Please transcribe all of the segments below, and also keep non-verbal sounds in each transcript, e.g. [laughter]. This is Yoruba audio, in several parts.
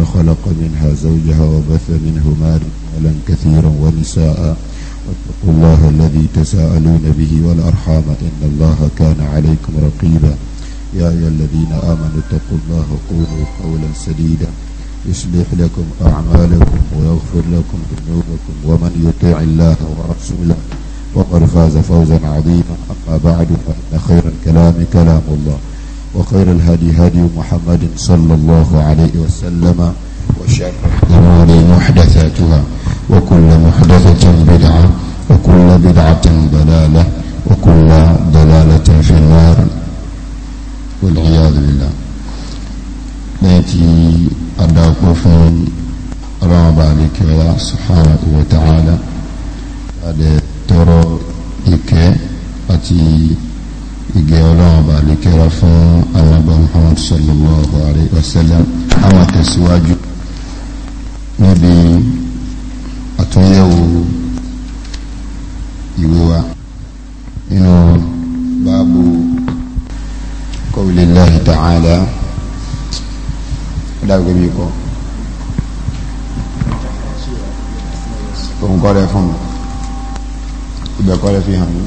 النار خلق منها زوجها وبث منهما رجالا كثيرا ونساء واتقوا الله الذي تساءلون به والأرحام إن الله كان عليكم رقيبا يا أيها الذين آمنوا اتقوا الله وقولوا قولا سديدا يصلح لكم أعمالكم ويغفر لكم ذنوبكم ومن يطيع الله ورسوله وقد فاز فوزا عظيما أما بعد فإن خير الكلام كلام الله وخير الهدي هدي محمد صلى الله عليه وسلم وشر الأمور محدثاتها وكل محدثة بدعة وكل بدعة ضلالة وكل ضلالة في النار والعياذ بالله نأتي أداك فهم رابع لك الله سبحانه وتعالى هذا ترى إكي أتي ìgbẹ́ ọlọ́run bá lè kẹ́ra fún alábà muhammad sallallahu alayhi wa sallam àwọn àtẹ̀síwájú níbi àtúnyẹ̀wò ìwé wa nínú báàbù qawlillahi ta'ala ó dàgbé bí kọ́ òun kọ́ rẹ̀ fún mi ìbẹ̀kọ́ rẹ̀ fi hàn mí.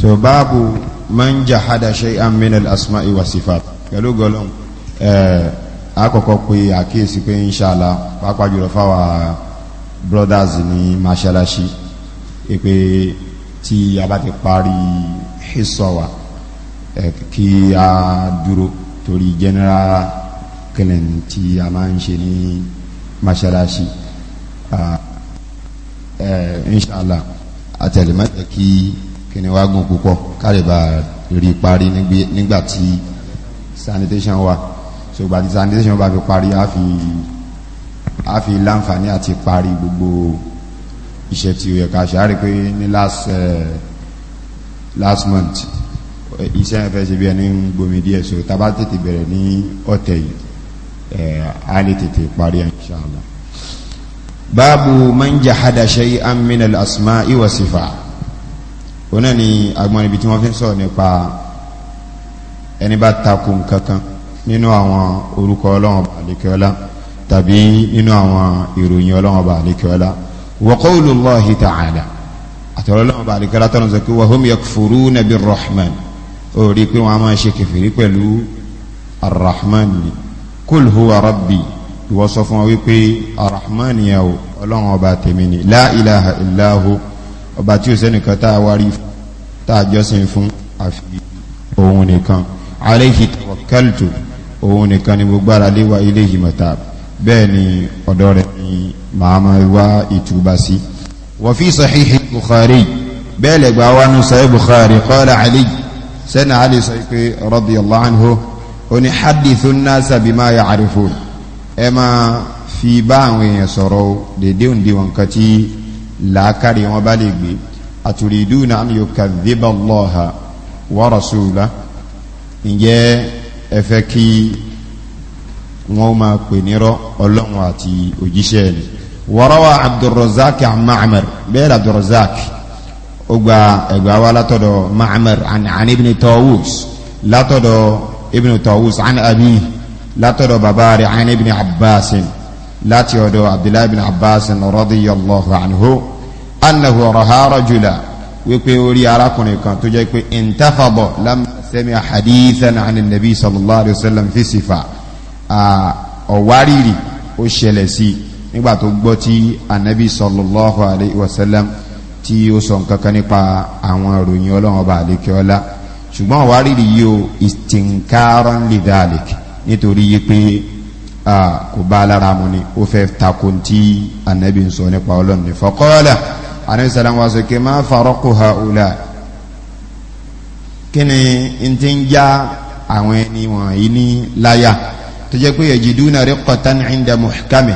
so báàbù man jahada shay'an min al-asma'i wa sifat pẹ̀lú gọlọ́m àkọ́kọ́ pé àkíyèsí pé inshallah pápá jùlọ fáwà brothers ní mashalashi pé tí a bá ti parí hisowa kí a dúró torí general kẹlẹ̀n tí a máa ń ṣe ní mashalashi inshallah àtẹ̀lẹ̀mẹ́tẹ̀ kí kíni wá gùn púpọ̀ kárìbà rí parí nígbà tí sanitation wà ṣùgbọ́n àti sanitation bá fi parí á fi á fi láǹfààní àti parí gbogbo iṣẹ́ tí ó yẹ ká ṣe á rí pé ní last eh, last month iṣẹ́ ẹ̀fẹ́ ṣe bí ẹni ń gbomi díẹ̀ so tá bá tètè bẹ̀rẹ̀ ní ọ̀tẹ̀ yìí eh, a lè tètè parí insha Allah báàbù man jahada shay'an min al sifa' òun náà ni agbọ́n ibi tí wọ́n fi ń sọ̀rọ̀ nípa ẹni bá takò nǹkankan nínú àwọn orúkọ ọlọ́wọ́n bá àlékẹ́ọ́lá tàbí nínú àwọn ìròyìn ọlọ́wọ́n bá àlékẹ́ọ́lá wa qawlullahi ta'ala àtọ̀rọ̀ ọlọ́wọ́n bá àlékẹ́ọ́lá tọ́nà sọ pé wa hum yakfuruna birrahman ó rí pé wọ́n á máa ṣe kẹfìrí pẹ̀lú arrahman ni kul huwa ìwọ sọ fún wa wípé arrahman yẹn o ọlọ́wọ́n bá ni la ilaha ọba tí ó sẹ́nìkan tá a wárí tá a jọ́sìn fún àfi òun nìkan alayhi tawakkaltu òun nìkan ni mo gbára lé wa ilayhi matab bẹ́ẹ̀ ni ọ̀dọ̀ rẹ̀ ni màá ma wá ìtúbà sí wa fi sahihi bukhari bẹ́ẹ̀ lẹ́gbà wa nù sahih bukhari qala ali sẹ́nà ali sọ pé radiyallahu anhu ó ní hadithun nasa bima ya'rifun ẹ máa fi bá àwọn èèyàn sọ̀rọ̀ dédé òǹdíwọ̀n kan làákàrí wọn bá lè gbé àtùrìdúnà an yukadhiba Allaha wa rasulahu ǹjẹ́ ẹ fẹ́ kí wọ́n máa pè nírọ́ ọlọ́run àti òjíṣẹ́ ẹni warawa abdulrazak ma'amar bẹ́ẹ̀ abdulrazak ó gba ẹgbà wa látọ̀dọ̀ ma'amar an ibn tawus látọ̀dọ̀ ibn tawus an abi látọ̀dọ̀ bàbá rẹ̀ ibn abbasin láti ọ̀dọ̀ abdullahi bin abbas radiyallahu anhu annahu raha rajula wípé orí arákùnrin kan tó jẹ́ pé intafadọ̀ lam sami hadithan anin nabi sallallahu alaihi wasallam fi sifa ọ̀wárìrì ó ṣẹlẹ̀ sí nígbà tó gbọ́ tí anabi sallallahu alaihi wasallam tí ó sọ nǹkan kan nípa àwọn ìròyìn ọlọ́run ọba àlékẹ́ọ́lá ṣùgbọ́n ọ̀wárìrì yìí ó istinkaran lidalik nítorí yí pé kò bá alára mu ni ó fẹ́ takun tí anabi ń sọ nípa ọlọ́run ní faqala anabi sàlám wa sọ kí ma faraqu haula kí ni n ti ń já àwọn ẹni wọ̀nyí ní láyà tó jẹ́ pé yajiduna riqqatan inda muhkami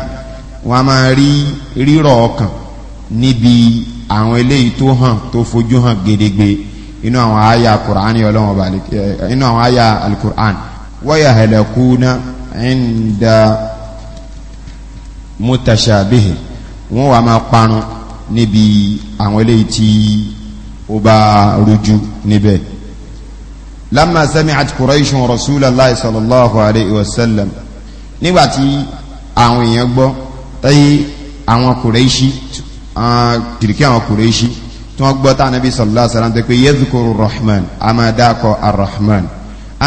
wọ́n a máa rí rírọ̀ ọkàn níbi àwọn eléyìí tó hàn tó fojú hàn gedegbe inú àwọn àyà alukur'an yọlọ́wọ́ balẹ̀ inú àwọn àyà alukur'an wa yahlakuna inda mutashabihi wọ́n wà máa parun níbi àwọn eléyìí tí ó bá rújú níbẹ̀ lamma sami'at quraishun rasulallahi sallallahu alayhi wa sallam nígbàtí àwọn èèyàn gbọ́ tẹ́yí àwọn kùrẹ́ṣí kìrìkí àwọn kùrẹ́ṣí tí wọ́n gbọ́ tánàbí sallallahu alayhi wa sallam tẹ́ yadhkuru rahman a máa dákọ̀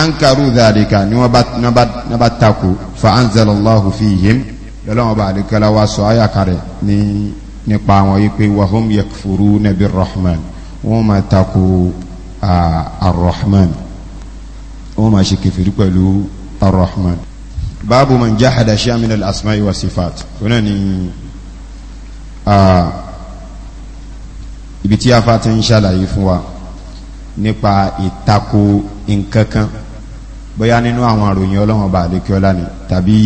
ankaru dhalika ni wọ́n bá takò fa anzalallahu fihim lọ́lọ́wọ́n bá àdìkẹ́lá wa sọ ayàkàrẹ̀ ní nípa àwọn yìí pé wahum yakfuruna birrahman wọ́n máa takò arrahman wọ́n máa ṣe kẹfìrí pẹ̀lú arrahman báàbù man jahada shay'an min al-asma'i wa sifat wọ́n náà ni ibi tí a fa ti ń ṣàlàyé fún wa nípa ìtakò nǹkankan bóyá nínú àwọn àròyìn ọlọ́run ọba àdékọ́lá ni tàbí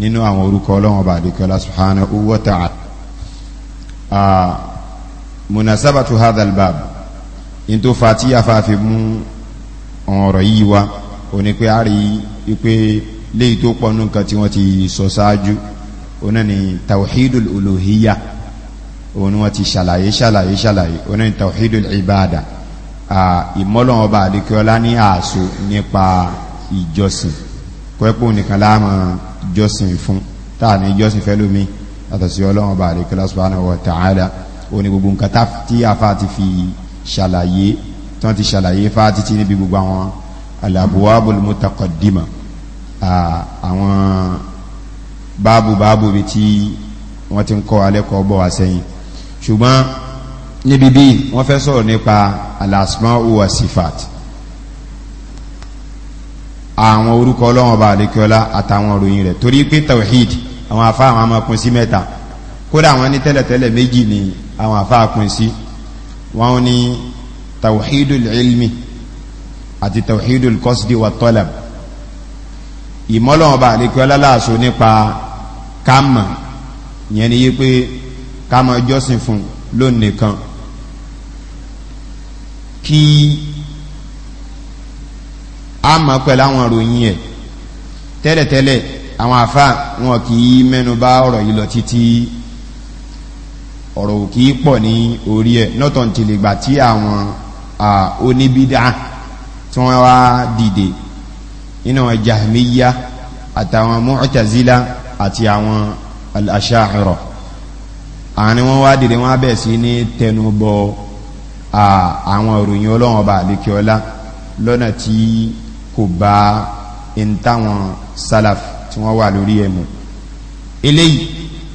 nínú àwọn orúkọ ọlọ́run ọba àdékọ́lá subhanahu wa ta'ala munasabatu hadhal bab in tó fa tí afa fi mú ọ̀rọ̀ yìí wá o pé a rí i pé léyìí tó pọ̀ nǹkan tí wọ́n ti sọ ṣáájú o ni tawhidul uluhiyya òun wọ́n ti ṣàlàyé ṣàlàyé ṣàlàyé o ni tawhidul ibada ìmọ́lọ́wọ́ba àdékọ́lá ní àṣò nípa ìjọsìn kọ́ẹ́pọ̀ nìkan láàmà jọsìn fún táà ní jọsìn fẹ́lómi yàtọ̀ sí ọlọ́run ọba àríkẹ́lá subhanahu wa ta'ala ó ní gbogbo nǹkan tí afá ti fi ṣàlàyé tán ti ṣàlàyé fá títí níbi gbogbo àwọn al-abwabul mutaqaddima àwọn báàbù báàbù bí tí wọ́n ti ń kọ́ alẹ́kọ̀ọ́ bọ̀ wá sẹ́yìn ṣùgbọ́n níbi bí wọ́n fẹ́ sọ̀rọ̀ nípa al-asma'u wa àwọn orúkọ ọlọ́run ọba àlékiọlá àtàwọn òròyìn rẹ̀ torí pé tawhid àwọn afá àwọn amọ̀kùn sí mẹ́ta kódà àwọn ní tẹ́lẹ̀tẹ́lẹ̀ méjì ni àwọn afá àkùn sí wọ́n ní tawhidul ilmi àti tawhidul qasdi wa talab ìmọ́lọ́run ọba àlékiọlá láàṣọ nípa kámà yẹn ni yí pé kámà jọ́sìn fún lónìí kan kí a mọ̀ pẹ̀lú àwọn ìròyìn ẹ̀ tẹ́lẹ̀tẹ́lẹ̀ àwọn àfà wọn kì í mẹ́nu bà ọ̀rọ̀ yìí lọ títí ọ̀rọ̀ kì í pọ̀ ní orí ẹ̀ not until ìgbà tí àwọn oníbídà tí wọ́n wá dìde nínú Jahmiyya àtàwọn Mu'tazila àti àwọn al-Asha'ira wọn wá dìde wọn bẹ̀ sí ní tẹnubọ àwọn ìròyìn Ọlọ́run ọba àlekíọlá lọ́nà tí kò bá in salaf tí wọ́n wà lórí ẹ̀mù eléyìí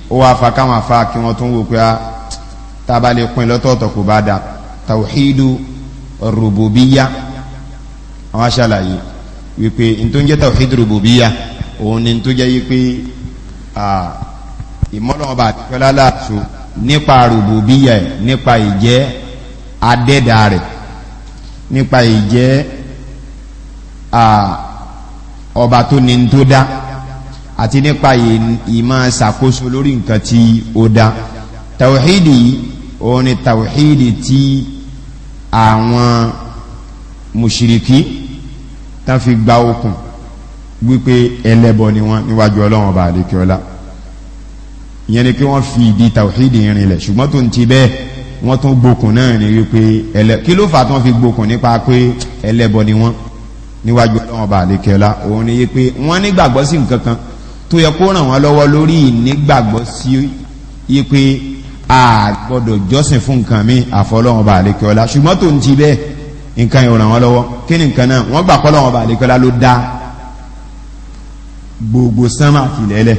ó wá fa káwọn afá kí wọ́n tún wò pé a tábà lè pín lọ́tọ̀ọ̀tọ̀ kò bá dà tawhidu rububiya àwọn aṣàlàyé wípé in tó ń jẹ́ tawhidu rububiya òun ni tó wípé ìmọ́lọ́ọ̀bà àti fẹ́lálà nípa rububiya nípa ìjẹ́ adẹ́dà rẹ̀ nípa ìjẹ́ ọba tó ní tó dá àti nípa ìmọ̀ ṣàkóso lórí nǹkan tí ó dá tàwíìdì òun ni tàwíìdì tí àwọn mùṣìríkí tán fi gba okùn wípé ẹlẹ́bọ ni wọ́n níwájú ọlọ́run ọba àdékẹ́ọ́lá ìyẹn ni kí wọ́n fi ìdí tàwíìdì rinlẹ̀ ṣùgbọ́n tó ń ti bẹ́ẹ̀ wọ́n tún gbókùn náà ni wípé ẹlẹ́ kí ló fà tán fi gbókùn nípa pé ẹlẹ́bọ ni wọ́n níwájú ọlọ́wọ́n bá àlékẹ́lá òun ni yé pé wọ́n nígbàgbọ́ sí nǹkan kan tó yẹ kó ràn wọ́n lọ́wọ́ lórí ìnígbàgbọ́ sí yé pé a gbọ́dọ̀ jọ́sìn fún nǹkan mi àfọlọ́wọ́n bá àlékẹ́lá ṣùgbọ́n tó ń ti bẹ́ẹ̀ nǹkan yóò ràn wọ́n lọ́wọ́ kí ni nǹkan náà wọ́n gbà kọ́lọ́wọ́n bá àlékẹ́lá ló dá gbogbo sánmà àtìlẹ́lẹ̀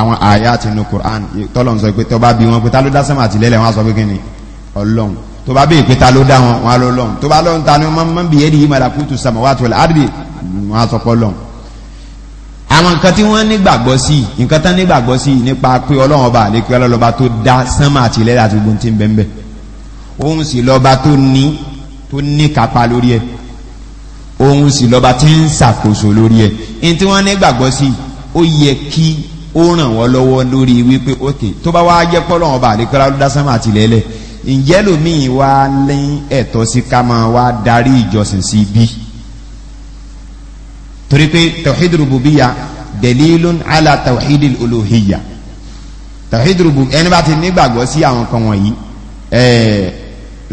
àwọn àyà àti inú Qur'an tọ́lọ̀ ń sọ pé tọ́ ni ọlọ́run tó bá bẹ́ẹ̀ pé ta ló dá wọn wọn á lọ lọ́hùn tó bá lọ́hùn ta ni wọ́n máa ń bìyẹ́ di malakutu samawati wal ardi wọn á sọ pé lọ́hùn. àwọn nǹkan tí wọ́n nígbàgbọ́ sí nǹkan tán nígbàgbọ́ sí nípa pé ọlọ́run ọba àlékí ọlọ́lọ́ba tó dá sánmà àti ilẹ̀ àti gbogbo tí ń bẹ́ẹ̀ bẹ́ẹ̀ òun sì lọ́ba tó ní tó ní kápá lórí ẹ̀ òun sì lọ́ba tí ń ṣàkóso lórí ẹ̀ ní tí wọ́n nígbàgbọ́ sí ó yẹ kí ó ràn wọ́n lọ́wọ́ lórí wípé ókè tó bá wá jẹ́ pọ́lọ́run ọba àlékí ọlọ́lọ́ dá sánmà àti ilẹ̀ ẹlẹ́ẹ̀ ǹjẹ́ lómìn wá ní ẹ̀tọ́ sí ká máa wá darí ìjọsìn sí bí torí pé tawhid rububiya dalilun ala tawhid uluhiya tawhid rububiya ẹni bá ti nígbàgbọ́ sí àwọn kan wọ̀nyí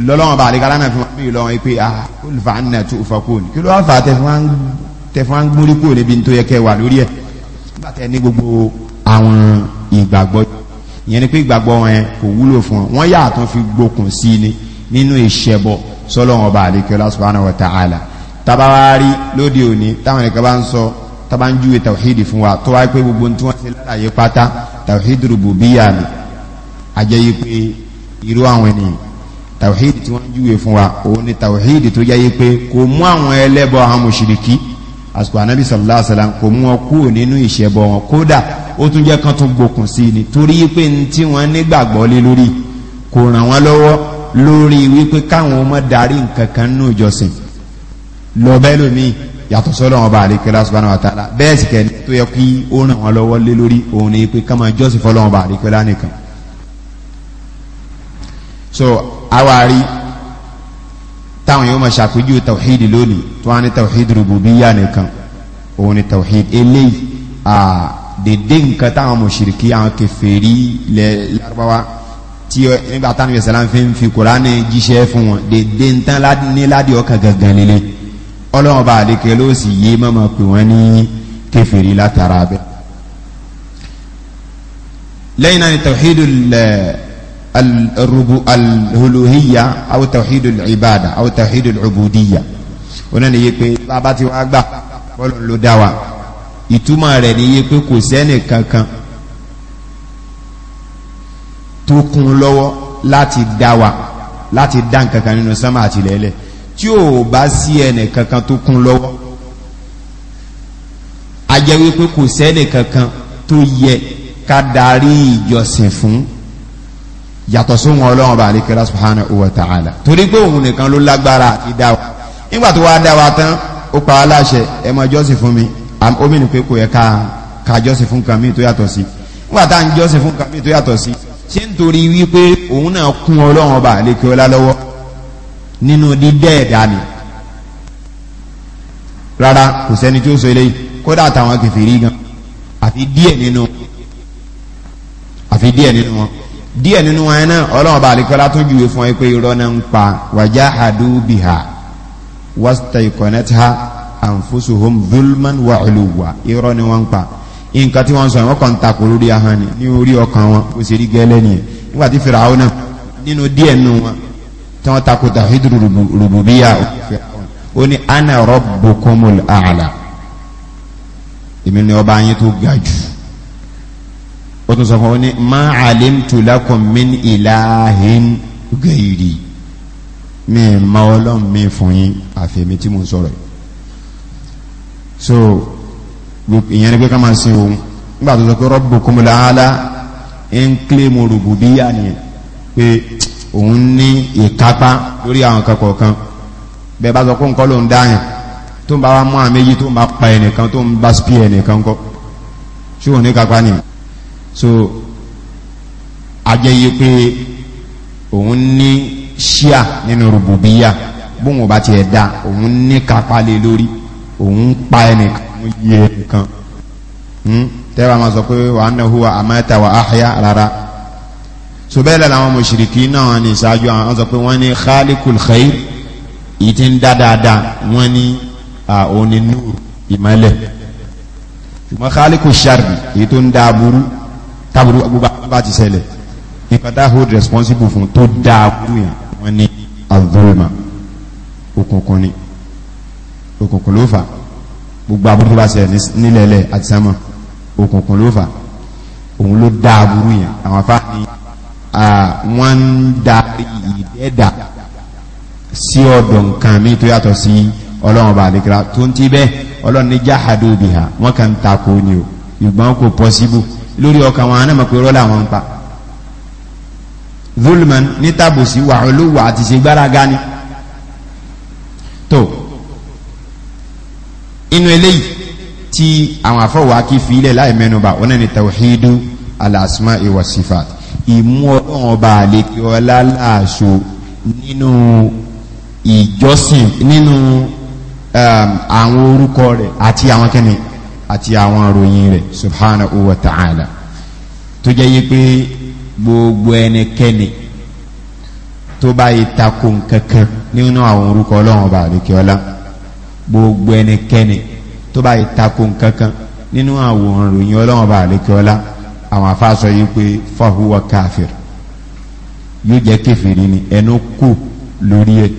lọ́lọ́wọ́n bá àríkàlá náà fi wọ́n bí lọ́wọ́n pé ah olùfà ń nà tó fakún kí ló wá fà tẹ̀fún á ń gbórí kúrò níbi tó yẹ kẹwàá lórí ẹ̀ nígbà tẹ ní gbogbo àwọn ìgbàgbọ́ ìyẹn ni pé ìgbàgbọ́ wọn kò wúlò fún wọn wọ́n yàtọ̀ fi gbókùn sí ni nínú ìṣẹ̀bọ sọ́lọ́wọ́n ọba àdékẹ́lá subhanahu wa ta'ala tabawari lóde òní táwọn ẹ̀ka bá ń sọ tàbá wa tó wáyé pé gbogbo tí ni ajẹ́ yí pé irú àwọn ènìyàn tàwíìdì tí wọ́n júwe àsìkò ànábì sallallahu alaihi wasallam kò mú wọn kúrò nínú ìṣẹbọ wọn kódà ó tún jẹ́ kán tún gbókùn sí ni torí pé ní tí wọ́n nígbàgbọ́ lé lórí kò ràn wọ́n lọ́wọ́ lórí wípé káwọn ọmọ darí nǹkan kan nínú ìjọsìn lọ bẹ́ẹ̀ lómi yàtọ̀ sọ́dọ̀ wọn bá àríkẹ́lá subhanahu wa ta'ala bẹ́ẹ̀ sì kẹ́ni tó yẹ kí ó ràn wọ́n lọ́wọ́ lé lórí òun ni pé ká máa jọ́sìn fọ́lọ́wọ́n bá àríkẹ́lá nìkan so awari táwọn yóò máa ṣàpèjú tawhid lónìí tó wá ní tawhid rububiyya nìkan òun ni tawhid eléyìí dédé nǹkan táwọn mùṣìríkí àwọn kèfèrí lẹ lárúbáwá tí nígbà táwọn ìbẹ̀sẹ̀ láǹfi ń fi Kùránì jíṣẹ́ fún wọn dédé ń tán ní ládìí ọkàn gangan lélẹ̀ ọlọ́run bá àdékẹ́ ló sì yé mọ́mọ́ pé wọ́n ní kèfèrí látara bẹ́ẹ̀ lẹ́yìn náà ni tawhidul alhuluhiya awo tawhidul ibada awo tawhidul ubudiya ona ni yé pé bàbá tí wàá gbà bọ́lọ̀ ló dá wa ìtumọ̀ rẹ̀ ni yé pé kò sẹ́ni kankan tó kún lọ́wọ́ láti dá wa láti dá nkankan nínú sánmà àti lẹ́lẹ̀ tí ò bá sí ẹnì kankan tó kún lọ́wọ́ a jẹ́ wípé kò sẹ́ni kankan tó yẹ ká darí ìjọsìn fún yàtọ̀ sí wọn ọlọ́run bá àlekè rà subhanahu wa ta'ala torí pé òun nìkan ló lágbára àti dá wa nígbà tó wá dá wa tán ó pa á láṣẹ ẹ mọ jọ́sìn fún mi omi ni pé kò yẹ ká ká jọ́sìn fún kan míì tó yàtọ̀ sí nígbà tá à ń jọ́sìn fún kan míì tó yàtọ̀ sí ṣé nítorí wípé òun náà kún ọlọ́run bá àlekè ọlá lọ́wọ́ nínú dídẹ́ ẹ̀dá ni rárá kò sẹ́ni tí ó sọ eléyìí kódà àtàwọn kẹfìrí gan àfi díẹ̀ nínú àfi díẹ̀ nínú wọn díẹ̀ nínú wọn náà ọlọ́run bá àlekọ́lá tún júwe fún ẹ pé irọ́ náà ń pa wajahadu biha wastaiqanatha anfusuhum dhulman wa uluwa irọ́ ni wọ́n ń pa nǹkan tí wọ́n sọ wọ́n kàn ń takò lórí ahọ́n ni ní orí ọkàn wọn kò sì rí gẹ́lẹ́ nìyẹn nígbà tí Fìràwọ́ náà nínú díẹ̀ nínú wọn tí wọ́n takò tawhid rububiyya ó ní ana rabbukumul a'la èmi ni ọba yín tó ga jù ó tún sọ fún wọn ní ma alimtu lakum min ilahin gairi mi ma ọlọ́run mi fún yín àfẹ́mi tí mo ń sọ̀rọ̀ so ìyẹn ni pé ká máa sin òun nígbà tó sọ pé rabbukumul aala ń kílé mo rububiyya nìyẹn pé òun ní ìkápá lórí àwọn kan kọ̀ọ̀kan bẹ́ẹ̀ bá sọ pé nǹkan ló ń dáyàn tó ń bá wa mú àmì yìí tó ń bá pa ẹnìkan tó ń bá spí ẹnìkan kọ́ ṣé òun ní kápá nìyẹn so ajẹ́yẹ pé òun ní ṣíà nínú rùbùbíyà bóun bá ti ẹ̀dá òun ní kápálẹ̀ lórí òun pa ẹnìkan òun yí ẹnìkan hmm? tẹ́wàá máa sọ pé wà á náà àmẹ́ta wà áhíyá rárá so bẹ́ẹ̀ lẹ́la àwọn mùsùlùkì náà ní ìṣáájú àwọn sọ pé wọ́n ní khaliqul khair èyí tí ń dá dáadáa wọ́n ní òun ní nùr ìmọ́lẹ̀ ṣùgbọ́n khaliqul sharri èyí tó ń dá aburú tábùrú gbogbo bá ti ṣẹlẹ̀ nǹkan tá hold responsible fún tó dáa kú yẹn wọ́n azulma òkùnkùn ni òkùnkùn ló fà gbogbo aburú bá ṣẹlẹ̀ nílẹ̀ẹ́lẹ̀ àti sánmọ̀ òkùnkùn ló fà òun ló dá aburú àwọn afá ni wọ́n ń da ìdẹ́dà sí ọ̀dọ̀ nǹkan mi tó yàtọ̀ sí ọlọ́run bá àdékìlá tó ń ti bẹ́ẹ̀ ọlọ́run ní jáhàdó bìhà wọ́n kàn ń takò ni o ìgbọ́n kò pọ́síbù lórí ọkàn wọn náà mọ̀ pé rọ́lá wọn ń pa zulman ní tàbùsí wà olówó àti ṣe gbáraga ni tó inú eléyìí tí àwọn àfọwọ́ akí fi ilẹ̀ láì mẹ́nuba ọ̀nà ni tawhidu alasma iwasifat sifat ìmú ọlọ́run ọba àlekí ọlá láàṣọ nínú ìjọsìn nínú um, àwọn orúkọ rẹ̀ àti àwọn kẹ́ni àti àwọn ìròyìn rẹ̀ subhanahu wa ta'ala tó jẹ́ yí pé gbogbo ẹnikẹ́ni tó bá yí tako nkankan nínú àwọn orúkọ ọlọ́run ọba àríkẹ́ ọlá gbogbo ẹnikẹ́ni tó bá yí tako nkankan nínú àwọn ìròyìn ọlọ́run ọba àríkẹ́ àwọn afáàsọ yí pé fahuwa káfíìr yóò jẹ́ kẹfìrí ni ẹnu kù lórí ẹ̀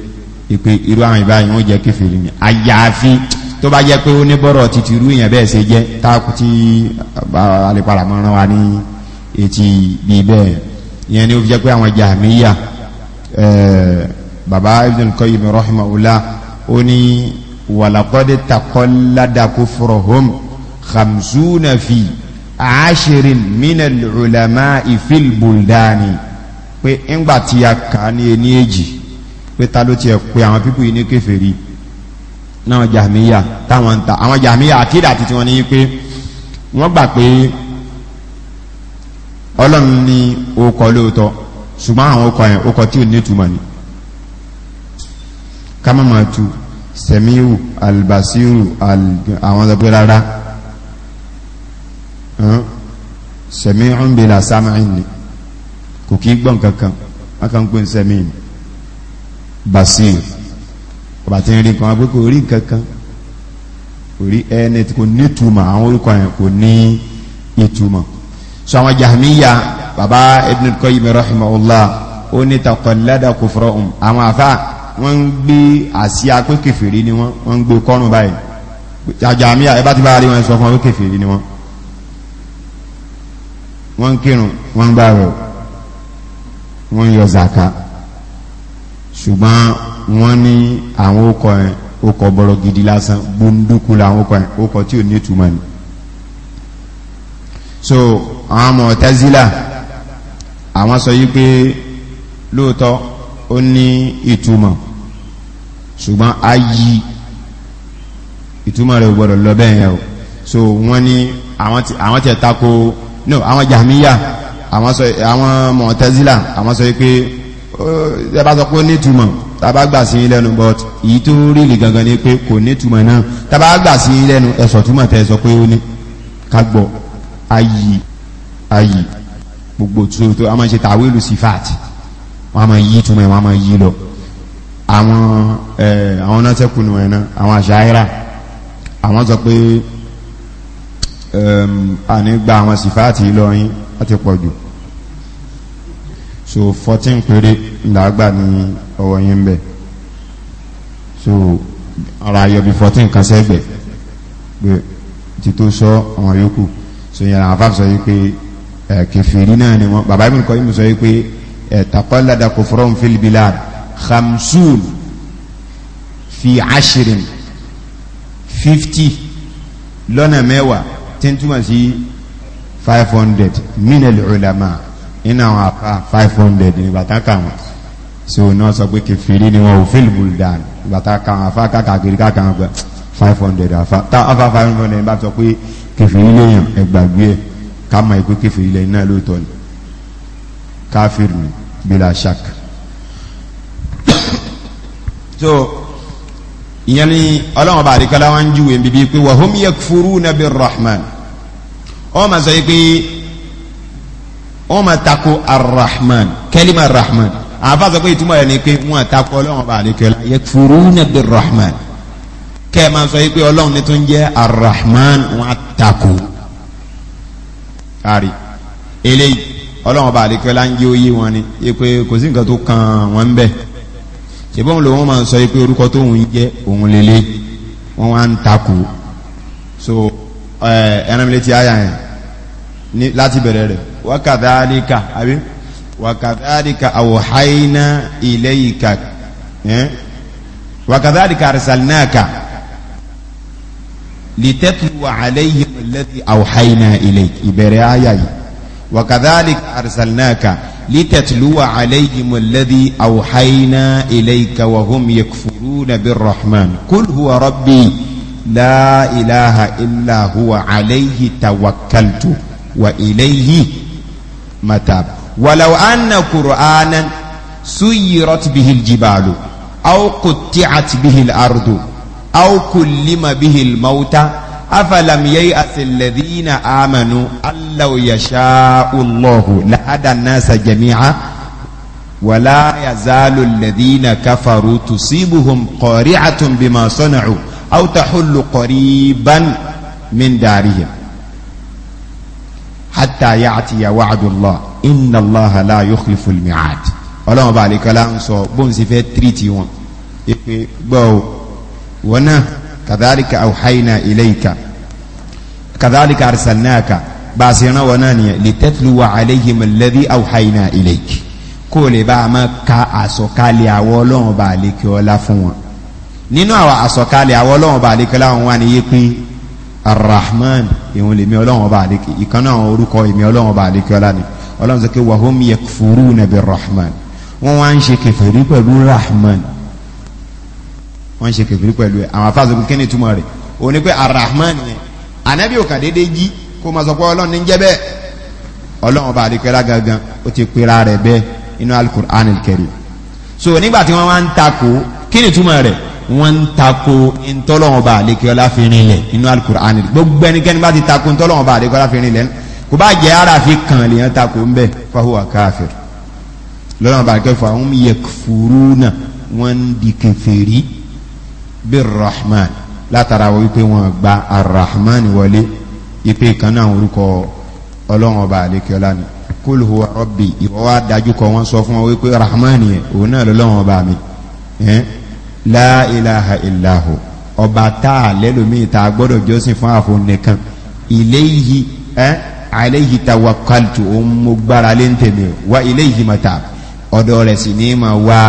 pé irú àwọn ìbáyìí wọ́n jẹ́ kẹfìrí ni àyàfi tó bá jẹ́ pé ó ní bọ́rọ̀ títí irú èèyàn bẹ́ẹ̀ ṣe jẹ́ táàkù tí alẹ́pàá mọ́ rán wa ní etí bí bẹ́ẹ̀ ìyẹn ni ó fi jẹ́ pé àwọn jàmíyà bàbá Ibn al-Qayyim rahimahullah ó ní wàlàkọ́dé takọ́ládà kufruhum khamsuna fi ashirin minal ulama'i fil buldani pé ńgbà tí a kà ní ẹni èjì pé ta ló ti pé àwọn pípù yìí ní kèfèrí náà jàmíyà táwọn ta àwọn jàmíyà àkídà àti tiwọn ní pé wọ́n gbà pé ọlọ́run ní okọ̀ lóòtọ́ ṣùgbọ́n àwọn okọ̀ yẹn okọ̀ tí ò ní túmọ̀ ni kámọ́mọ́tú sẹ̀míhù albasiru àwọn ọ̀dọ́gbé rárá sẹ̀míhù ń bèèrè àsámẹ́rin ni kò kí gbọ́n kankan wọ́n kàn ń pè ń sẹ̀míhù basiru ọba tí ń rí nǹkan pé kò rí nǹkan kan kò rí ẹni kò ní ìtumọ̀ àwọn orúkọ yẹn kò ní ìtumọ̀ so àwọn jahmiya baba ibn al-qayyim rahimahullah ó ní takọ̀lẹ́dà kò fọ́rọ̀ um àwọn àfa wọ́n ń gbé àsíá pé kèfèrí ni wọ́n wọ́n ń gbé kọ́rùn báyìí jahmiya ẹ bá ti bá rí wọn sọ fún wọn pé ni wọ́n wọ́n ń kírun wọ́n ń gbààwẹ̀ wọ́n ń yọ zaka ṣùgbọ́n wọ́n ní àwọn okọ̀ ẹ̀ okọ̀ bọ̀rọ̀ gidi lásán gbóndúkú làwọn okọ̀ ẹ̀ okọ̀ tí ò ní ìtumọ̀ ni so àwọn Mu'tazila àwọn sọ yí pé lóòótọ́ ó ní ìtumọ̀ ṣùgbọ́n a yí ìtumọ̀ rẹ̀ gbọ́dọ̀ lọ bẹ́ẹ̀ yẹn o so wọ́n ní àwọn tẹ̀ tako no àwọn Jahmiya àwọn Mu'tazila àwọn sọ yí pé ẹbá sọ pé ó nítumọ̀ tàbá gbà sí lẹ́nu but èyí tó rílì gangan ni pé kò nítumọ̀ náà tàbá gbà sí lẹ́nu ẹ̀sọ̀ túmọ̀ tẹ́ sọ pé ó ní kagbọ̀ ayì ayì gbogbo tó tó a máa ṣe tàwílù sífàt wọ́n a máa yí túmọ̀ wọ́n a máa yí lọ àwọn àwọn náà ẹ̀ náà àwọn àṣàyíra àwọn sọ pé ànígbà àwọn sífàtì lọ́yìn láti pọ̀ jù so fourteen péré làágbà ní ọwọ́ yín bẹ̀ so ara yọ bí fourteen kan sẹ́gbẹ̀ pé ti tó sọ àwọn yòókù so yẹn àwọn afáàfù sọ yìí pé ẹ̀ kẹfìrí náà ni wọn bàbá ibùdókọ̀ yìí sọ yìí pé ẹ̀ taqallada kufrun fil bilad khamsun fi ashirin fifty lọ́nà mẹ́wàá tí five hundred minal ulama nínú àwọn àfà five hundred ní bàtà kàwọn so náà sọ pé kẹfìrí ni wọn ò fílmù dàn bàtà kàwọn àfà kàkàkiri kàkàwọn gbà five hundred àfà tá àfà five hundred bá sọ pé kẹfìrí lèèyàn ẹgbàgbé ẹ ká mọ ìpé kẹfìrí lẹ́yìn náà lóòótọ́ ni káfíìrì ni bila shak so ìyẹn ni ọlọ́run bá àdìkọ́lá wọn ń júwe bíbí pé wàhùn yẹ fúrú nàbí rahman ọ sọ yìí pé wọ́n máa tako arrahman kẹ́límà arrahman àfa sọ pé ìtumọ̀ rẹ̀ ni pé wọ́n àtakọ ọlọ́run bá àlekẹ́ la yakfuruna birrahman kẹ́ ẹ máa sọ pé ọlọ́run ní tó ń jẹ́ arrahman wọ́n àtakò kárí eléyìí ọlọ́run bá àlekẹ́ la ń jẹ́ oyé wọn ni pé kò sí nǹkan tó kàn wọ́n bẹ́ẹ̀ ṣèbọ́n lòun máa sọ pé orúkọ tóun jẹ́ òun lélẹ̀ wọ́n wá ń takò so ẹ̀rẹ́mìlẹ́tì àyà yẹn láti bẹ̀rẹ̀ rẹ̀ وكذلك أبي وكذلك أوحينا إليك وكذلك أرسلناك لتتلو عليهم الذي أوحينا إليك إبراهيم وكذلك أرسلناك لتتلو عليهم الذي أوحينا إليك وهم يكفرون بالرحمن قل هو ربي لا إله إلا هو عليه توكلت وإليه matab walaw anna qur'anan suyirat bihil jibalu aw qutti'at bihil ardu aw kullima bihil mauta afalam yay'as alladhina amanu allaw yasha'u Allahu lahada an-nasa jami'a wala yazalu alladhina kafaru tusibuhum qari'atun bima sana'u aw tahullu qariban min darihim hatta ya'tiya wa'dullah inna allaha la yukhlifu al-mi'ad ọlọ́run bá àlekọ́lá ń sọ bóun sì fẹ́ tírìtì wọn ipe gbọ́ wọn náà kadhalika awhayna ilayka kadhalika arsalnaka bá a sì rán wọn náà nìyẹn litatluwa alayhim alladhi awhayna ilayka kó lè bá ka àsọ̀kalẹ̀ àwọn ọlọ́run fún wọn nínú àwọn àsọ̀kalẹ̀ àwọn ọlọ́run wọn wà ní arrahman ìhun lèmi ọlọ́run ọba àdékè ìkan náà orúkọ èmi ọlọ́run ọba àdékè ọlá ni ọlọ́run sọ pé wahum yakfuruna bir rahman wọ́n wá ń ṣe kèfèrí pẹ̀lú rahman wọ́n ń ṣe kèfèrí pẹ̀lú ẹ̀ àwọn afáàzọ pé kíni túmọ̀ rẹ̀ ó ní pé arrahman yẹn ànábì ò kà déédéé jí kó máa sọ pé ọlọ́run ní jẹ́ bẹ́ẹ̀ ọlọ́run ọba ọlá gangan ó ti pera rẹ̀ bẹ́ẹ̀ wọ́n ń tako ntọ́lọ́wọ́ba àlekẹ́ọ́lá fi rinlẹ̀ nínú alukur'an gbogbo ẹnikẹ́ni bá ti tako ntọ́lọ́wọ́ba àlekẹ́ọ́lá fi rinlẹ̀ kò bá jẹ́ ara fi kàn lèyàn tako ń bẹ̀ fahuwa káfir lọ́lọ́wọ́ba àlekẹ́fọ́ àwọn yakfuruna wọ́n ń di kèfèrí bir rahman látara wípé wọ́n gba arrahman wọlé ipe kan náà orúkọ ọlọ́wọ́ba àlekẹ́ọ́lá ni kul huwa rabbi mi la ilaha illahu ọba táà lẹ́lòmí ta gbọ́dọ̀ jọ́sìn fún àfún nìkan ilayhi ẹ́ eh, alayhi tawakkaltu o mú gbára lé ń tèmi wa ilayhi mata ọ̀dọ̀ rẹ̀ sì ní ma wá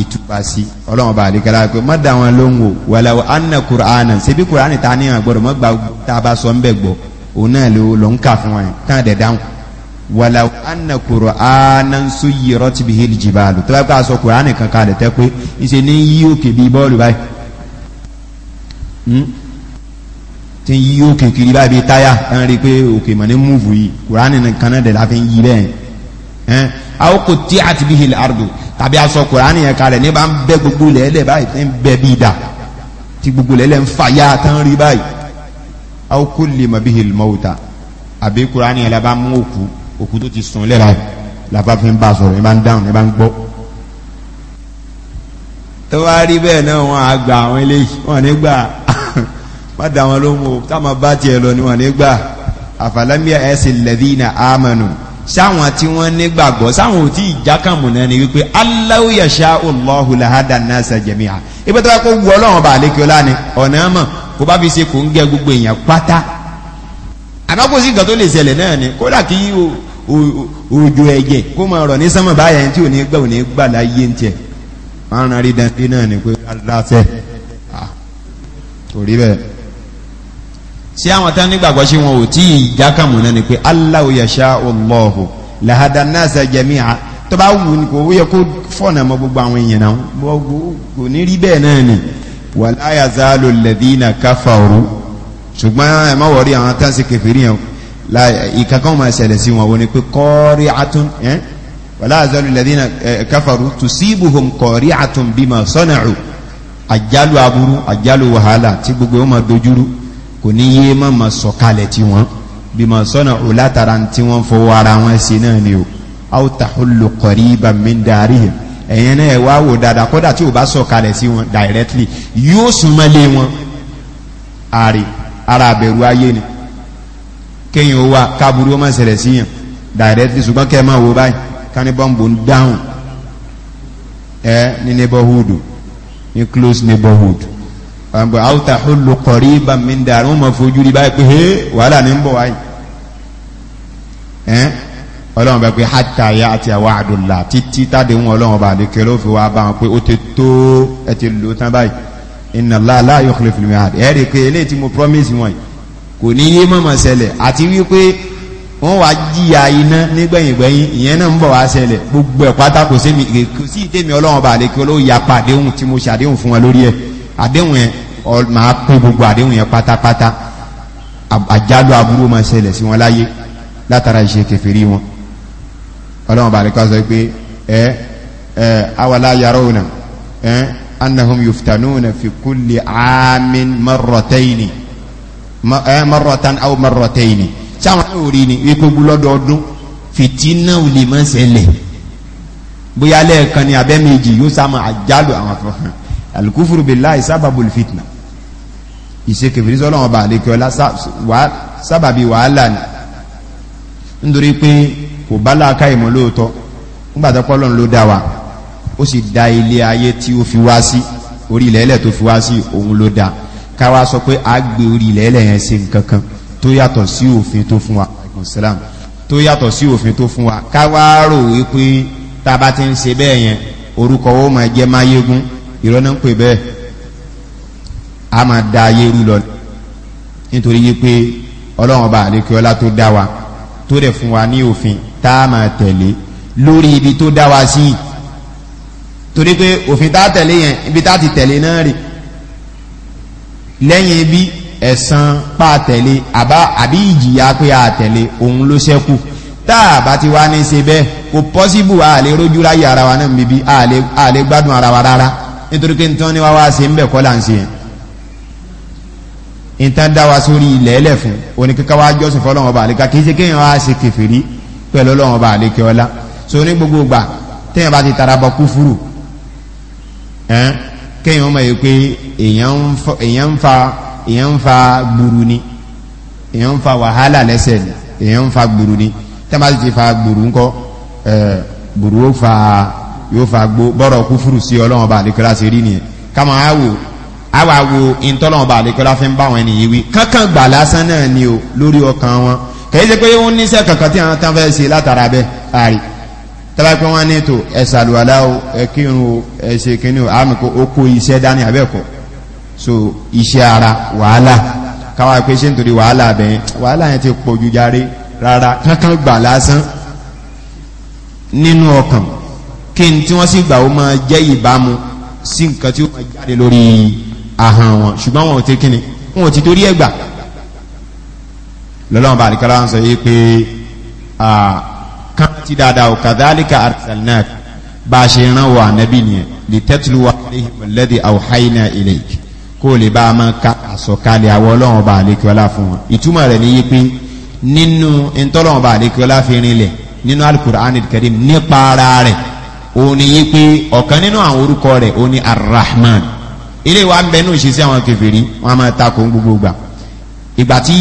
ìtúpa sí ọlọ́run bá àdé kẹlá pé mọ́dà wọn ló ń wò walau anna qur'anan ṣebí qur'an ta ní àgbọ̀dọ̀ mọ́gbà tá a bá sọ ń bẹ̀ gbọ́ òun náà ló ń kà fún wọn tán dẹ̀ wàlà anna Qur'anan suyyirat bihil jibalu tó bá gbà sọ Qur'an kan kalẹ̀ tẹ́ pé ìṣe ní yí òkè bíi bọ́ọ̀lù báyìí hmm? tí ń yí òkè kiri báyìí bíi táyà ẹ̀ ń rí pé òkè mọ̀ ní múùfù yìí Qur'an kan náà dẹ̀ la fi ń yí bẹ́ẹ̀ ẹ̀ aw qutti'at bihil ardu tàbí aṣọ Qur'an yẹn kalẹ̀ ní bá ń bẹ́ gbogbo lẹ́lẹ̀ báyìí tí ń bẹ́ bíi dà òkú tó ti sùn lẹ́la làbá fi ń bá sọ̀rọ̀ ẹ bá ń dáhùn ẹ bá ń gbọ́. tó bá rí bẹ́ẹ̀ náà wọ́n á gba àwọn eléyìí wọ́n ní gbà [laughs] má dá wọn lóhùn o táwọn bá tiẹ̀ lọ ni wọ́n ní gbà àfàlámíà ẹ̀sìn lẹ́dínà àmánù sáwọn tí wọ́n nígbàgbọ́ sáwọn ò tí ìjákàmù náà ni wípé Allahu yasha'u Allahu lahada nasa jami'a ibi tó bá kó wọ́ ọlọ́run bá àlékè ọlá ni ọ̀nà mọ̀ kó bá fi ṣe kò ń gẹ gbogbo èèyàn pátá àmọ́ sí nǹkan tó lè ṣẹlẹ̀ náà ni kódà kí òjò ẹ̀jẹ̀ kó máa rọ̀ ní sánmọ̀ báyẹn tí ò ní gbà ò ní gbà láyé ń tiẹ̀ máa ń rí dandan náà ni pé aláfẹ́ kò rí bẹ́ẹ̀ ṣé àwọn tán nígbàgbọ́ ṣé wọn ò tí ì jákàmù náà ni pé Allahu yasha'u Allahu lahada nasa jami'a tó bá wù ní kò wúyẹ kó fọ̀nà mọ́ gbogbo àwọn èèyàn náà kò ní rí bẹ́ẹ̀ náà ni wala yazalu alladhina kafaru ṣùgbọ́n ẹ má wọ̀rí àwọn tán sí kẹfìrí yẹn ìkankan máa ṣẹlẹ̀ sí wọn wọn ni pé kọ́rí atún ẹ́ wàlá àzọ́lù lẹ́dínà káfàrú tusibuhum kọ́rí atún bima sọ́nàrù àjálù aburú àjálù wàhálà tí gbogbo wọn máa dojúrú kò ní yé má máa sọ̀kalẹ̀ tí wọn bima sọ́nàrù látara tí wọ́n fọwọ́ ara wọn sí náà ni o aw tahullu qariban min darihim ẹ̀yẹn náà wá wò dáadáa kódà tí ò bá sọ̀kalẹ̀ sí wọn directly yóò súnmọ́lé wọn àrè ara àbẹ̀rù ayé ni kéyìn ó wà káàbùrú ó máa ṣẹlẹ̀ síyàn directly ṣùgbọ́n kẹ́ máa wo báyìí káni ń dáhùn ẹ ní neighborhood ní close neighborhood àbọ̀ áwùtà hólù kọ̀rí bá mi ń darí wọ́n máa fojú rí báyìí pé hé wàhálà ní ń bọ̀ wáyìí ẹ ọlọ́run bá pé hátà àti àwọn àdùnlà títí tádéhùn ọlọ́run bá lè kéré fi wá bá wọn pé ó ti tó ẹ ti lò tán báyìí inna Allah la yukhlifu al-mi'ad ẹ rí i pé eléyìí tí mo promise wọn yìí kò ní yé mọ̀mọ̀ ṣẹlẹ̀ àti wípé wọ́n wá jìyà iná nígbẹ̀yìngbẹ̀yìn ìyẹn náà ń bọ̀ wá ṣẹlẹ̀ gbogbo ẹ̀ pátá kò sí ìtẹ̀mí ọlọ́run bá lè kí olóò yapa àdéhùn tí mo ṣàdéhùn fún wọn lórí ẹ̀ àdéhùn ẹ̀ máa pín gbogbo àdéhùn yẹn pátápátá àjálù aburú máa ṣẹlẹ̀ sí wọn láyé látara ìṣe kẹfìrí wọn ọlọ́run bá lè kọ́ sọ pé ẹ ẹ awàlá yàrá òun ẹ annahum yuftanuna fi kulli aamin marrataini marratan aw marrataini sáwọn náà rí ni wípé gbúlọ́dọọdún fìtínà ò lè má ṣẹlẹ̀ bóyá lẹ́ẹ̀kan ni abẹ́ méjì yóò sáàmà àjálù àwọn afẹ́fẹ́ alukufuru billahi sábàbùl fitna ìṣe kẹfìrí sọ́lọ́wọ́n bá sábàbí wàhálà ni nítorí pé kò bá láàká ìmọ̀ lóòótọ́ nígbàtọ́pọ́lọ́n ló dá wa ó sì dá ilé ayé tí ó fi wá sí orí ilẹ̀ẹ́lẹ̀ tó fi wá sí òun ló dá káwá sọ pé a gbé orí ilẹ̀ẹ́lẹ̀ yẹn sí nkankan tó yàtọ̀ sí òfin tó fún wa alaikum tó yàtọ̀ sí òfin tó fún wa káwá rò wípé tá bá ti ń ṣe bẹ́ẹ̀ yẹn orúkọ ó máa jẹ́ máyégún ìrọ́nà ń pè bẹ́ẹ̀ a máa da ayé rú lọ nítorí wípé ọlọ́run ọba àlékè ọlá tó dá wa tó dẹ̀ fún wa ní òfin tá a máa tẹ̀lé lórí ibi tó dá wa sí yìí torí pé òfin tá tẹ̀lé yẹn ibi tá ti tẹ̀lé náà rè lẹ́yìn bí ẹ̀san pa tẹ̀lé àbá àbí ìjìyà pé a tẹ̀lé òun ló ṣẹ́kù tá a bá ti wá ní ṣe bẹ́ẹ̀ kò pọ́síbù a lè rójú ráyè ara wa náà bíbí a lè gbádùn ara wa rárá nítorí pé nítorí ní wá wá ṣe ń bẹ̀ kọ́ là ń ṣe yẹn ìtàn dá wa sórí ilẹ̀ ẹlẹ̀ fún oníkíká wá jọ́sìn fọ́lọ́wọ́n ọba àlékà kì í ṣe kéèyàn wá ṣe kèfèrí pẹ̀lú ọlọ́wọ́n ọba àlékè ọlá so ní gbogbo ìgbà téèyàn bá ti tara bọ kúfúrú ẹ́n kéèyàn mọ̀ pé èèyàn ń fa èèyàn ń fa gburu ni èèyàn ń fa wàhálà lẹ́sẹ̀ ni èèyàn ń fa gburu ni tẹ́lá ti fa gburu ńkọ́ gburu ó fa yóò fa gbó bọ́rọ̀ kúfúrú sí ọlọ́run bá àlékọ́lá ti rí nìyẹn kámọ́ àwò àwò àwò ìtọ́lọ́run bá àlékọ́lá fi ń bá wọn ènìyàn wí kankan gbà lásán náà ni o lórí ọkàn wọn kẹ́yìn sí pé ó ń níṣẹ́ tí àwọn tán fẹ́ ṣe látara bẹ́ẹ̀ àárín tàbí pé wọ́n ní ètò ẹ̀sàlùwàlá o ẹ̀kírun o ẹ̀ṣẹ̀ kìíní o so iṣẹ́ ara wàhálà káwàá pé ṣe ń torí wàhálà abẹ́yìn wàhálà yẹn ti pọ̀ ju járe rárá kankan gbà lásán nínú ọkàn kí n tí wọ́n sì gbà ó máa jẹ́ ìbámu sí nǹkan tí ó máa jáde lórí ahọ́n wọn ṣùgbọ́n wọn ò ti kíni wọn ò ti torí ẹ̀ gbà bá àdìkálá ń sọ yìí pé kan ti dáadáa o kadhalika arsalnak bá a ṣe rán wa ànábì nìyẹn lè tẹ́tùlù wa alayhi alladhi awhayna ilayk kó lè bá a máa ka àsọ̀kalẹ̀ àwọn ọlọ́run ọba àlékiọlá fún wọn ìtumọ̀ rẹ̀ ní yípe nínú ìtọ́lọ́run ọba àlékiọlá fi rinlẹ̀ nínú alukur'an karim nípa ara rẹ̀ òun yípe ọ̀kan nínú àwọn orúkọ rẹ̀ òun ni ilé wa ń bẹ ní òṣìṣẹ́ àwọn kèfèrí wọn a máa ta kó gbogbo gbà ìgbà tí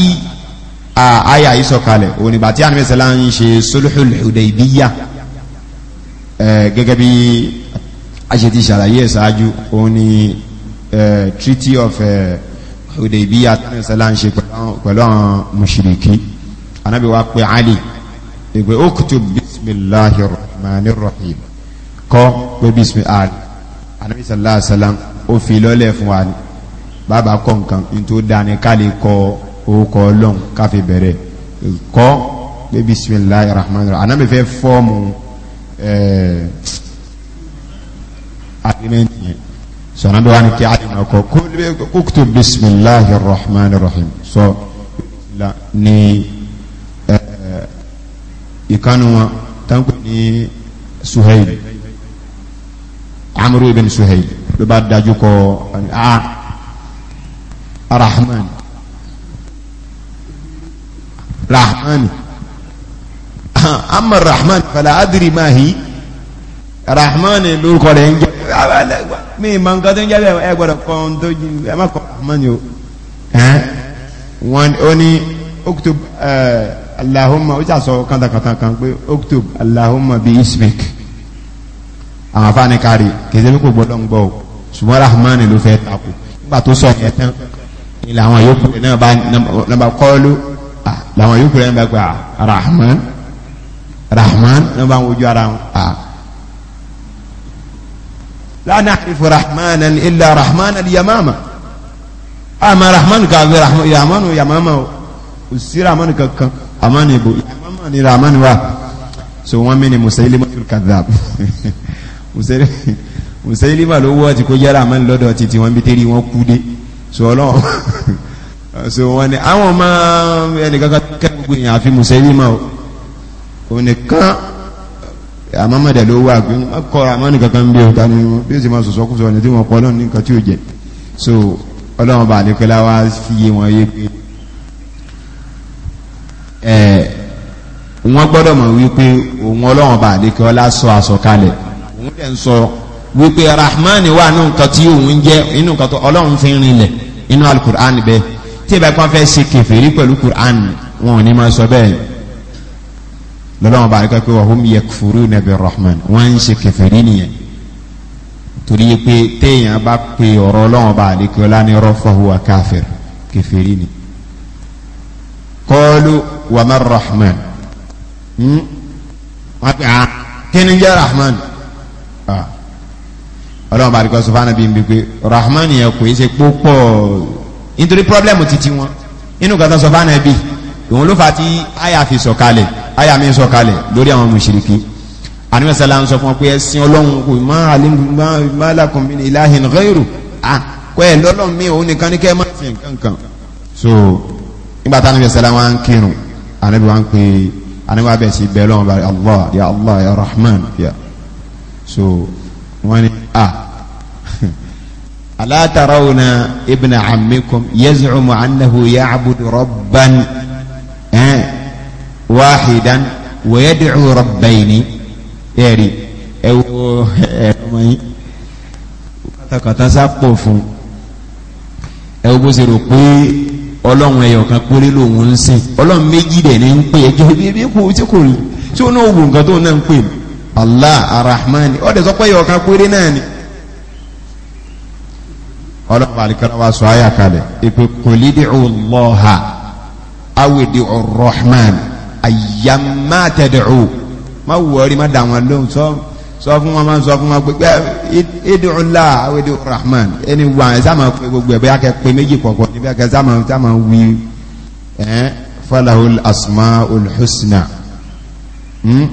àyà yìí sọ̀kalẹ̀ ònígbà tí ànábì sẹ́lá ń ṣe sulhul Hudaybiyah gẹ́gẹ́ bí a ṣe ti ṣàlàyé ẹ̀ ṣáájú òun treaty of Hudaybiyah ànábì sẹ́lá ń ṣe pẹ̀lú àwọn mushriki ànábì wa pé Ali ìgbé uktub bismillahir rahmanir rahim kọ́ ali, bismillah ànábì sẹ́lá sẹ́lá ó fi lọ́lẹ̀ fún wa bàbá kọ̀ nǹkan ní tó dáni orúkọ ọlọ́run káfí bẹ̀rẹ̀ kọ́ pé bisimilahi rahman rahim anabi fẹ́ fọ́ọ̀mù eh, agreement yẹn sọ̀nà bí wàá ní kí alimọ̀ kọ́ kókòtò bisimilahi rahman rahim sọ ní eh, ìkànnì wọn tanko ní suhail amuru ibn suhail ló bá dájú kọ a ah, arahman rahmani amma rahman fala adiri ma hi rahmani lórúkọ rẹ̀ ń jẹ́ mi ma nǹkan tó ń jẹ́ bẹ́ẹ̀ ẹ gbọ́dọ̀ kọ́ tó jí ẹ má kọ́ rahmani o wọ́n ó ní oktub allahumma ó sàsọ kàntàkàntà kan pé oktub allahumma bi ismik àwọn afáàní kárí kìí kò gbọ́dọ̀ ń gbọ́ o ṣùgbọ́n rahmani ló fẹ́ takò nígbà tó sọ yẹn tán ilẹ̀ àwọn yòókù náà bá kọ́ ló làwọn yòókù rẹ̀ ń bá gba ah, rahman rahman náà bá ń wojú ara wọn a. Ah. la na'rifu rahmanan illa ah, rahman al-yamama àmà rahman kàwé yamanu yamama o kò sí rahman kankan àmà ni ibo yamama ni rahman wa so wọn mi ni musaylimatul kadhab [laughs] musaylima ló wọ́ọ̀tì kó jẹ́ rahman lọ́dọ̀ títí wọn bí tẹ́lẹ̀ wọn kú dé so [laughs] so wọ́n ni àwọn ọmọ ẹnìkankan kẹ́gbogbo èèyàn àfi Musailima o nìkan àmọ́mọ́dẹ̀ ló wà gbé kọ́ amani nìkankan bí ọ̀tá ni bí ó sì máa sọ̀sọ́kùsọ̀ ní tí wọ́n pọ̀ lọ́nà nìkan tí ó jẹ so ọlọ́run bá nípẹ́lá wá fiye wọn yé pé ẹ̀ wọ́n gbọ́dọ̀ mọ̀ wípé òun ọlọ́run bá nípẹ́ ọlá sọ àsọkalẹ̀ òun dẹ̀ ń sọ wípé Rahman wà ní nǹkan tí òun jẹ́ inú nǹkan tó ọlọ́run fi rinlẹ̀ inú alukur'an bẹ́ẹ̀ tí ìbá kan fẹ́ ṣe kèfèrí pẹ̀lú Qur'an wọn ò ní máa sọ bẹ́ẹ̀ lọ́lọ́wọ́n bá kọ́ pé wa hum yakfuruna bir rahman wọ́n ń ṣe kèfèrí nìyẹn torí pé téèyàn bá pe ọ̀rọ̀ ọlọ́wọ́n bá àdékè ọlá ní ọ̀rọ̀ fahuwa káfíìr kèfèrí ni kọ́ọ́lù wàmà rahman hmm? wọ́n pe ah kí jẹ́ rahman ah. ọlọ́wọ́n bá àdékè sọ fún anabi bíi pé rahman yẹn kò í ṣe púpọ̀ nítorí pọ́blẹ́mù titi wọn inú kan tó sọ fáwọn ẹbí òun ló fà tí àyà fi sọ̀kalẹ̀ àyà mi sọ̀kalẹ̀ lórí àwọn mùṣìríkí àníwẹ̀sẹ̀lá ń sọ fún ọ pé ẹ̀sìn ọlọ́run kò má alákùn min ilahin ghayru kọ́ ẹ̀ lọ́lọ́run mi òun nìkan ní kẹ́ máa fi nǹkan so nígbà táwọn àníwẹ̀sẹ̀lá wọn ń kírun àníbi wọn ń pè àníwẹ̀ abẹ́ sí bẹ́ẹ̀ lọ́wọ́ bá Allah ya Allah ya Rahman ya so wọ́n ní ah ألا ترون ابن عمكم يزعم أنه يعبد ربا واحدا ويدعو ربين ẹ̀rí ẹ̀wọ̀ ẹ̀rọmọ yìí kátàkátà sápọ̀ fún ẹ̀wọ̀ bó ṣe rò pé ọlọ́run ẹ̀yọ̀ kan péré lòun ń sìn ọlọ́run méjì dẹ̀ ní ń pè ẹjọ́ bí ebi kò tí kò rí arahmani ọ̀dẹ̀ sọ pé ẹ̀yọ̀ kan péré náà ọlọ́run àlìkọ́lá wa sọ àyà kalẹ̀ ìpè kòlídìí lọ́ha awèdè ọ̀rọ̀hman àyàmá tẹ̀dẹ̀ọ́ má wọ̀ọ́rí má dà wọn lóhùn sọ sọ fún wọn máa sọ fún wọn pé ìdìrúlá awèdè ọ̀rọ̀hman ẹni wà ẹ sáà máa pe gbogbo ẹ bóyá kẹ pé méjì kọ̀ọ̀kan níbi ẹkẹ sáà máa sáà máa wí ẹ falahul asma olùhùsìnà hmm?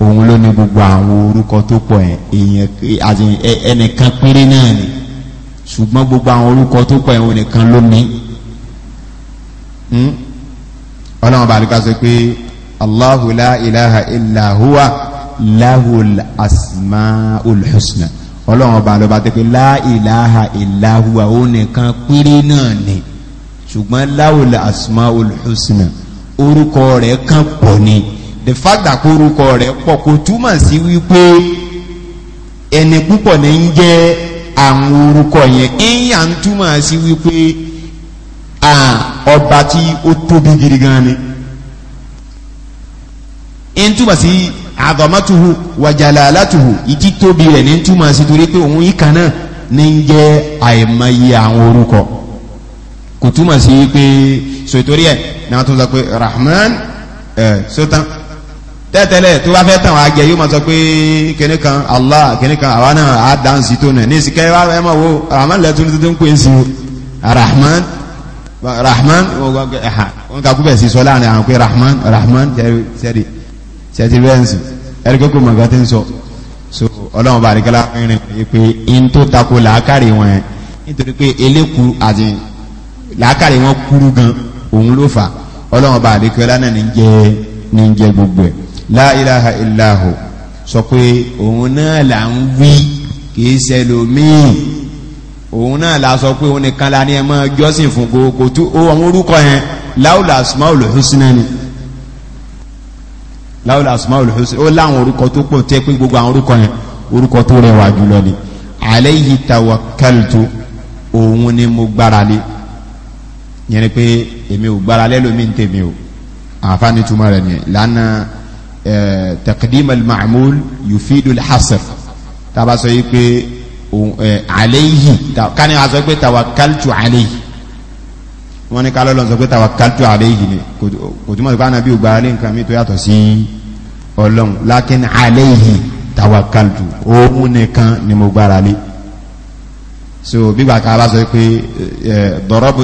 òun ló ní gbogbo àwọn orúkọ tó pọ̀ ẹ̀ ẹnìkan péré náà ni ṣùgbọ́n gbogbo àwọn orúkọ tó pọ̀ ẹ̀wọ̀n nìkan ló ní hmm? ọlọ́run bá lùkà sọ pé Allahu la ilaha illa huwa lahul asmaul husna ọlọ́run bá tẹ́ pé la ilaha illa huwa òun nìkan péré náà ni ṣùgbọ́n lahul asmaul husna orúkọ rẹ̀ kan pọ̀ ni the fact that orúkọ rẹ̀ pọ̀ kò túmọ̀ sí wípé ẹni púpọ̀ ní ń jẹ́ àwọn orúkọ yẹn ìyà ń túmọ̀ sí wípé ọba tí ó tóbi gidi gan ni ń túmọ̀ sí àgọ́mọ́tuhu wàjàlálàtuhu ìdí tóbi rẹ̀ ní ń túmọ̀ sí torí pé òun ìkan náà ní ń jẹ́ àìmọye àwọn orúkọ kò túmọ̀ sí pé sòtórí ẹ̀ náà tó sọ pé rahman ẹ̀ sọ́tàn tẹ́tẹ́lẹ̀ tó bá fẹ́ tàn wá jẹ yóò máa sọ pé kíní kan Allah kíní kan àwa náà á dáǹsì tó nà ní ìsìnkẹ́ wá ẹ máa wo Rahman lẹ́tún tó ń pè é Rahman Rahman wọn kà kúbẹ̀ sí sọ láàrin àwọn pé Rahman Rahman sẹ́rí sẹ́rí bẹ́ẹ̀nsì ẹ̀rí kókò mọ̀gá tí ń sọ so ọlọ́run bá àríkẹ́lá rìnrìn rìn pé in tó tako làákàrí wọn ẹ̀ nítorí pé eléku àti làákàrí wọn kúrú gan òun ló fà ọlọ́run bá àríkẹ́lá náà ní jẹ jẹ gbogbo ẹ̀ la ilaha illahu sọ pé òun náà là ń wí kìí ṣẹlòmíì òun náà là sọ pé òun nìkan la ní ẹ máa jọ́sìn fún gbogbo tó àwọn orúkọ yẹn láwùlà asmaul husna ni láwùlà asmaul husna ó láwọn orúkọ tó pọ̀ tẹ́ pé gbogbo àwọn orúkọ yẹn orúkọ tó rẹwà jùlọ ni alayhi tawakkaltu òun ni mo gbára lé yẹn ni pé èmi ò gbára lé ń tèmi o àǹfààní túmọ̀ rẹ̀ ni lánàá. تقديم المعمول يفيد الحصر. al-hasr عليه كان yìí pé alayhi káni a sọ pé tawakkaltu alayhi wọ́n ní kálọ́ lọ́n sọ pé tawakkaltu alayhi ni kò túmọ̀ sí pé ànábì ò gbára lé nǹkan mi tó yàtọ̀ sí ọlọ́run lakin alayhi tawakkaltu òun nìkan ni mo gbára lé so bí gbàgbà bá sọ pé dọ̀rọ́bù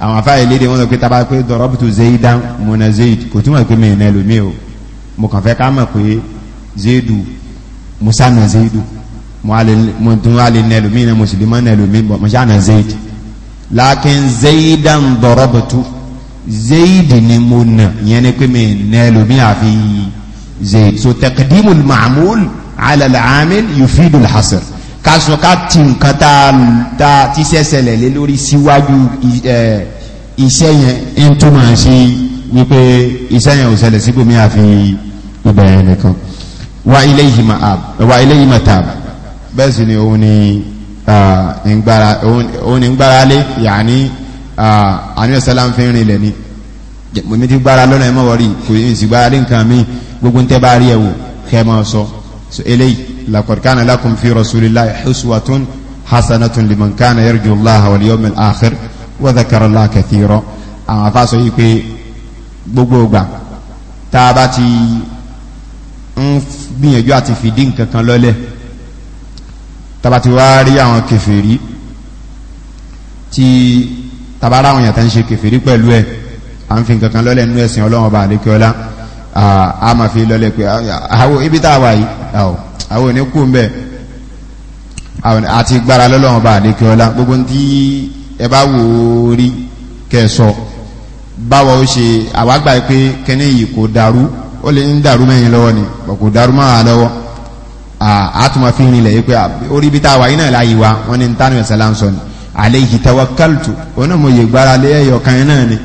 àwọn afáyẹ léde wọn sọ pé taba pé dọrọbùtù zeidan mọ̀nà zeid kò túmọ̀ pé mẹ́rin náà lómi o mo kàn fẹ́ ká mọ̀ pé zeidu musa na zeidu mo tún wà lè náà lómi náà mùsùlùmọ́ náà lómi bọ̀ mọ̀ṣá na zeid lakin zeidan dọrọbùtù zeid ni mo nà yẹn ni pé mẹ́rin náà lómi àfi zeid so taqdimul ma'mul ala al-amil hasr kásùn ká tí nǹkan tá ti sẹ́sẹ̀lẹ̀ lé lórí síwájú iṣẹ́ yẹn ń túmọ̀ sí wípé iṣẹ́ yẹn ò ṣẹlẹ̀ síbòmí àfi ìbẹ̀rẹ̀ nìkan wa ilayhi ma'ab wa ilayhi matab bẹ́ẹ̀ sì ni òun ni òun ni ń gbára lé yàní àníwẹ̀ sálám fi rìn ilẹ̀ ni mi ti gbára lọ́nà ẹmọ́ wọ́rí kò yí sí gbára lé nǹkan mi gbogbo ń tẹ́ bá rí ẹ̀wò kẹ́ mọ́ sọ eléyìí laqad kana lakum fi rasulillahi uswatun hasanatun liman kana yarju allaha wal yawmal akhir wa dhakara allaha kathira àwọn afáṣọ yìí pé gbogbo ìgbà tá a bá ti ń gbìyànjú àti fìdí nǹkan kan lọ́lẹ̀ tá bá ti wá rí àwọn kèfèrí tí tá bá ráwọn èèyàn tá ń ṣe kèfèrí pẹ̀lú ẹ̀ à ń fi nǹkan kan lọ́lẹ̀ nínú ẹ̀sìn ọlọ́run ọba àdékẹ́ọ́lá a máa fi lọ́lẹ̀ pé ibi tá a wà yìí àwọn òní kú mbẹ àti gbára lọ́lọ́run bá àdékè ọlá gbogbo tí ẹ bá wò ó rí kẹsọ báwo ó ṣe àwágbà pé kẹ́ni yìí kò dàrú ó lè ń dàrú mẹ́yìn lọ́wọ́ ni kò dàrú máa lọ́wọ́ àtúmọ̀ fi rinlẹ̀ yìí pé orí bí táwa iná láyé wa wọ́n ní tánu ẹ̀sẹ̀ láǹsọ ni alayhi tawakkaltu ọ̀nà mo yè gbára lé kan náà ni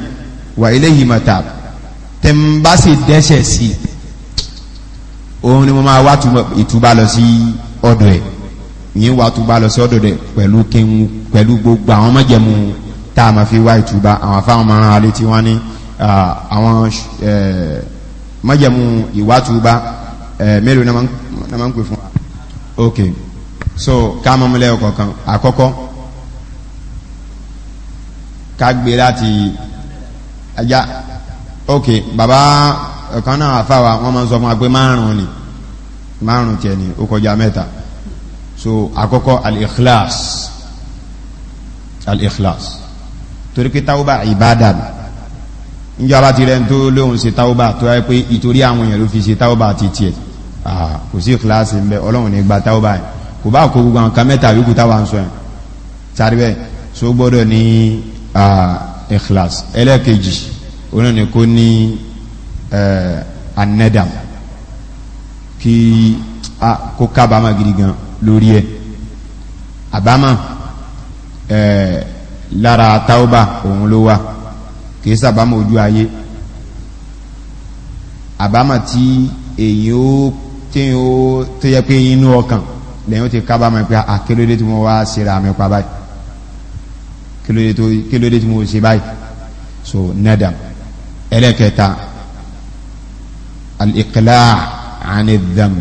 wà ilayhi matab tẹ̀ ń bá sì dẹ́sẹ̀ sí i òun ni mo máa wá ìtúbà lọ sí ọ̀dọ̀ ẹ̀ ìyẹn wá túbà lọ sí ọ̀dọ̀ rẹ̀ pẹ̀lú kéwù pẹ̀lú gbogbo àwọn májẹ̀mú tá a máa fi wá ìtúbà àwọn afáwọn máa ń halẹ̀ tí wọ́n ní àwọn májẹ̀mú ìwà túbà mélòó náà máa ń pè fún wa. ok so ká máa mú lẹ́yìn kọ̀ọ̀kan àkọ́kọ́ ká gbé láti ajá ok bàbá ọ̀kan náà àfáwà wọ́n máa ń sọ fún wa pé márùn-ún ni márùn tiẹ̀ ni ó kọjá mẹ́ta so àkọ́kọ́ al-ikhlas al-ikhlas torí pé tawba ìbádà ní ìjọba ti rẹ̀ tó lóhun ṣe tawba tó yẹ pé ìtorí àwọn èèyàn ló fi ṣe tawba ti tiẹ̀ kò sí ikhlas ń bẹ ọlọ́run ní gba tawba yẹn kò bá kó gbogbo nǹkan mẹ́ta yókù táwa ń sọ yẹn sáré bẹ́ẹ̀ so gbọ́dọ̀ ní ikhlas ẹlẹ́ẹ̀kejì onáni kó ní anẹ́dàmù kí a kó kábàámà gidi gan lórí ẹ̀ àbámà ẹ̀ lára táúbà òun ló wà kìí sàbámà ojú ayé àbámà tí èyí ó téyàn ó tó yẹ pé inú ọkàn lẹ́yìn ó ti kábàámà pé àkélódé tí wọ́n wá síra àmì pa báyìí kílódé tí mo ṣe báyìí so nadam ẹlẹ́kẹta al ani dam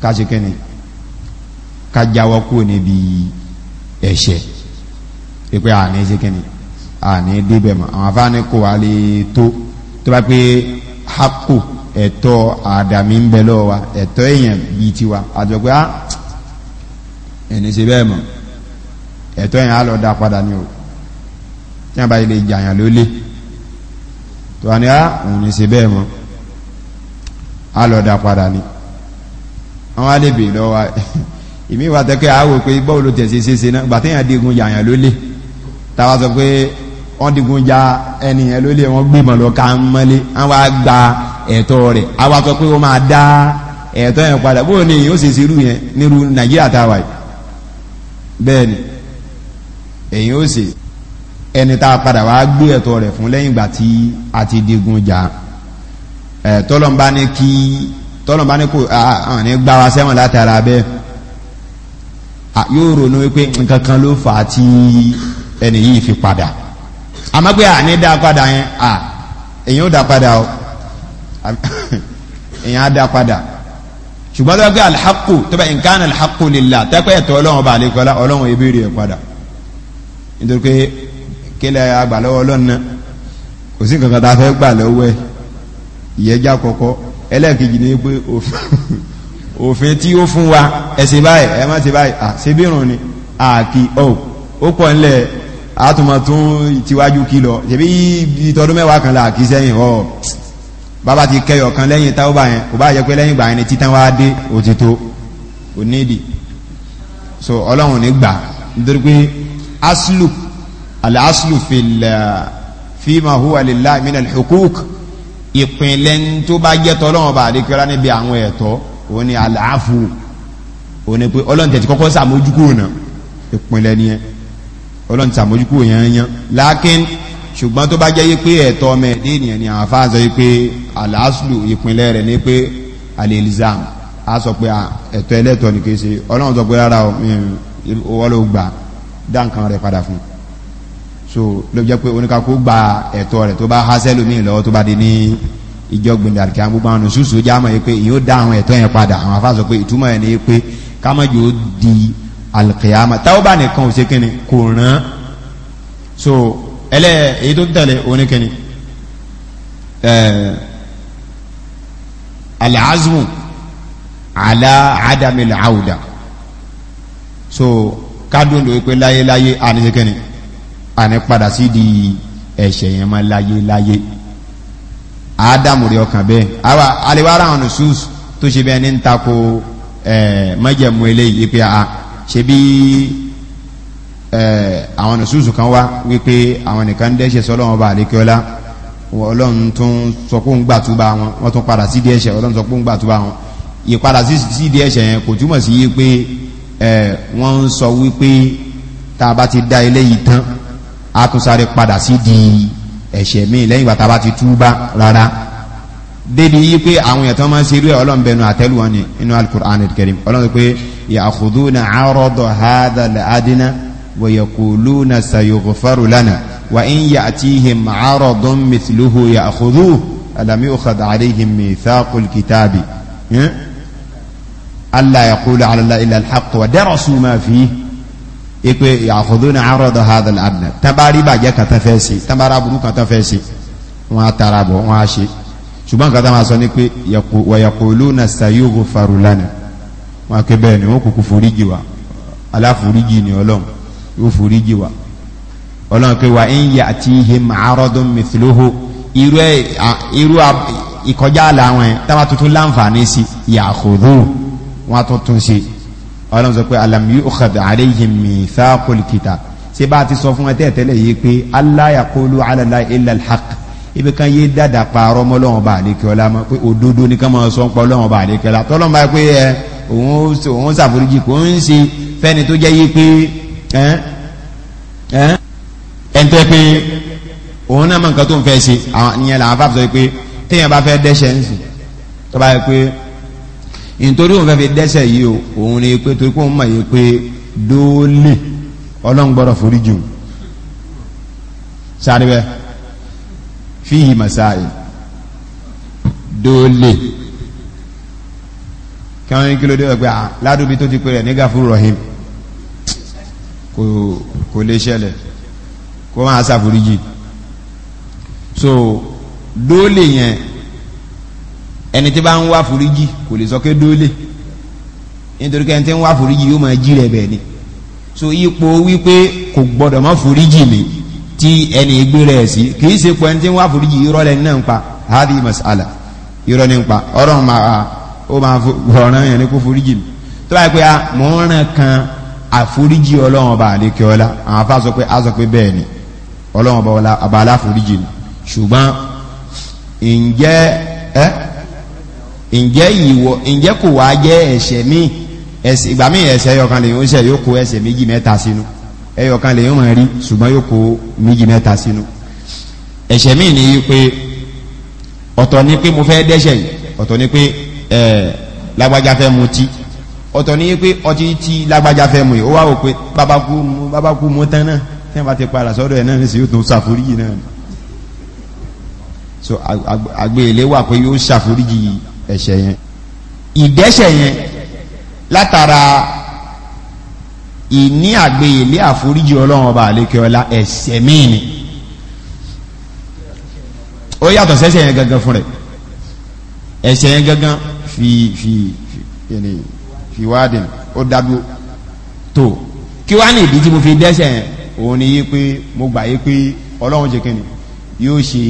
kasi kini ka jáwọ́ kúrò níbi ẹ̀ṣẹ̀ ipe ani si kini ani dibẹ ma àwọn afaani kò wá lè tó tó bá pé hako ẹ̀tọ́ àdàmì ń bẹ lọ wa ẹ̀tọ́ èèyàn bíi tiwa àjọ pé ah ẹni ṣe bẹ́ẹ̀ mọ̀ ẹ̀tọ́ yẹn á lọ padà ní o tí wọn bá yẹ lè jàyàn lólè tó wà ní ah òun ní ṣe bẹ́ẹ̀ á lọ padà ni àwọn àdèbè lọ́wọ́ ìmí ìwà tẹ́kẹ́ àwò pé bọ́ọ̀lù tẹ̀sí ṣeéṣe náà gbàtẹ́yàn digun yàyàn lólè táwa sọ pé wọ́n digun ja ẹnìyàn lólè wọ́n gbìmọ̀ lọ ká ń mọ́lé ẹ̀tọ́ rẹ̀ sọ pé máa dá ẹ̀tọ́ yẹn padà yóò ṣe yẹn nàìjíríà táwa yìí bẹ́ẹ̀ a padà wá gbé ẹ̀tọ́ rẹ̀ fún lẹ́yìn tí a ti digun tọ́lọ̀mbá ní kí tọ́lọ̀mbá ní kò àwọn ní gbá wa sẹ́wọ̀n látara bẹ́ẹ̀ yóò ronú wípé nǹkan kan ló fà á tí ẹni yìí fi padà àmọ́ pé àní dá padà yẹn à èyàn ó dá padà o [laughs] èyàn á dá padà ṣùgbọ́n tó gbé alḥaqu nǹkan alḥaqu lillah tẹ́pẹ́ ẹ̀tọ́ ọlọ́run ọba àlekọ́lá ọlọ́run ìbéèrè ẹ̀ padà nítorí pé kílẹ̀ agbàlọ́wọ́ ọlọ́run náà kò sí nǹkan kan tá a fẹ́ gbà lọ́wọ́ ẹ̀ ìyẹjá kọ́kọ́ ẹlẹ́ẹ̀kejì ní pé òfin tí ó fún wa ẹ̀sìn báyìí ẹ má ṣe báyìí àṣebírùn ni àkì ọ̀ ó pọ̀ ńlẹ̀ àtúmọ̀tún ìtiwájú kí lọ ṣebí ìtọ́dún mẹ́wàá kan là sẹ́yìn ọ̀ bàbá ti kẹyọ̀ kan lẹ́yìn táwọ́bà yẹn kò bá jẹ́ pé lẹ́yìn ìgbà yẹn ni títàn wá dé òtítọ́ onídìí so ọlọ́run ní gbà nítorí pé aslu al aslu fil fima huwa lillahi min al ìpínlẹ̀ tó bá jẹ́ tọ́lọ́wọ́n bá àdékọ́lá níbi àwọn ẹ̀tọ́ òun ni àlàáfù òun ni pé ọlọ́run tẹ̀tí kọ́kọ́ sàmójúkú náà ìpínlẹ̀ ni ẹ ọlọ́run sàmójúkú yẹn yẹn lákín ṣùgbọ́n tó bá jẹ́ yí pé ẹ̀tọ́ ọmọ ẹ̀dẹ́ ènìyàn ni àáfà sọ yí pé àlàáṣùlù ìpínlẹ̀ rẹ̀ ní pé alelizam a sọ pé ẹ̀tọ́ ẹlẹ́tọ̀ ni kì í ṣe ọlọ́run sọ pé rárá o wọ́n ló gbà dá rẹ̀ padà fún un so ló jẹ́ pé oníkakó gba ẹ̀tọ́ rẹ̀ tó bá hásẹ́ lómi lọ́wọ́ tó bá di ní ìjọ gbìndà kí a gbogbo àwọn ṣùṣù já mọ̀ pé ìyó dá àwọn ẹ̀tọ́ yẹn padà àwọn afá pé ìtumọ̀ ẹ̀ ni pé kámọ́jò di alkiyama táwọ́bà nìkan ò ṣe kíni kò rán so ẹlẹ́ èyí tó tẹ̀lé oníkíni eh, alazmu ala adamil auda so kádùn lóye pé láyé láyé àníṣe kíni àní padà sí di ẹ̀ṣẹ̀ yẹn mọ́ láyé láyé ádámù rí ọkàn bẹ́ẹ̀ àwa alewara àwọn nusus tó ṣe bẹ́ẹ̀ ní ń tako mọ́jẹ̀mú eléyìí pé a ṣe bí àwọn nusus kan wá wípé àwọn nìkan dẹ́ṣẹ̀ sọ́lọ́wọ́n bá àlékíọ́lá ọlọ́run tún sọ pé ń gbà túbà wọn wọ́n tún padà sí di ẹ̀ṣẹ̀ ọlọ́run sọ pé ń gbà túbà wọn ìpadà sí di ẹ̀ṣẹ̀ yẹn kò túmọ̀ sí pé wọ́n ń sọ wípé tá a bá ti dá eléyìí tán a tún sáré padà sí di ẹ̀ṣẹ̀ míì lẹ́yìn bàtà bá ti túbá rárá débi yí pé àwọn èèyàn tó máa ń ṣe irú ẹ̀ ọlọ́run bẹnu àtẹ́lù wọn ni inú al-Qur'an al-Karim ọlọ́run pé ya'khudhuna 'arada hadha al-adna wa yaquluna sayughfaru lana wa in ya'tihim 'aradun mithluhu ya'khudhuhu alam yu'khadh 'alayhim mithaqul kitabi hmm? alla yaqulu 'ala Allahi illa al-haqq wa darasu ma fihi ipe àkùdúnà àrọ̀dọ̀ hadal adna tábàrí bàjẹ́ kàtà fẹ́ sí tábàrá burú kàtà fẹ́ sí wọn á tara bọ̀ wọn á ṣe ṣùgbọ́n kàtà máa sọ ní pé wàyàkùlù na sayugu farulana wọn ké bẹ́ẹ̀ ni wọ́n kúkú foríjì wa aláforíjì ni ọlọ́run yóò foríjì wa ọlọ́run pé wà ń yà àti ihe màárọ̀dún mìtìlóhó irú ìkọjá àlà wọn tábà tuntun láǹfààní sí yàkùdú wọn tuntun sí ọlọ́run sọ pé alam yu'khad alayhim mithaqul kitab ṣé bá a ti sọ fún ẹ tẹ́ẹ̀tẹ́lẹ̀ yìí pé alla yaqulu ala Allahi illa al-haqq ibi kan yé dada kpaarọ mọ lọ́wọ́ ba àdékẹ́ ọlá ma pé òdodo ni ká máa sọ ń pa lọ́wọ́ ba àdékẹ́ ọlá tọ́lọ́ máa pé ẹ òun òun ṣàforíjì kò ń ṣe fẹ́ni tó jẹ́ yí pé ẹ tẹ́ pé òun náà mọ nǹkan tó ń fẹ́ ṣe àwọn ìyẹn làwọn afáfẹ́ sọ pé téèyàn bá fẹ́ dẹ́ṣẹ̀ ń sìn tó yẹ pé nítorí òun fẹ́ fi dẹ́sẹ̀ yìí o òun ni pé torí pé òun mọ̀ yìí pé dóòlè ọlọ́run gbọ́dọ̀ forí jù sáré fíhì màsáyì dóòlè kí wọ́n ní kí ló dé ọ̀pẹ́ ah, ládùúbí tó ti pè rẹ̀ ní gàfúrú rahim kò lè ṣẹlẹ̀ kó máa ṣàforíjì so dóòlè yẹn ẹni tí bá ń wá foríjì kò lè sọ pé dóòlè nítorí kẹ́ni tí ń wá foríjì yóò máa jí rẹ̀ bẹ̀ ni so ipò wípé kò gbọ́dọ̀ má foríjì mi tí ẹni gbé rẹ̀ sí kì í ṣe pé ẹni tí ń wá foríjì irọ́ lẹ́ni náà ń pa hadi masala irọ́ ni ń pa ọ̀rọ̀ máa ó máa ọ̀ràn yẹn ní kó foríjì mi tó báyìí pé a mọ̀ ń ràn kan àforíjì ọlọ́run ọba àlékẹ́ ọlá àwọn afá sọ pé a sọ pé bẹ́ẹ̀ ni ọlọ́run ọba aláforíjì ni ṣùgbọ́n ǹjẹ́ ẹ́ ǹjẹ́ ìwọ ǹjẹ́ kò wá jẹ́ ẹ̀ṣẹ̀ míì ẹ̀ṣẹ̀ ìgbà míì ẹ̀ṣẹ̀ ẹyọkan lè ń ṣe yóò kó ẹ̀ṣẹ̀ méjì mẹ́ta sínú ẹyọkan lè ń rí ṣùgbọ́n yóò kó méjì mẹ́ta sínú ẹ̀ṣẹ̀ míì ni pé ọ̀tọ̀ ni pé mo fẹ́ dẹ́ṣẹ̀ yìí ọ̀tọ̀ ni pé ẹ̀ lágbájá fẹ́ mu tí ọ̀tọ̀ ni pé ọtí tí lágbájá fẹ́ mu yìí ó wá wò pé bábákú mu bábákú mu tán náà so àgbélé wà pé yóò ṣàforíjì ẹ̀ṣẹ̀ yẹn ìdẹ́ṣẹ̀ yẹn látara ìní àgbéyèlé àforíjì ọlọ́run ọba àlékè ọlá ẹ̀ṣẹ̀ míì ni ó yàtọ̀ sẹ́ṣẹ̀ yẹn gangan fún rẹ̀ ẹ̀ṣẹ̀ yẹn gangan fi fi fi fi wádìí ó dábí tó kí wá ní ìdí tí mo fi dẹ́ṣẹ̀ yẹn òun ni yí pé mo gbà yí pé ọlọ́run jẹ́ kí ni yóò ṣe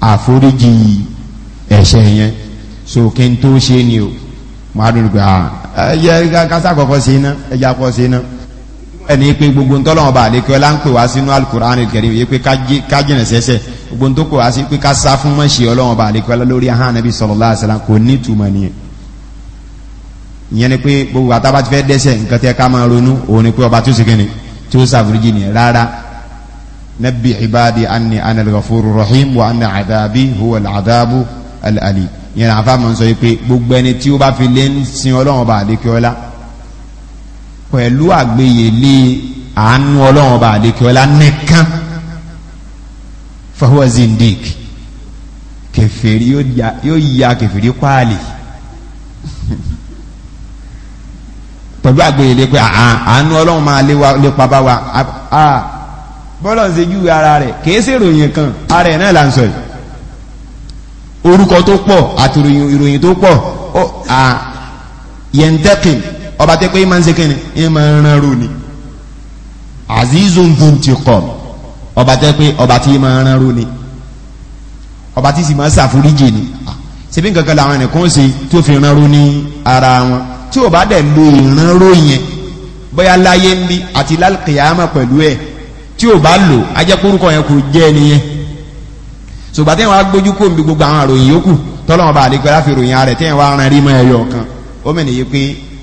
àforíjì ẹ̀ṣẹ̀ yẹn so kí n tó ṣe ni o máa dùn gbà ah, ẹyẹ kásá kọ̀kọ́ sí iná ẹja kọ́ sí iná ẹni pé gbogbo ń tọ́lọ́wọ́n bá àlékẹ́ ọlá ń pè wá sínú alukur'an kẹrin yìí pé ká jìnà sẹ́sẹ̀ gbogbo ń tó pè wá sí pé ká sá fún mọ́ṣẹ́ ọlọ́wọ́n bá àlékẹ́ ọlá lórí ahán nàbí sallallahu alaihi wasallam kò ní ìtumọ̀ nìyẹn ìyẹn ni pé gbogbo àtàbà ti fẹ́ dẹ́sẹ̀ nǹkan tẹ́ ká máa ronú òun ni pé ọba tó sèkéni tí ó sàfúrújì rárá nabbi ibadi anni ana rahim wa anna adabi huwa al-adabu yẹn náà fáwọn sọ pé gbogbo ẹni tí ó bá fi lé ń sin ọlọ́run ọba àdékíọ́lá pẹ̀lú àgbéyèlé àánú ọlọ́run ọba àdékíọ́lá nìkan fahuwa zindik kẹfẹ́rí yóò ya kẹfẹ́rí páàlì pẹ̀lú àgbéyèlé pé àánú ọlọ́run máa lépa bá wa bọ́lọ̀ ń ṣe júwe ara rẹ̀ kìí ṣèròyìn kan ara ẹ̀ náà là ń sọ yìí orúkọ tó pọ̀ àti ìròyìn tó pọ̀ à yẹ̀ndẹ́kìn ọba tẹ́ pé ìmọ̀ ń sekẹ́ni ìmọ̀ ń rán rò ní azizun dun ti kọ̀ ọba tẹ́ pé ọba tí ìmọ̀ ń rán rò ní ọba tí sì máa ń ṣàforíjì ni ṣebí nǹkan kan làwọn ẹnìkan ṣe tó fi rán rò ní ara wọn tí ò dẹ̀ lo ìran rò bóyá láyé ń bí àti lálùkìyàmọ̀ pẹ̀lú ẹ̀ tí ò lò ajẹ́kórúkọ yẹn kò jẹ́ ẹni ṣùgbọ́n tẹ́yìn wá gbójú kó mi gbogbo àwọn àròyìn yòókù tọ́lọ́wọ́n bá àdégbé láfi ròyìn ààrẹ tẹ́yìn wá ran rí mọ́ ẹyọ kan ó mẹ́ni yìí pé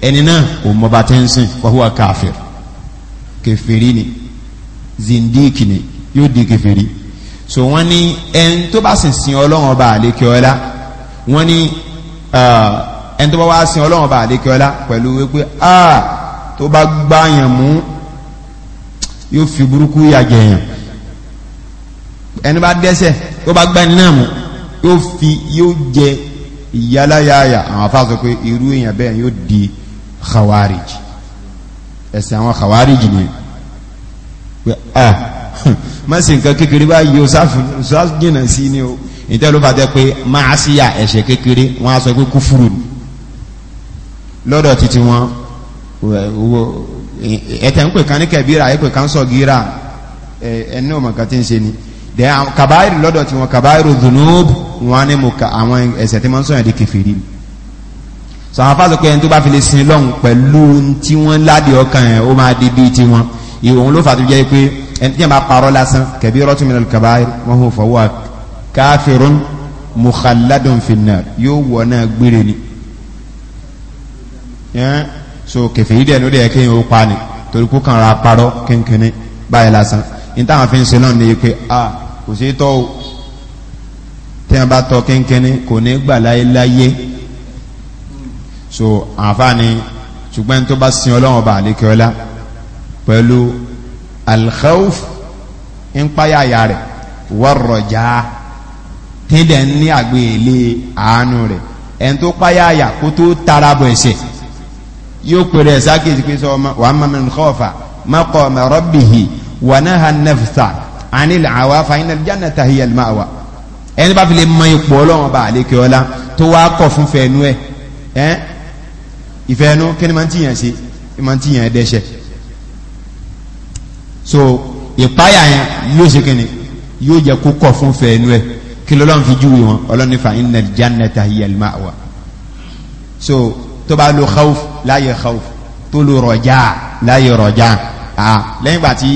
ẹni náà kò mọ bá tẹ́ǹsìn wàhùwà káfíìr kẹfìrí ni zindiki ni yóò di kẹfìrí so wọ́n ní ẹni tó bá sì sin ọlọ́wọ́n bá àdékè ọlá wọ́n ní ẹni tó bá wá sin ọlọ́wọ́n bá àdékè ọlá pẹ̀lú wípé ah tó bá gbáyàn mú yóò fi burúkú yàgẹ̀yàn ẹni bá dẹ́sẹ̀ tó bá gbẹ́ni náà mú yóò fi yóò jẹ ìyáláyàyà àwọn afáàsọ pé irú èèyàn bẹ́ẹ̀ yóò di khawarij ẹ̀sìn àwọn khawarij ni pé a mọ́sí nǹkan kékeré bá yóò sáfìjìnà sí ni o ìtẹ́lú fàtẹ́ pé máa síyà ẹ̀ṣẹ̀ kékeré wọ́n á sọ pé kúfùrù lọ́dọ̀ títí wọn ẹ̀tẹ̀ ń pè kan ní kẹ̀bíra ẹ̀pẹ̀ kan sọ gíra ẹni ọmọ kan tí ń ṣe ni dẹ àwọn kabairu lọ́dọ̀ tiwọn kabairu dunubu wọn ni mo ka àwọn ẹ̀ṣẹ̀ tí wọ́n sọ̀yàn di kẹfìrí sọ àwọn afáàsọ pé ẹni tó bá fi lè sin lọ́hùn pẹ̀lú tí wọ́n ládìí ọkàn yẹn ó máa di bíi tiwọn ìwọ̀n ló fà tó jẹ́ pé ẹni tí yẹn bá parọ́ lásán kabiratu minal kabair wa huwa fahuwa kafirun mukhalladun finnar yóò wọ̀ náà gbére ni so kẹfìrí dẹ̀ ló dẹ̀ ó pa ni torí kó kàn ra parọ́ kínkínní báyìí lásán ní táwọn fi ń ṣe náà ni pé a kò sí tọ́ o tí wọ́n bá tọ́ kínkínní kò ní gbà láyéláyé so àǹfààní ṣùgbọ́n tó bá sin ọlọ́run ọba àlékẹ́ọ́lá pẹ̀lú alkhawf ń páyàyà rẹ̀ wọ́rọ̀já tíndẹ̀ ní àgbéyèlé àánú rẹ̀ ẹn tó páyàyà kó tó tarabọ̀ ẹ̀sẹ̀ yóò pèrè ẹ̀sákèjì pé sọ wàá mọ̀mọ́ nǹkan ọ̀fà maqama rabbihi wanaha nafsa anil awa fàyínà jannata hiya al-ma'wa ẹni bá fi lè mọ ipò ọlọ́run bá àlékè ọlá tó wá kọ̀ fún fẹ̀ẹ́nu ẹ̀ ẹ́ ìfẹ́ẹ́nu kí ni máa ń so ìpáyà yẹn yóò ṣe kí ni yóò jẹ́ kó kọ̀ fún fẹ̀ẹ́nu fi júwe wọn ọlọ́run ní fàyínà jannata hiya so tó bá lo khawf láyé khawf tó lo lẹ́yìn gbà tí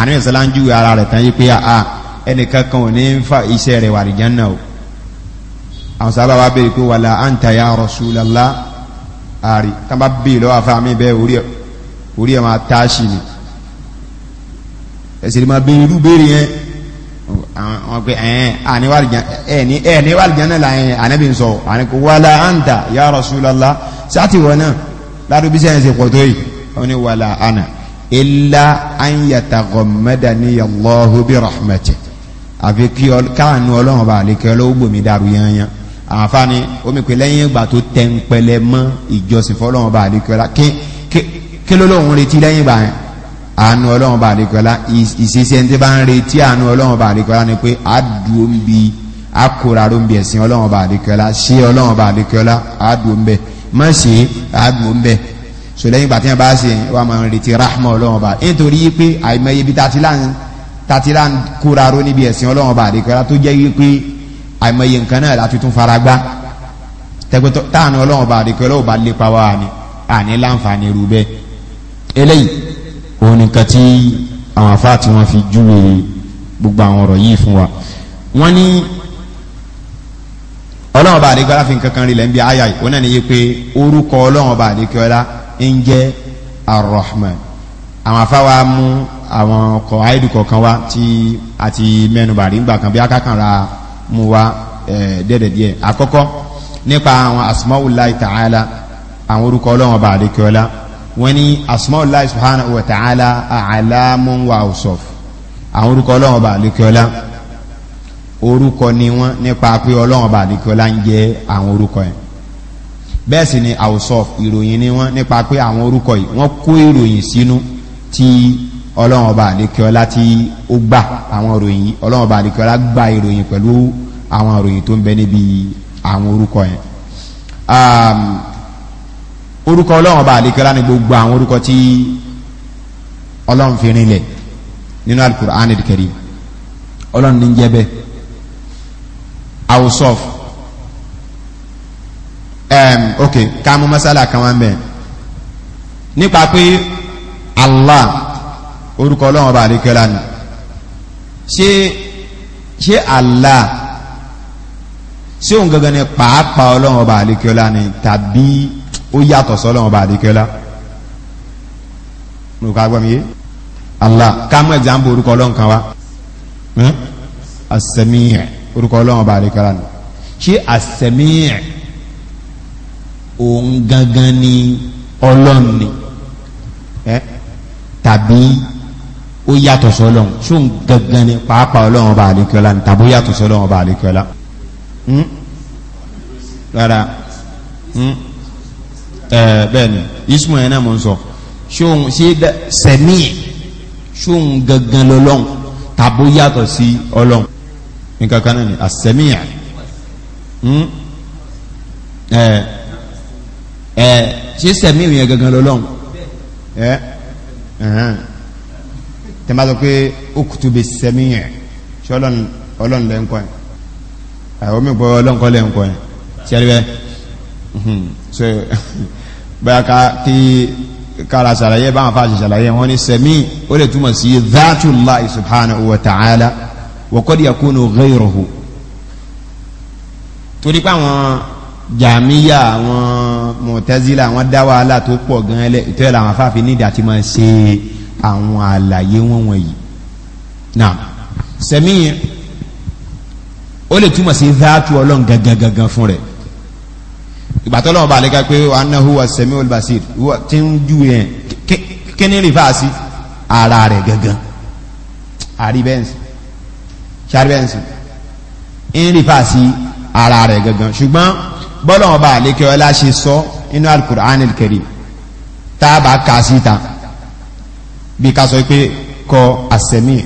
àníwẹ̀ sọ́lá ń júwe ara rẹ̀ tán yí pé ẹnìkan kan ò ní ń fa iṣẹ́ rẹ̀ wà àlìjánà o àwọn sábà wá bèèrè pé wàlà anta ya Rasulullah àrí tán bá bèèrè lọ́wọ́ afá mi bẹ́ẹ̀ orí ẹ̀ máa táṣì ni ẹ̀sìn ni máa bèèrè irú bèèrè yẹn àwọn pé ẹ̀ẹ́n àníwà àlìjánà láyẹn ànábì ń sọ àníkò wàlà anta ya Rasulullah sátìwọ̀ náà ládùbíṣẹ́ yẹn ti pọ̀ tó yìí wọ́n ni illa an yataghammadani Allahu bi rahmati àfi kí káànù ọlọ́run bá àlékẹ́ ọlọ́wọ́ gbòmí dàrú yanyan àǹfààní omi pé lẹ́yìn ìgbà tó tẹ̀ ń pẹlẹ mọ́ ìjọsìn fọlọ́run bá àlékẹ́ ọlá kí lọ́lọ́run retí lẹ́yìn ìgbà yẹn àánú ọlọ́run bá àlékẹ́ ọlá ìṣesí ẹni tí bá ń retí àánú ọlọ́run bá ni pé àdùn ń akóraró ń bi ẹ̀sìn ọlọ́run bá àlékẹ́ ọlá ṣé àdùn ń má ṣe àdùn ń so lẹ́yìn ìgbà tí wọ́n bá ṣe wọ́n máa retí rahma ọlọ́run ọba nítorí pé àìmọye ibi tatila ń kóra ró níbi ẹ̀sìn ọlọ́run ọba àdékọ́lá tó jẹ́ wípé àìmọye nǹkan náà láti tún fara gbá tẹ́gbẹ́tọ́ táàní ọlọ́run ọba àdékọ́lá ò bá lépa wá ní àní láǹfààní rú bẹ́ẹ̀ eléyìí òun nìkan tí àwọn afá tí wọ́n fi júwe gbogbo àwọn ọ̀rọ̀ yìí fún wa wọ́n ní ọlọ́run ọba àdékọ́lá fi nǹkan kan rí lẹ́ńbí ayáyí òun náà níye pé orúkọ ọlọ́run ọba àdékọ́lá ń jẹ́ arrahman àwọn afáwa mú àwọn ọkọ̀ àìdù kọ̀ọ̀kan wá tí a ti mẹ́nubà rí ńgbà kan bí akákanra mú wá dẹ́dẹ̀díẹ̀ àkọ́kọ́ nípa àwọn ta'ala àwọn orúkọ ọlọ́wọ̀n bá àdékọ́lá wọ́n ní asmaullahi subhanahu wa ta'ala a'lamun wa àwọn orúkọ ọlọ́wọ̀n bá àdékọ́lá orúkọ ni wọ́n nípa pé ọlọ́wọ̀n bá bẹ́ẹ̀ sì ni àwùsọ ìròyìn ni wọ́n nípa pé àwọn orúkọ yìí wọ́n kó ìròyìn sínú tí ọlọ́run ọba àdékọ́lá tí ó gbà àwọn ìròyìn ọlọ́run ọba àdékọ́lá gba ìròyìn pẹ̀lú àwọn ìròyìn tó ń bẹ níbi àwọn orúkọ yẹn orúkọ ọlọ́run ọba àdékọ́lá ni gbogbo àwọn orúkọ tí ọlọ́run fi rinlẹ̀ nínú alukur'an al-karim ọlọ́run ní jẹ́ bẹ́ẹ̀ àwùsọ̀fù um, ok ká mú masala kan wá ń bẹ̀ nípa pé Allah orúkọ ọlọ́run ọba àríkẹ́lá ni ṣé ṣé Allah ṣé òun gangan ni pàápàá ọlọ́run ọba àríkẹ́lá ni tàbí ó yàtọ̀ sọ́lọ́run ọba àríkẹ́lá mo ká gbọ́ mi yé Allah ká mú example orúkọ ọlọ́run kan wá hmm? As-Sami' orúkọ ọlọ́run ọba àríkẹ́lá ni ṣé as òun gangan ni ọlọ́run ni ẹ tàbí ó yàtọ̀ sọlọ́run ṣóun gangan ni pàápàá ọlọ́run ọba àlekíọ́lá ni tàbí ó yàtọ̀ sọlọ́run ọba àlekíọ́lá hmm? rárá hmm? ẹ bẹ́ẹ̀ ni ismu ẹ̀ náà mo ń sọ ṣóun ṣe sẹ̀míì ṣóun gangan lọ́lọ́run tàbí ó yàtọ̀ sí ọlọ́run nǹkan kan náà ni àsẹ̀míì ẹ ṣe sẹ̀mí ìyẹn gangan lọ́lọ́run ẹ tẹ̀má sọ pé ó kùtù bẹ sẹ̀mí yẹn ṣé ọlọ́run lẹ́ ń kọ́ ẹ̀ àwọn mi gbọ́ ọlọ́run kọ́ lẹ́ ń kọ́ ẹ̀ ṣe rí bẹ́ẹ̀ so [laughs] bóyá ká kí kára ṣàlàyé báwọn fà ṣe wọn ni sẹ̀mí ó lè túmọ̀ sí dhatullahi subhanahu wa ta'ala wa qad yakunu ghayruhu torí pé àwọn jàmíyà àwọn mọ̀tẹ́zílà wọ́n dá wàhálà tó pọ̀ gan ẹlẹ́ ìtọ́ ẹ̀là àwọn afáàfin ní ìdá tí máa ṣe àwọn àlàyé wọn wọ̀nyí náà sẹ̀mí yẹn ó lè túmọ̀ sí dáàtú ọlọ́run gangan gangan fún rẹ̀ ìgbàtọ́ lọ́wọ́ bá lẹ́ka pé wà náà huwa sẹ̀mí olùbàṣir tí ń ju yẹn kíní rí fáàsì ara rẹ̀ gangan àrí bẹ́ǹsì ṣàrí bẹ́ǹsì ń rí fáàsì ara rẹ̀ gangan ṣùgbọ́n bọ́lọ̀ ọba àlékẹ́ ọlá ṣe sọ inú al-Qur'an al-Karim tàbà ká síta bí ká sọ pé kọ àsẹ̀mí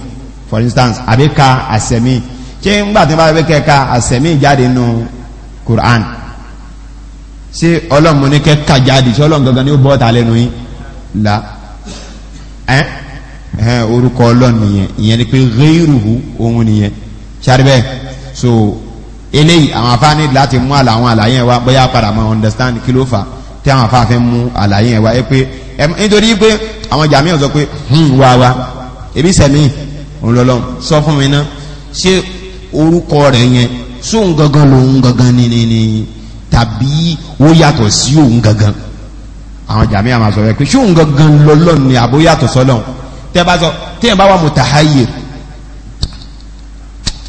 for instance àbí ká àsẹ̀mí ṣe ń gbà tí wọ́n bá fẹ́ ká àsẹ̀mí jáde nínú Qur'an ṣé ọlọ́mù ní kẹ́kà jáde ṣé ọlọ́mù gangan ní ó bọ́ ta lẹ́nu yín la ẹ́ orúkọ ọlọ́mù nìyẹn ìyẹn ni pé ghayruhu òun nìyẹn ṣáàrí so eléyìí àwọn afá ní láti mú àlà àwọn àlàyé wa bóyá padà mọ understand kí ló fà tí àwọn afá fẹ́ mú àlàyé wa ẹ pé nítorí pé àwọn jàmíọ̀ sọ pé hmm, wá wá ebi sẹ̀mí òǹlọ́lọ́ sọ fún mi ná ṣé orúkọ rẹ̀ yẹn sóun gangan lòun gangan ni ni ni tàbí ó yàtọ̀ sí òun gangan àwọn jàmíọ̀ máa sọ pé sóun gangan lọ́lọ́ ni àbó yàtọ̀ sọ́lọ́ tẹ́ bá sọ tẹ́yìn bá wà mutahayyir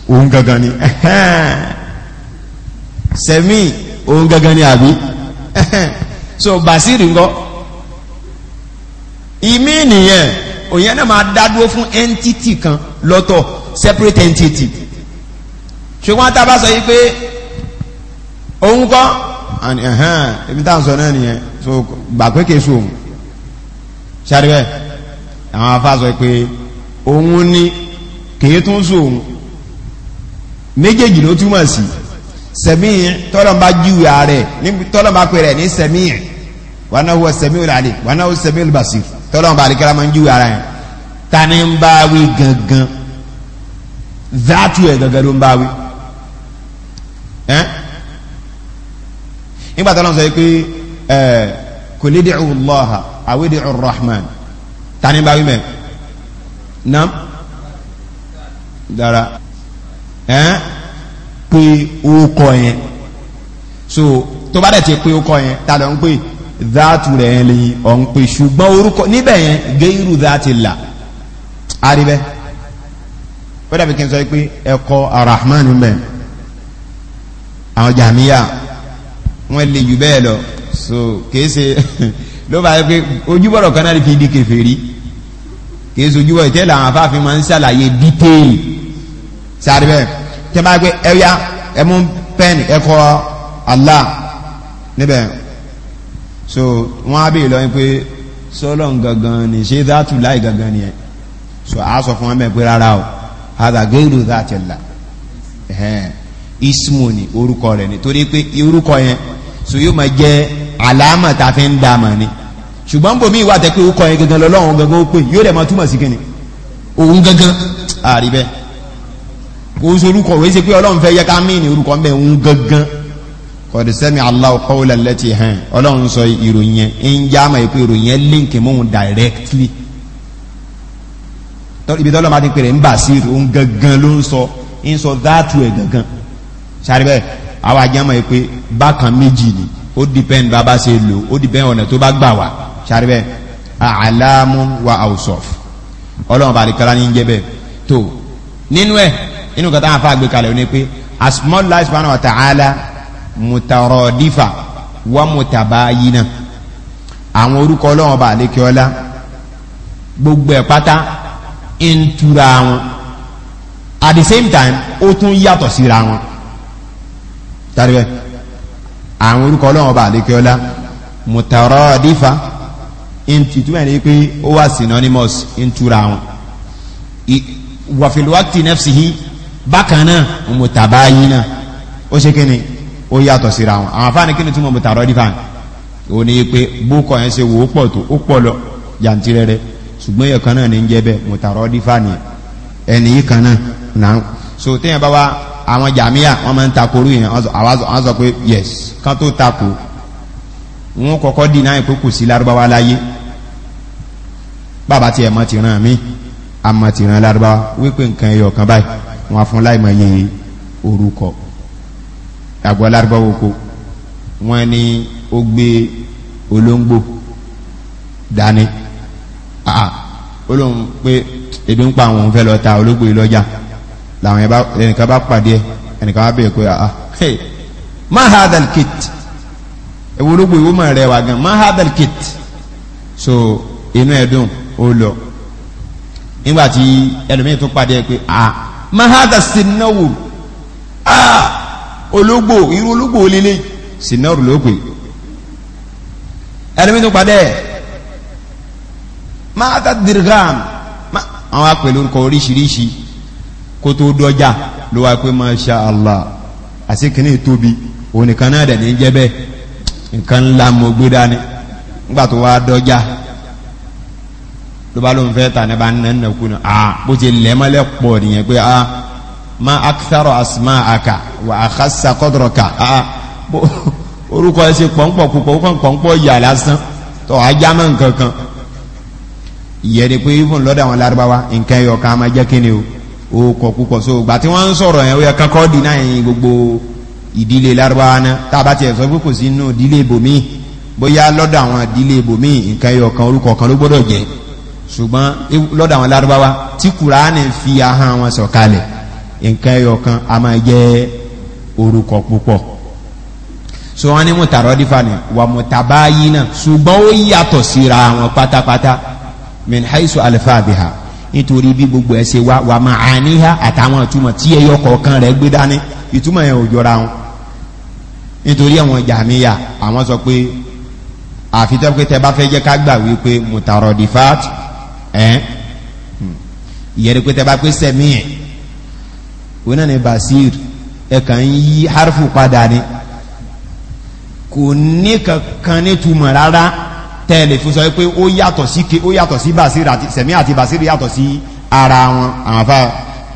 òun gangan ni [laughs] sẹ̀mí òun gangan ni àbí [laughs] so basiri ńkọ́ ìmí nìyẹn òyìn náà máa dádúró fún entity kan lọ́tọ̀ separate entity ṣùgbọ́n tá a bá sọ yìí pé òun kọ́ ẹ̀mí tá sọ náà nìyẹn so gbà pé kìí sùn òun ṣàríwẹ̀ àwọn afá sọ pé òun ni kìí tún sùn òun méjèèjì ló túmọ̀ sí i sẹ̀míì tọ́lọ́mbà júwe ààrẹ tọ́lọ́mbà pè rẹ̀ ní sẹ̀míì wàná wọ sẹ̀míì làlẹ́ wàná wọ sẹ̀míì bàṣì tọ́lọ́mbà àlekẹ́lá máa ń júwe ara yẹn tani ń bá wí gangan zaatu yẹ gangan ló ń bá wí ẹ́n nígbà tọ́lọ́mbà sọ pé ẹ̀ kò lè dẹ̀ àwé dẹ̀ rahman tani ń bá nam dara ẹ́n pé orúkọ yẹn so tó bá dẹ̀ ti pé orúkọ yẹn ta ló ń pè dáàtù rẹ̀ yẹn lẹ́yìn ọ̀ ń pè ṣùgbọ́n orúkọ níbẹ̀ yẹn géírù dáàtì là àríbẹ́ ó dàbí kí n sọ pé ẹ̀kọ́ arahman mẹ́ àwọn jàmíyà wọ́n lè jù bẹ́ẹ̀ lọ so kìí ṣe ló bá yẹ pé ojúbọ̀rọ̀ kan náà fi di kèfèrí kìí ṣe ojúbọ̀rọ̀ tẹ́lẹ̀ àwọn afáfin máa ń ṣàlàyé dítéèlì sáré bẹ́ẹ̀ tẹ́ bá gbé ẹ̀yà ẹ̀mú pẹ́ẹ̀nì ẹ̀kọ́ Allah níbẹ̀ so wọ́n á bèèrè lọ́yìn pé sọ́lọ́n gangan ni ṣe dátù láì gangan ni ẹ̀ so a sọ fún wọn pé rárá o hada gairu dhati Allah ẹ̀hẹ́n ismu ni orúkọ rẹ̀ ni torí pé orúkọ yẹn so yóò máa jẹ́ àlámà tá a fi ń dàmà ni ṣùgbọ́n bòmí ìwà tẹ́ pé orúkọ yẹn gangan lọ́lọ́run gangan ó pè yóò dẹ̀ máa túmọ̀ sí kíni òun gangan àríbẹ́ oṣù orúkọ rẹ̀ ṣe pé ọlọ́run fẹ́ yẹ ká mí ní orúkọ mẹ́ gangan kọ̀dí sẹ́mi Allahu qawla allati hàn ọlọ́run sọ ìròyìn ń já mọ̀ pé ìròyìn link mọ́hun directly ibi tọ́lọ́ máa ti pèrè ń bà sí ìròyìn gangan ló ń sọ ń sọ dáàtù ẹ̀ gangan ṣàríbẹ̀ àwọn àjẹmọ̀ pé bákan méjì ni ó depend bá bá ṣe lò depend ọ̀nà tó bá gbà wá ṣàríbẹ̀ àlámù wa àwùsọ̀f ọlọ́run bàlíkàlá ní ń jẹ́ bẹ́ẹ̀ tó inú kan táwọn afáàgbé kalẹ̀ ní pé life subhanahu wa ta'ala mutarodifa wa mutabayina àwọn orúkọ ọlọ́wọ́n bá lékè ọlá gbogbo ẹ̀ pátá ń tura wọn at the same time ó tún yàtọ̀ síra wọn tàbí àwọn orúkọ ọlọ́wọ́n bá lékè ọlá mutarodifa ìtìtú ẹni pé ó wà synonymous ń tura wọn wàfìlúwàtí nẹ́fsì yìí bákan náà mùtàbá yìí náà ó ṣe kí ni ó yàtọ̀ síra wọn àwọn afáàní kí ni túmọ̀ mùtàrọ̀ dí fáàní ó ní pé bókọ̀ yẹn ṣe wò ó pọ̀ tó ó pọ̀ lọ yàntìrẹrẹ ṣùgbọ́n èèyàn kan so téèyàn bá wá àwọn jàmíà wọ́n máa ń takoru yẹn wọ́n sọ pé yes kan tó takò wọn kọ́kọ́ dì náà pé kò sí ti ràn mí ti ràn wípé nǹkan ẹyọ kan wọn fún láìmọye orúkọ àgbọ̀ lárúbáwò kó wọ́n ní ó gbé olóńgbò dání àà olóhùn pé ebi ń pa àwọn òun fẹ́ lọ ta olóńgbò yìí lọ́jà làwọn ẹnìkan bá pàdé ẹnìkan bá bẹ̀rẹ̀ pé àà hey ma kit ewu olóńgbò yìí ó mọ̀ rẹwà gan ma kit so inú ẹ̀dùn ó lọ nígbàtí ẹlòmíì tó pàdé pé àà mahada sinawu ah ológbò irú ológbò olélé sinawu ló pè ẹni mi tó padẹ mahada dirham àwọn apẹ̀lú orúkọ oríṣiríṣi kó tó ló wá pé masha Allah àti kìíní tóbi òun nìkan náà dẹ̀ ní jẹ́ bẹ́ẹ̀ nǹkan ńlá mo gbé dání nígbà tó wá dọ́jà ló bá lóun fẹ́ tà ní bá nà nà kú nà a, bó ti lẹ́ mọ́lẹ́ pọ̀ nìyẹn pé á má akitaro asuma aka wà á kásá kọ́dọ̀rọ̀ ká á bó orúkọ ẹ ṣe pọ̀npọ̀ púpọ̀ pọ̀npọ̀ yà lásán tó ajá mọ́ nǹkan kan ìyẹn ni pé even lọ́dọ̀ àwọn lárúbáwá nǹkan ẹ̀yọ̀ ká máa jẹ́ kíni o ó kọ̀ púpọ̀ so ìgbà tí wọ́n ń sọ̀rọ̀ yẹn ó yẹ kankan dì náà yẹn gbogbo ìdílé lárúbáwá náà tá tiẹ̀ sọ pé kò sí inú ìdílé ibòmíì bóyá lọ́dọ̀ àwọn ìdílé ibòmíì nǹkan ẹ̀yọ̀ kan orúkọ kan ló gbọ́dọ̀ jẹ́ ṣùgbọ́n lọ́dọ̀ àwọn lárúbáwá tí kùránì fi ahọ́n wọn sọ̀kalẹ̀ nǹkan ẹyọ kan a máa jẹ́ orúkọ púpọ̀ so wọ́n ní mùtàrọ́dífà ni wà mùtàbáyí náà ṣùgbọ́n ó yàtọ̀ síra wọn pátápátá min haisu alifáàbíhà nítorí bí gbogbo ẹ̀ ṣe wá wà máa àníhà àtàwọn ìtumọ̀ tí ẹyọ kọ̀ọ̀kan rẹ̀ gbé dání ìtumọ̀ yẹn ò jọra wọn nítorí àwọn jàmíyà àwọn sọ pé àfitẹ́ pé tẹ bá fẹ́ jẹ́ ká gbà wípé mùtàrọ̀dífà ẹ̀ ìyẹn ni pé tẹ́ bá pé sẹ́mi ẹ̀ wọn náà ni basir ẹ̀ kàn ń yí harfu padà ni kò ní kankan ní túmọ̀ rárá tẹ́ ẹ lè fi sọ pé ó yàtọ̀ sí ke ó yàtọ̀ sí basir àti sẹ́mi àti basir yàtọ̀ sí ara wọn àwọn afá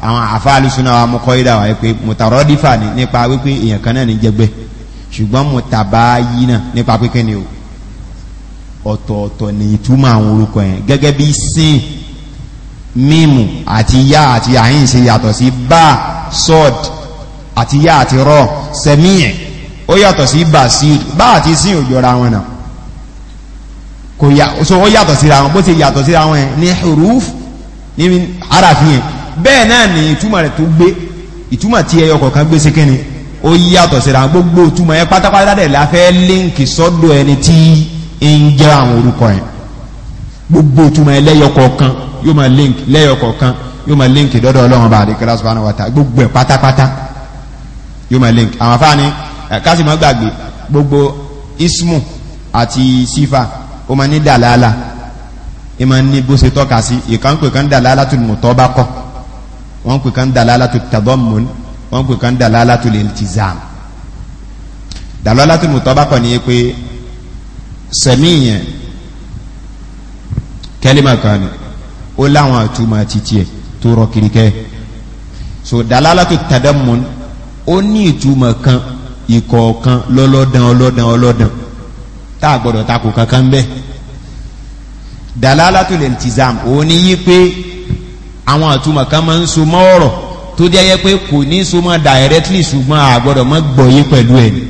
àwọn afá alùsùnà wa mú kọ́ ìdá wa pé mùtàrọ́dífà nípa wípé èèyàn kan náà ní jẹgbẹ́ ṣùgbọ́n mùtàbáyí náà nípa pé kẹ́ni o ọ̀tọ̀ọ̀tọ̀ ni ìtumọ̀ àwọn orúkọ yẹn gẹ́gẹ́ bí sin mímù àti yá àti àyín ṣe yàtọ̀ sí bá sọ́d àti yá àti rọ sẹ́míyẹ̀ ó yàtọ̀ sí bá sí bá àti sí òjọra wọn náà kò yà so ó yàtọ̀ síra wọn bó ti yàtọ̀ síra wọn yẹn ní huruf ní arafi yẹn bẹ́ẹ̀ náà ni ìtumọ̀ rẹ̀ tó gbé ìtumọ̀ tí ẹyọ kọ̀ọ̀kan gbé sí kíni ó yàtọ̀ síra wọn gbogbo ìtumọ̀ yẹn pátápátá dẹ̀ la fẹ́ líǹkì sọ́dọ̀ ẹni tí ń jẹ́ àwọn orúkọ yẹn gbogbo ìtumọ̀ ẹ lẹ́yọkọ̀ọ̀kan yóò máa link lẹ́yọkọ̀ọ̀kan yóò máa link dọ́dọ̀ ọlọ́run bá àdékọ́lá subhanahu wa ta'ala gbogbo ẹ̀ pátápátá yóò máa link àwọn afáàní kásìmọ́ gbàgbé gbogbo ismu àti sífà ó máa ní dàlálà ẹ máa ní bó ṣe tọ́ka sí ìkan pè kan dàlálà tó mú tọ́ bá kọ́ wọ́n pè kan dàlálà tó tadammun wọ́n pè kan dàlálà tó liltizam dàlálà tó mú tọ́ bá kọ́ ni pé sẹ̀mí yẹn kẹ́límà kan ni ó láwọn àtúmọ̀ títí ẹ̀ tó rọ kìrìkẹ́ so dalalatu tadamun ó ní ìtumọ̀ kan ìkọ̀ọ̀kan lọ́lọ́dàn ọlọ́dàn ọlọ́dàn tá a gbọ́dọ̀ takò kankan bẹ́ẹ̀ dalalatu leltizam ó ní yí pé àwọn àtúmọ̀ kan máa ń so mọ́ ọ̀rọ̀ tó jẹ́ yẹ pé kò ní so mọ́ directly ṣùgbọ́n a gbọ́dọ̀ mọ́ gbọ́yé pẹ̀lú ẹni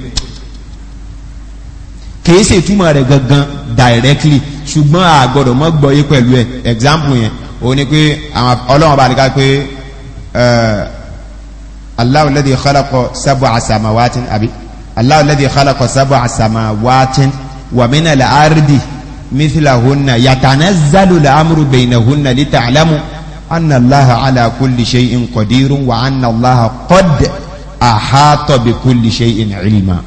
kìí ṣe ìtumọ̀ rẹ̀ gangan directly ṣùgbọ́n a gbọ́dọ̀ mọ́ gbọ́ yé pẹ̀lú ẹ̀ example yẹn o ní pé àwọn ọlọ́run bá nìkan pé eh, Allahu alladhi khalaqa sab'a samawatin àbí Allahu alladhi khalaqa sab'a samawatin wa min al-ardi mithlahunna yatanazzalu al-amru baynahunna lita'lamu anna Allaha ala kulli shay'in qadirun wa anna Allaha qad ahata bi kulli shay'in ilma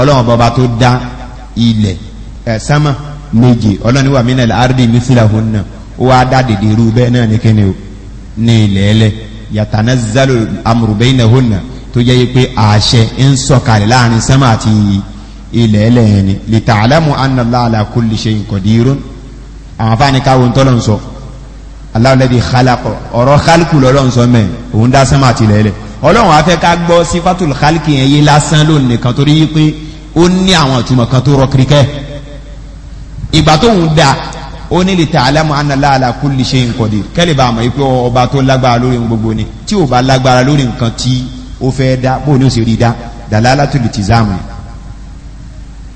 ọlọ́run bọ́ba tó dá ilẹ̀ ẹ̀ sámà méje ọlọ́ni wà mínà àrídì mísìláhùn náà ó wá dádìdì irú bẹ́ẹ̀ náà ní kíni o ní ilẹ̀ ẹlẹ̀ yàtàná zálò amúrùbẹ́ iná hùn náà tó jẹ́ pé àṣẹ ń sọ̀kalẹ̀ láàrin sámà àti ilẹ̀ ẹlẹ̀ yẹn ni lìtà àlámù annalá àlàkùlì ṣe ìkọ̀dírún àwọn afáàní káwọn tọ́lọ̀ ń sọ aláwọ̀lẹ́bí xalakọ̀ ọ̀rọ̀ xalikù lọ́lọ́ ń sọ mẹ́ òun dá sámà àti ilẹ̀ ẹlẹ̀ ọlọ́run afẹ́ ká gbọ́ sífàtúlù xalikì yẹn yé lásán lónìí kan torí yí pé ó ní àwọn ìtumọ̀ kan tó rọ kìrìkẹ́ ìgbà tóun da ó ní lè ta alámọ̀ anàlá ala kulli shay'in qadir kẹ́lẹ̀ bá àmọ́ ipò ọba tó lágbára lórí ohun gbogbo ni tí ò bá lágbára lórí nǹkan tí ó fẹ́ dá bó ní ó sì rí dá dàlálà tó lè ti záàmù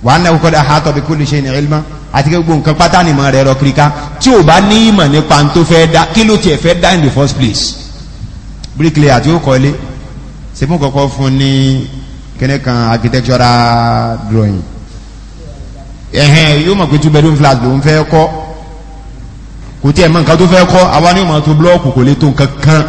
wà á náà kọ́dá ahata bi kulli shay'in ilma àti gbogbo nǹkan pátá ni mọ̀ rẹ̀ rọ kìrìkà tí ò bá ní ìmọ̀ nípa tó fẹ́ dá kí ló tiẹ̀ fẹ́ dá in the first place bricklayer tí ó kọ́lé ṣe kọ́kọ́ fún ní kíní kan architectural drawing ẹ̀hẹ́n yóò mọ̀ pé two bedroom flat ló ń fẹ́ kọ́ kò tí ẹ̀ mọ̀ nǹkan tó fẹ́ kọ́ àwa ni ìmọ̀ tó blọ́ọ̀kù kò lè tó nǹkan kan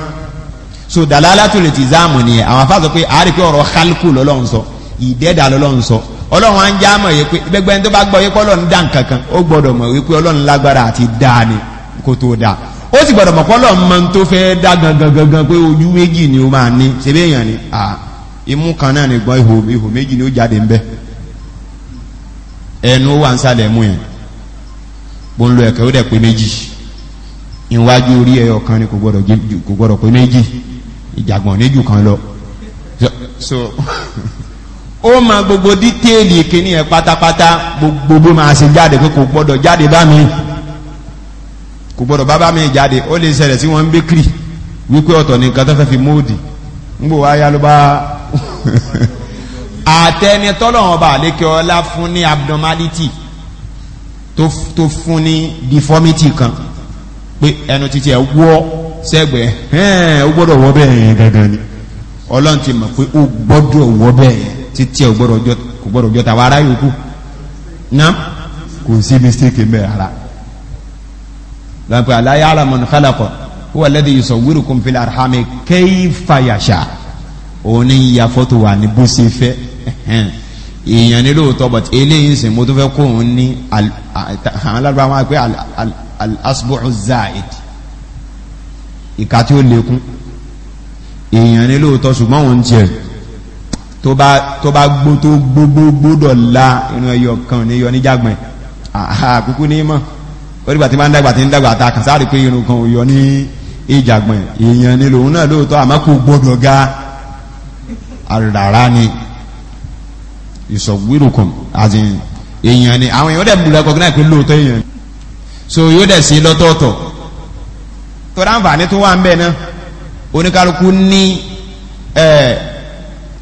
so dalalatul iltizamu ni àwọn afá sọ pé àárẹ̀ pé ọ̀rọ̀ kálíkù lọ́lọ́run sọ ìdẹ́dà lọ́lọ́run sọ ọlọ́run á ń já mọ̀ yìí pé gbẹgbẹ́ tó bá gbọ́ yìí pé ọlọ́run dá nǹkan kan ó gbọ́dọ̀ mọ̀ wípé ọlọ́run lágbára àti dáa ni kó tó dáa ó sì gbọ́dọ̀ mọ̀ pé ọlọ́run tó fẹ́ dá gangan gangan pé ojú méjì ni ó máa ní ṣe bí èèyàn ni imú kan náà nìgbọ́n ihò ihò méjì ni ó jáde ń bẹ́ ẹnu ó wà ń sàlẹ̀ mú yẹn bó ń lo ẹ̀kẹ́ ó dẹ̀ pé méjì ìwájú orí ẹyọ kan ni kò gbọ́dọ̀ pé méjì ìjàgbọ̀n níjù kan lọ so [laughs] ó ma gbogbo dítéèlì pátápátá gbogbo bó máa ṣe jáde pé kò mi kò bá bá mi jáde ó lè sí fi móòdì ń [laughs] àtẹni tọ́lọ́wọ́n bá lékè ọlá fún ní abnormality tó fún ní deformity kan pé ẹnu títí ẹ wọ́ sẹ́gbẹ̀ ẹ̀ ó gbọ́dọ̀ wọ́ bẹ́ẹ̀ yẹn dandan ni ọlọ́run ti mọ̀ pé ó gbọ́dọ̀ wọ́ bẹ́ẹ̀ yẹn títí ẹ kò gbọ́dọ̀ jọta wa ara yòókù ná kò sí mistake mẹ́ ara lọ́pẹ́ aláyàrá mọ̀nàkálàkọ̀ huwa alladhi yusawwirukum fil arhami kayfa yasha òun ní ya fọ́tò wà ní bó ṣe fẹ́ èèyàn ní lóòótọ́ but eléyìí sìn mo tó fẹ́ kó òun ní àwọn alábàá máa pé al-asbu'u zaid ìka tí ó lékún èèyàn ní lóòótọ́ ṣùgbọ́n òun jẹ tó bá gbó tó gbógbógbódọ̀ la inú ẹyọ kan ní yọ níjàgbọ̀n àkúkú ní mọ̀ orígbà tí máa ń dàgbà tí ń dàgbà ta kàsáàrí pé irun kan ò yọ ní ìjàgbọ̀n èèyàn ní lóòótọ́ àmọ́ kò gbọ́dọ̀ ga Ar-Darani ìsọ̀gbìrùkùn àti èèyàn ni àwọn èèyàn dẹ̀ múlẹ̀ kọ̀ọ̀kan náà pé lóòótọ́ èèyàn ni so yóò dẹ̀ sí lọ́tọ̀ọ̀tọ̀ tó dáǹfààní tó wà ń bẹ̀ náà oníkálukú ní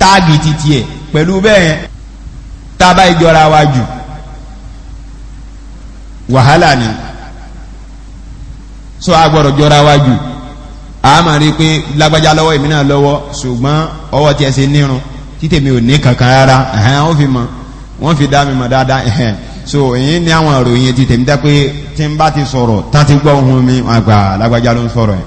táàgì títí ẹ̀ pẹ̀lú bẹ́ẹ̀ tábà ìjọra wa jù wàhálà ni so agbọ́dọ̀ jọra wa jù a máa rí i pé lágbájá lọ́wọ́ èmi náà lọ́wọ́ ṣùgbọ́n ọwọ́ tiẹ̀ ṣe nírun títẹ̀ mi ò ní kankan rárá ẹ̀hẹ́n ó fi mọ̀ wọ́n fi dá mi mọ̀ dáadáa so èyí ní àwọn ìròyìn ti tèmi dá pé tí n bá ti sọ̀rọ̀ tá ti gbọ́ ohun mi àgbà lágbájá ló ń sọ̀rọ̀ ẹ̀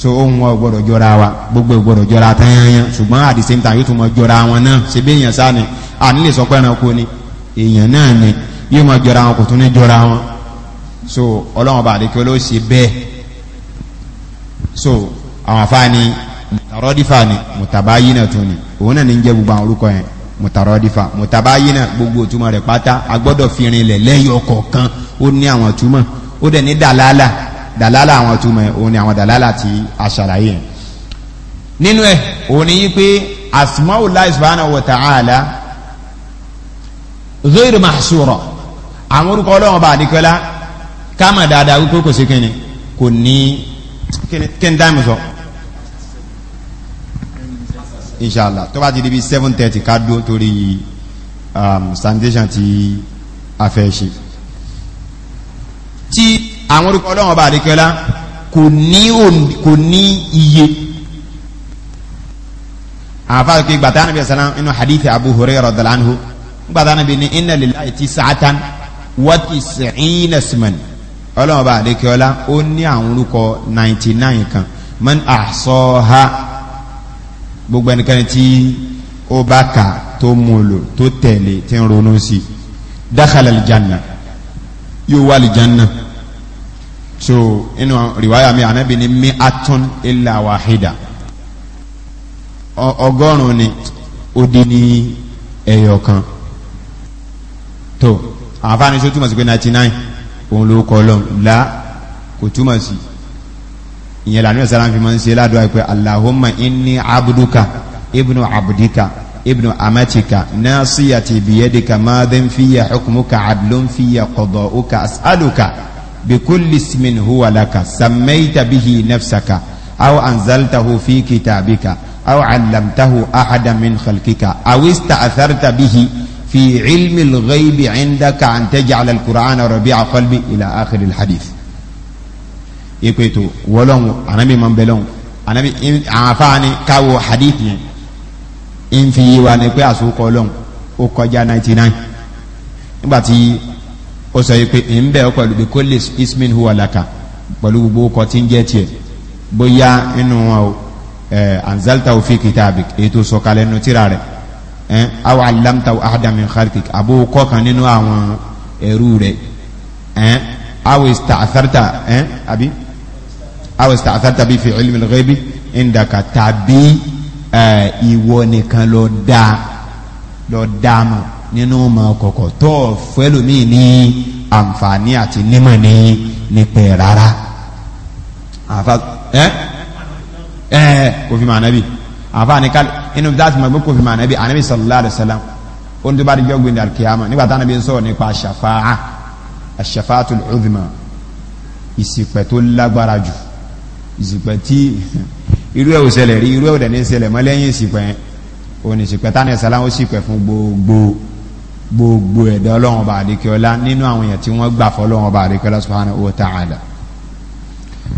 so ohun wọn gbọ́dọ̀ jọra wa gbogbo gbọ́dọ̀ jọra tẹ́yẹnyẹn ṣùgbọ́n at the same time yóò tún mọ jọra wọn náà ṣe bí èèyàn sá ni àní lè sọ pé ẹranko ni èèyàn náà ni yóò mọ jọra wọn kò tún ní jọra wọn so ọlọ́run bá àdékẹ́ ló ṣe bẹ́ẹ̀ so àwọn afáàní mutarọ́dífà ni mutabayina tún ni òun náà ní jẹ́ gbogbo àwọn orúkọ yẹn mutarọ́dífà mutabayina gbogbo ìtumọ̀ rẹ̀ pátá a gbọ́dọ̀ fi rinlẹ̀ lẹ́yìn ọkọ̀ kan ó ní àwọn ìtumọ̀ ó dẹ̀ ní dàlálà dàlálà àwọn ìtumọ̀ òun ni àwọn dàlálà ti aṣàlàyé yẹn nínú ẹ̀ òun ni yí pé asmaulahi subhanahu wa ta'ala ghayr mahsura àwọn orúkọ ọlọ́run bá àdìkọ́lá ká mà dáadáa wípé kò sí kíni kí n dáìmù sọ inshallah tó bá ti di bí 7:30 ká dó torí um, sanitation tí a fẹ́ ṣe tí àwọn orúkọ ọlọ́wọ̀n bá àríkẹ́lá kò ní iye àfáà kí gbàtà nàbí ẹ̀sán inú hadith Abu Hurairah radhiyallahu anhu gbàtà nàbí ní inna lillahi tis'atan wa tis'ina isman ọlọ́run bá àdékẹ́ ọlá ó ní àwọn orúkọ 99 kan man ahsaha gbogbo ẹnikẹ́ni tí ó bá kà tó múlò tó tẹ̀lé tí ń ronú sí dakhala aljanna yóò wà aljanna so inú riwaya mi ànábì ni mi atún illa wahida ọgọ́rùn-ún ni ó dín ní ẹyọ kan tó àǹfààní sótúmọ̀ sí pé 99 òun ló kọ lọ́n la kò túmọ̀ sí ìyẹn lànà ìsàlám fi máa ń ṣe ládùá pé Allahumma inni abduka ibnu abdika ibnu amatika nasiyati biyadika madhin fiya hukmuka adlun fiya qada'uka as'aluka bí bikulli ismin huwa laka sammayta bihi nafsaka aw anzaltahu fi kitabika aw 'allamtahu ahadan min khalqika aw ista'tharta bihi fi ilmi al-ghaybi indaka an taj'ala al-Qur'ana rabi'a qalbi ila akhir al-hadith ipe to wọlọ́n anabi ma ń bẹ lọ́n anabi àǹfààní káwọ hadith yẹn ń fi yé wa ni pé àsokọ lọ́n ó kọjá ninety nine nígbà tí ó sọ yìí pé ń bẹ̀ ọ́ pẹ̀lú ismin huwa laka pẹ̀lú gbogbo ọkọ̀ tí ń jẹ́ tiẹ̀ bóyá inú wọn o anzalta fi kitabik èyí tó sọ kalẹ̀ ẹn eh? awa alamta ahadamin kharkik abo kọkan nínú àwọn ẹrú rẹ ẹn eh? awa istaafarta ẹn eh? abi awa istaafarta bi fi ilmi ghaibi indaka tàbí ẹ ìwọ nìkan lọ da lọ dama nínú ma kọkọ tó fẹlómi ní àǹfààní àti nímọ̀ ní nípẹ rárá àfa ẹ ẹ kò fi màá nábì àǹfààní kálí inú bí láti mọ̀ pé kò fi mọ̀ ànábì ànábì sallallahu alaihi wasallam ó ní tó bá di jọ́ gbẹ̀ndẹ̀ alkiyama nígbà táwọn ẹbí ń sọ̀rọ̀ nípa àṣàfáà àṣàfáàtul uzma ìsìpẹ̀ tó lágbára jù ìsìpẹ̀ tí [laughs] irú ẹ̀ ò ṣẹlẹ̀ rí irú ẹ̀ ò dẹ̀ ní ṣẹlẹ̀ mọ́ lẹ́yìn ìsìpẹ̀ yẹn ìsìpẹ̀ táwọn ẹ̀sán láwọn ó sì fún gbogbo gbogbo ẹ̀dá ọlọ́run ọba àdékẹ́ọ́lá nínú àwọn èèyàn tí wọ́n gbà fọ́ ọlọ́run ọba àdékẹ́ọ́lá subhanahu wa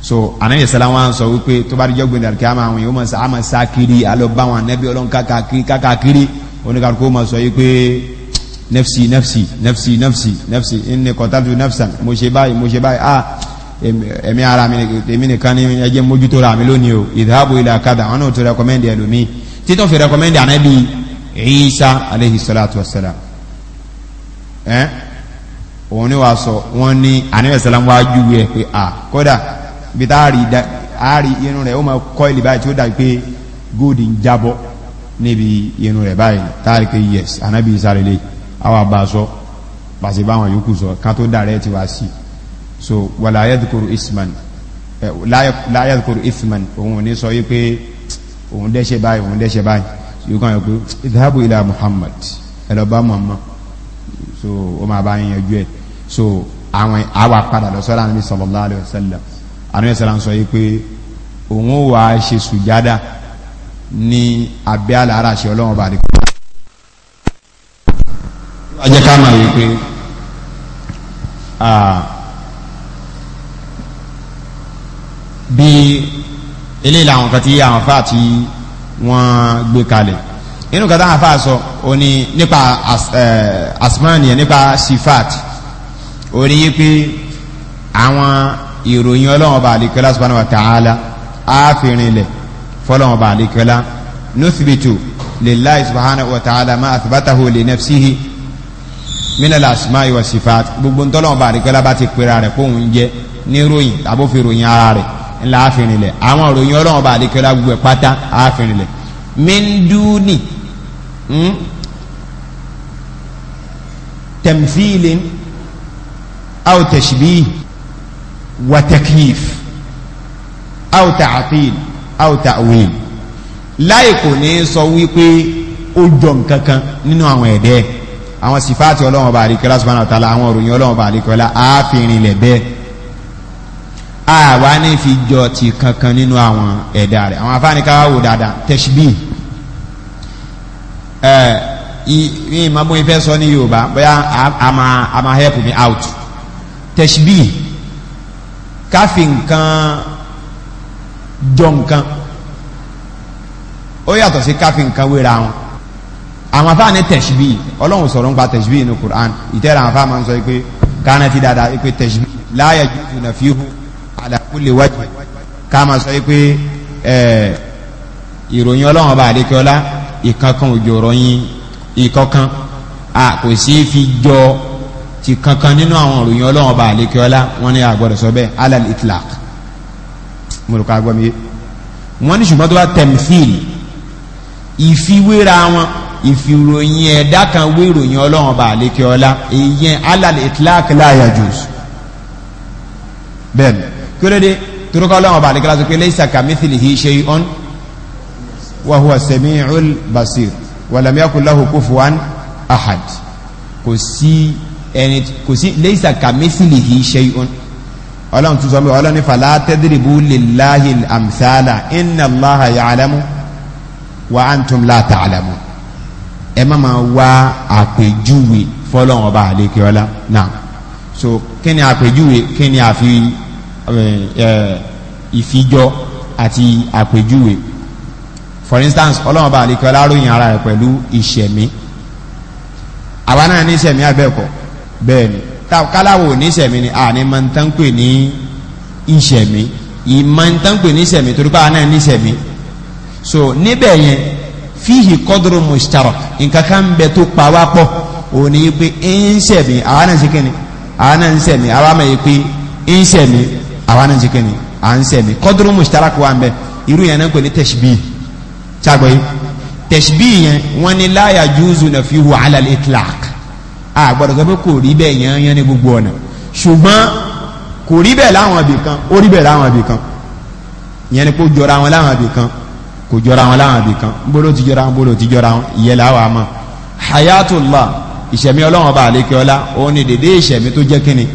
so anayi sẹlẹ wọn sọ wípé tó bá dijọ́ gbẹdẹ kí a máa wọn yìí ó máa a máa sá kiri alọ bá wọn anabi ọlọ́run kákàkiri kákàkiri oníkàkó máa sọ wípé nafsi nafsi nafsi nafsi nafsi inni kọtàtù nafsan mo ṣe báyìí mo ṣe báyìí ah ẹ̀mí ara mi nìkan ní ẹjẹ́ mójútó ra mi lónìí o ìdáàbò ilẹ̀ àkádà wọn náà tó rẹkọmẹ́ndì ẹlòmí títọ́ fi rẹkọmẹ́ndì anabi Isa aleyhi salatu wasalam ẹ́ òun ni wàá sọ wọ́n ní anabi sẹlẹ wọn wá júwe ẹ ah kódà bí táàrí irun rẹ̀ ó ma kọ́ ilẹ̀ báyìí tí ó dà pé gold ń jábọ́ níbi irun rẹ̀ báyìí táàrí pé yes anábì ìsàrẹ̀lẹ̀ àwà bá sọ pàṣẹ báwọn yòókù sọ ká tó dàrẹ́ ti wá sí so wà láyẹ́dùkúrú isman eh, láyẹ́dùkúrú ifman òun ní sọ wípé òun dẹ́ṣẹ̀ báyìí òun dẹ́ṣẹ̀ báyìí yóò kàn yóò pé ìdáàbò ilá Muhammad ẹlọ́bá Muhammad so ó ma bá yẹn yẹn jú ẹ so àwọn àwà padà lọ sọ́dọ̀ Ànábì sallallahu alaihi wasallam anúyẹsẹlá ń sọ yìí pé òun ó wà á ṣe sùjádà ní abẹ́ àlàárà ṣe ọlọ́run bá dìkọ́ ajẹ́ ká máa yìí pé ah, bí eléyìí làwọn kan tí àwọn fáà tí wọ́n gbé kalẹ̀ inú kan táwọn fáà sọ ó ní nípa eh, asmaniya nípa sifat ó ní yí pé àwọn ìròyìn ọlọ́run ọba àlekọ́lá subhanahu wa ta'ala àáfìrinlẹ̀ fọlọ́run ọba àlekọ́lá nuthbitu lillahi subhanahu wa ta'ala ma athbatahu li nafsihi minal asma'i wa sifat gbogbo ntọ́lọ́run ọba àlekọ́lá bá ti pera rẹ̀ kóhun ń jẹ́ ní ròyìn tàbó fi ròyìn ara rẹ̀ ńlá àfìrinlẹ̀ àwọn ròyìn ọlọ́run ọba àlekọ́lá gbogbo pátá àfìrinlẹ̀ min duni hmm, tamthilin wàtẹ̀kìf áwùtà تعطيل áwùtà wíl لا يكون ní sọ wípé ó jọ nǹkan kan nínú àwọn ẹ̀dẹ́ àwọn sìfáàtì ọlọ́run ọba àríkẹ́lá subhanahu wa ta'ala àwọn òròyìn ọlọ́run ọba àríkẹ́lá àáfìrin lẹ̀ bẹ́ẹ̀ àwa ní fi jọ ti kankan nínú àwọn ẹ̀dá rẹ̀ àwọn afáníkà wò dáadáa tẹ̀síbí ẹ̀ ìmọ̀ bóyin fẹ́ sọ ní yorùbá bóyá a máa help me out tẹ̀síbí káfí nǹkan jọ nǹkan ó yàtọ̀ sí káfí nǹkan wéra wọn àwọn afáà ní tẹ̀síbí ọlọ́run sọ̀rọ̀ ń pa tẹ̀síbí inú Qur'an ìtẹ́ra àwọn afáà máa ń sọ pé kánà ti dáadáa pé tẹ̀síbí láàyè jùlọ nà fi hu ala kulli wajh ká máa sọ pé ìròyìn ọlọ́run ọba àdékọ́lá ìkankan òjò ròyìn ìkọ̀kan a kò sí fi jọ ti kankan nínú àwọn òròyìn ọlọ́run ọba àlékiọlá wọ́n ní àgbọ̀dọ̀ sọ bẹ́ẹ̀ alal itlaq mo rò ká gbọ́ mi wọ́n ní ṣùgbọ́n tó bá tẹ̀mfìl ìfiwéra wọn ìfìròyìn ẹ̀dá kan wé ìròyìn ọlọ́run ọba àlékiọlá ìyẹn alal itlaq la yajuz bẹ́ẹ̀ ni kí ọlọ́run ọba àlékiọlá sọ pé laysa kamithlihi shay'un wa huwa sami'ul basir ẹni kò sí leisa kàmísìlì yìí ṣe ìhun ọlọ́run tún sọ pé ọlọ́run fàlà tẹ́dìrìbù lillahi amsala inna allaha ya'lamu wa antum la ta'lamu ẹ má máa wá àpèjúwe fọlọ́run ọba àlekè ọlá náà so kí ni àpèjúwe kí ni àfi ìfijọ́ àti àpèjúwe for instance ọlọ́run ọba àlekè ròyìn ara rẹ̀ pẹ̀lú ìṣẹ̀mí àwa náà ní ìṣẹ̀mí abẹ́ẹ̀kọ́ bẹ́ẹ̀ni káláwo oníṣẹ̀mí ni àní máa ń tán pè ni ìṣẹ̀mí ìmọ̀ ń ni pè ní ìṣẹ̀mí torí pé so níbẹ̀ yẹn fíhì kọ́dúró mushtarak nǹkan kan ń bẹ tó pa wá pọ̀ òní pé ń ṣẹ̀mí àwa náà ṣe kíni àwa náà ń ṣẹ̀mí àwa máa yẹ pé ń ṣẹ̀mí àwa náà ṣe kíni à ń ṣẹ̀mí kọ́dúró mushtarak wà ń irú yẹn náà pè ní tashbih ṣàgbọ́ yẹn wọ́n ní la yajuzu nafihu ala al-itlaq àgbọ̀dọ̀ sọ pé kò rí bẹ́ẹ̀ yẹn yẹn ní gbogbo ọ̀nà ṣùgbọ́n kò rí bẹ́ẹ̀ láwọn ibì kan ó rí bẹ́ẹ̀ láwọn ibì kan yẹn ni kò jọra wọn láwọn ibì kan kò jọra wọn láwọn ibì kan bóló ti jọra wọn bóló ti jọra wọn ìyẹn làwọn àmọ́ hayatullah ìṣẹ̀mí ọlọ́run ọba àlékè ọlá òun ni dèdè ìṣẹ̀mí tó jẹ́ kíni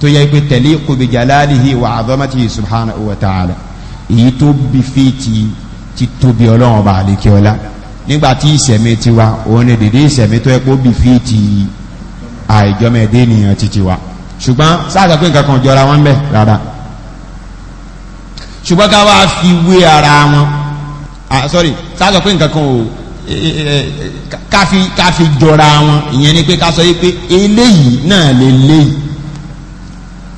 tó yẹ pé taliqu bi jalalihi wa azamatihi subhanahu wa ta'ala èyí tó bí fi ti ti tóbi ọlọ́run ọba àlékè ọlá nígbàtí ìsẹ̀mí ti wa òun ni dìdí ìsẹ̀mí tó ẹpó bí fi ti àìjọmẹ̀dé ènìyàn ti ti wa ṣùgbọ́n sáàtà pé jọra wọn bẹ̀ rárá ṣùgbọ́n ká wá fi wé ara wọn ah sorry sáàtà pé nǹkan kan ò ká fi jọra wọn ìyẹn ni pé ká sọ pé eléyìí náà lè léyìí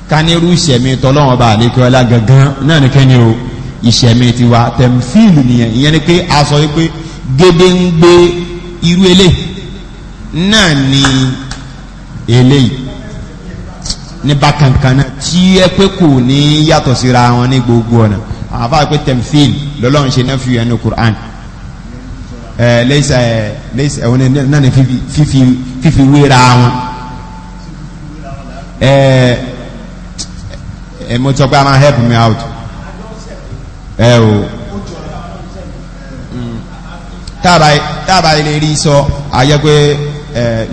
ká ìsẹ̀mí tọ́lọ́wọ́n bá àlékè ọlá gangan náà ni kẹ́ni o ìsẹ̀mí ti wa tẹ̀mfíìlù nìyẹn ìyẹn ni pé a sọ pé gédéǹgbé irú eléyìí náà ni eléyìí ní bákankan náà tí ẹ pé kò ní yàtọ̀ síra wọn ní gbogbo ọ̀nà àwọn afáà pé tẹ̀mfíìl lọ́lọ́run ṣe náà fi ẹnu Qur'an ẹ lẹ́sà ẹ lẹ́sà ẹ̀wọ̀n náà ní fífi fífi wéra wọn ẹ ẹ mo sọ pé a máa help me out ẹ o. táàbà ilé sọ àyẹ pé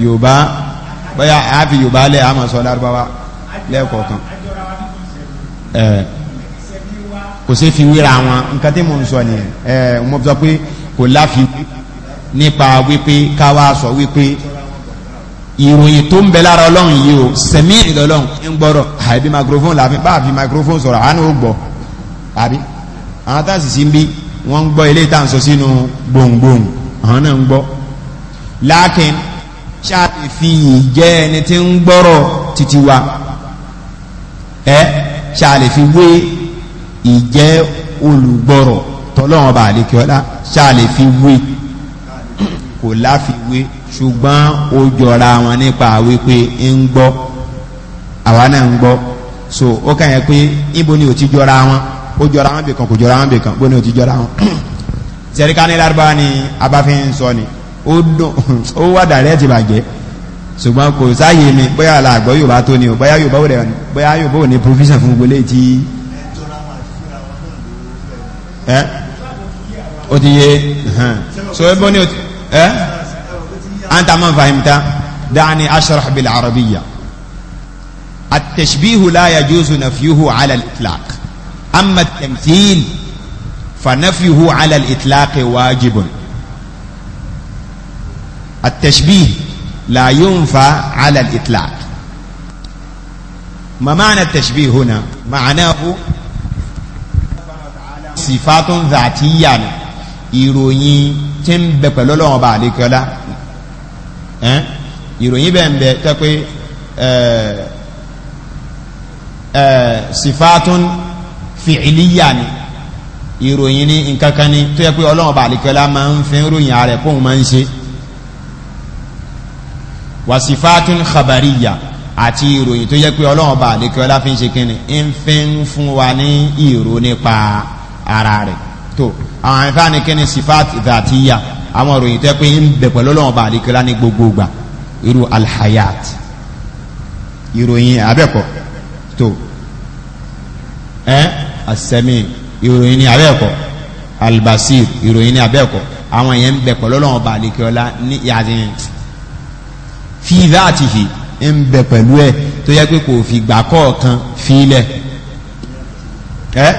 yorùbá bóyá àáfi yorùbá lẹ àmọ́ sọ lárúbáwá lẹ́ẹ̀kọ̀ọ̀kan kò sí fi wéra wọn nǹkan tí mò ń sọ nìyẹn mo sọ pé kò láfi nípa wípé káwá sọ wípé ìròyìn tó ń bẹ lára yìí o sẹ̀mí ìlọ́lọ́run ń gbọ́rọ̀ àìbí microphone bá àfi microphone àánú ó àbí àwọn sí ń bí wọ́n ń gbọ́ ilé ìtànsọ sínú gbohùngbohùn àwọn náà ń gbọ́ lákin ṣàlèfihìn jẹ́ ẹni tí ń gbọ́rọ̀ títí wa ẹ ṣàlèfiwé ìjẹ́ olùgbọ́rọ̀ tọ́lọ́wọ́n bá àlékiọ́lá ṣàlèfiwé kò láfiwé ṣùgbọ́n ó jọra wọn nípa wípé ń gbọ́ àwa náà ń gbọ́ so ó kàn yẹ pé níbo ni ò ti jọra wọn. ó jọra wọn bìkan kò jọra wọn bìkan bó ni ó ti jọra wọn sẹríkà ní lárúbáwá ni abáfin sọ ni ó dùn ó wà dàrẹ́ ti bàjẹ́ ṣùgbọ́n kò sáàyè mi bóyá àlàgbọ́ yóò bá tó ni o bóyá yóò bá wòlẹ̀ bóyá yóò bá wò ní provision fún gbólé tí ẹ́ ó ti yé so ẹ bọ́ ní ẹ́ anta man fahimta da'ani ashrah bil arabiyya at-tashbihu la yajuzu nafyuhu ala al-itlaq أما التمثيل فنفيه على الإطلاق واجب التشبيه لا ينفى على الإطلاق ما معنى التشبيه هنا معناه صفات ذاتية يروني tí ń bẹ pẹ̀lú ọlọ́run ọba àdékọ́lá صفات fìlíyà ni ìròyìn ní nǹkan kan ni tó yẹ pé ọlọ́run ọba àlìkọ́lá máa ń fẹ́ ròyìn ààrẹ kóhun máa ń ṣe wàsífàtún khabariya àti ìròyìn tó yẹ pé ọlọ́run ọba àlìkọ́lá fi ń ṣe kínni ń fẹ́ ń fún wa ní ìrò nípa ara rẹ̀ tó àwọn àǹfààní kínni sífàt ìdàtíyà àwọn ìròyìn tó yẹ pé ń bẹ̀ pẹ̀lú ọlọ́run ọba àlìkọ́lá ní gbogbogbà irú alhayat ìròyìn abẹ́kọ̀ tó ẹ́ asẹ́mìn ìròyìn ní abẹ́ẹ̀kọ́ albasir ìròyìn ní abẹ́ẹ̀kọ́ àwọn èèyàn ń bẹ pẹ̀lú ọlọ́run ọba àlekèọlá ní yàrin fi dáàtìhì ń bẹ pẹ̀lú ẹ̀ tó yẹ pé kò fi gbà kọ̀ọ̀kan fílẹ̀ ẹ́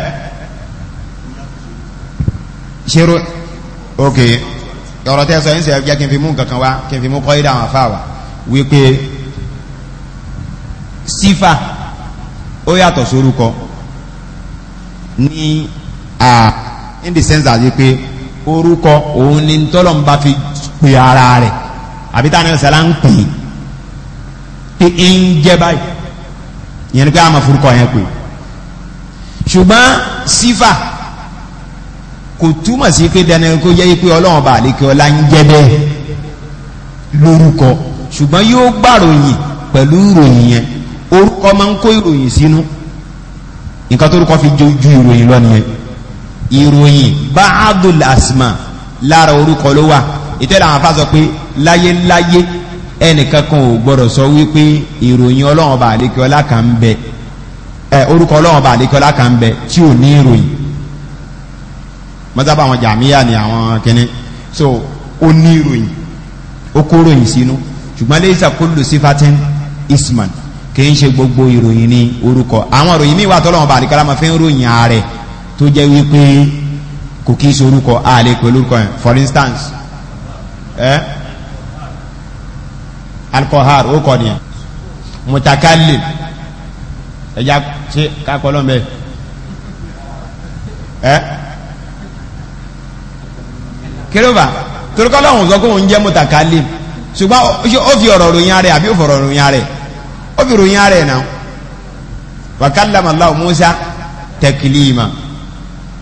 ṣerú ok ọ̀rọ̀ tẹ́ sọ yín sẹ́yìn jẹ́ kí n fi mú nǹkan wá kí n fi mú kọ́ ìdáhùn afá wa wípé sífà ó yàtọ̀ sórúkọ ní à in the sense àti pé orúkọ òun ni tọ́lọ́n bá fi pe ara rẹ̀ àbí táwọn ẹ̀sẹ̀ la ń pè é pé ń jẹ́ báyìí ìyẹn ni pé àmọ́ forúkọ yẹn pè ṣùgbọ́n sífà kò túmọ̀ sí pé dandan kó jẹ́ pé ọlọ́run bá àlékè ọlá ń jẹ́ bẹ́ẹ̀ lórúkọ ṣùgbọ́n yóò gbàròyìn pẹ̀lú ìròyìn yẹn orúkọ máa ń kó ìròyìn sínú. Si nǹkan tórúkọ fi ju ìròyìn lọ nìyẹn ìròyìn ba'adul asma lára orúkọ ló wà ìtẹ́lẹ̀ àwọn afá sọ pé láyéláyé ẹnìkan kan ò gbọ́dọ̀ sọ wípé ìròyìn ọlọ́run ọba àlékiọlá kan bẹ ẹ orúkọ ọlọ́run ọba àlékiọlá kan bẹ tí ò ní ìròyìn mọ́tàbà àwọn jàmíyà ni àwọn kìnnì so ó ní ìròyìn ó kó ròyìn sínú ṣùgbọ́n laysa kullu sifatin isman kìí ṣe gbogbo ìròyìn ní orúkọ àwọn ìròyìn míì wà tọ́lọ́wọ́n bá àdìkálá máa fi ń ròyìn ààrẹ tó jẹ́ wípé kò kìí ṣe orúkọ ààlẹ́ pẹ̀lú orúkọ yẹn for instance eh? alcohol ó kọ nìyẹn mutakallim ẹja ṣe kakọ lọ́mọ ẹ kéròbà torúkọ lọ́wọ́n sọ pé òun jẹ́ mutakallim ṣùgbọ́n ó fi ọ̀rọ̀ ròyìn ààrẹ àbí ó fọ̀rọ̀ ròyìn ààrẹ ó fi ròyìn ara ẹ̀ náà wa kallama Allahu Musa taklima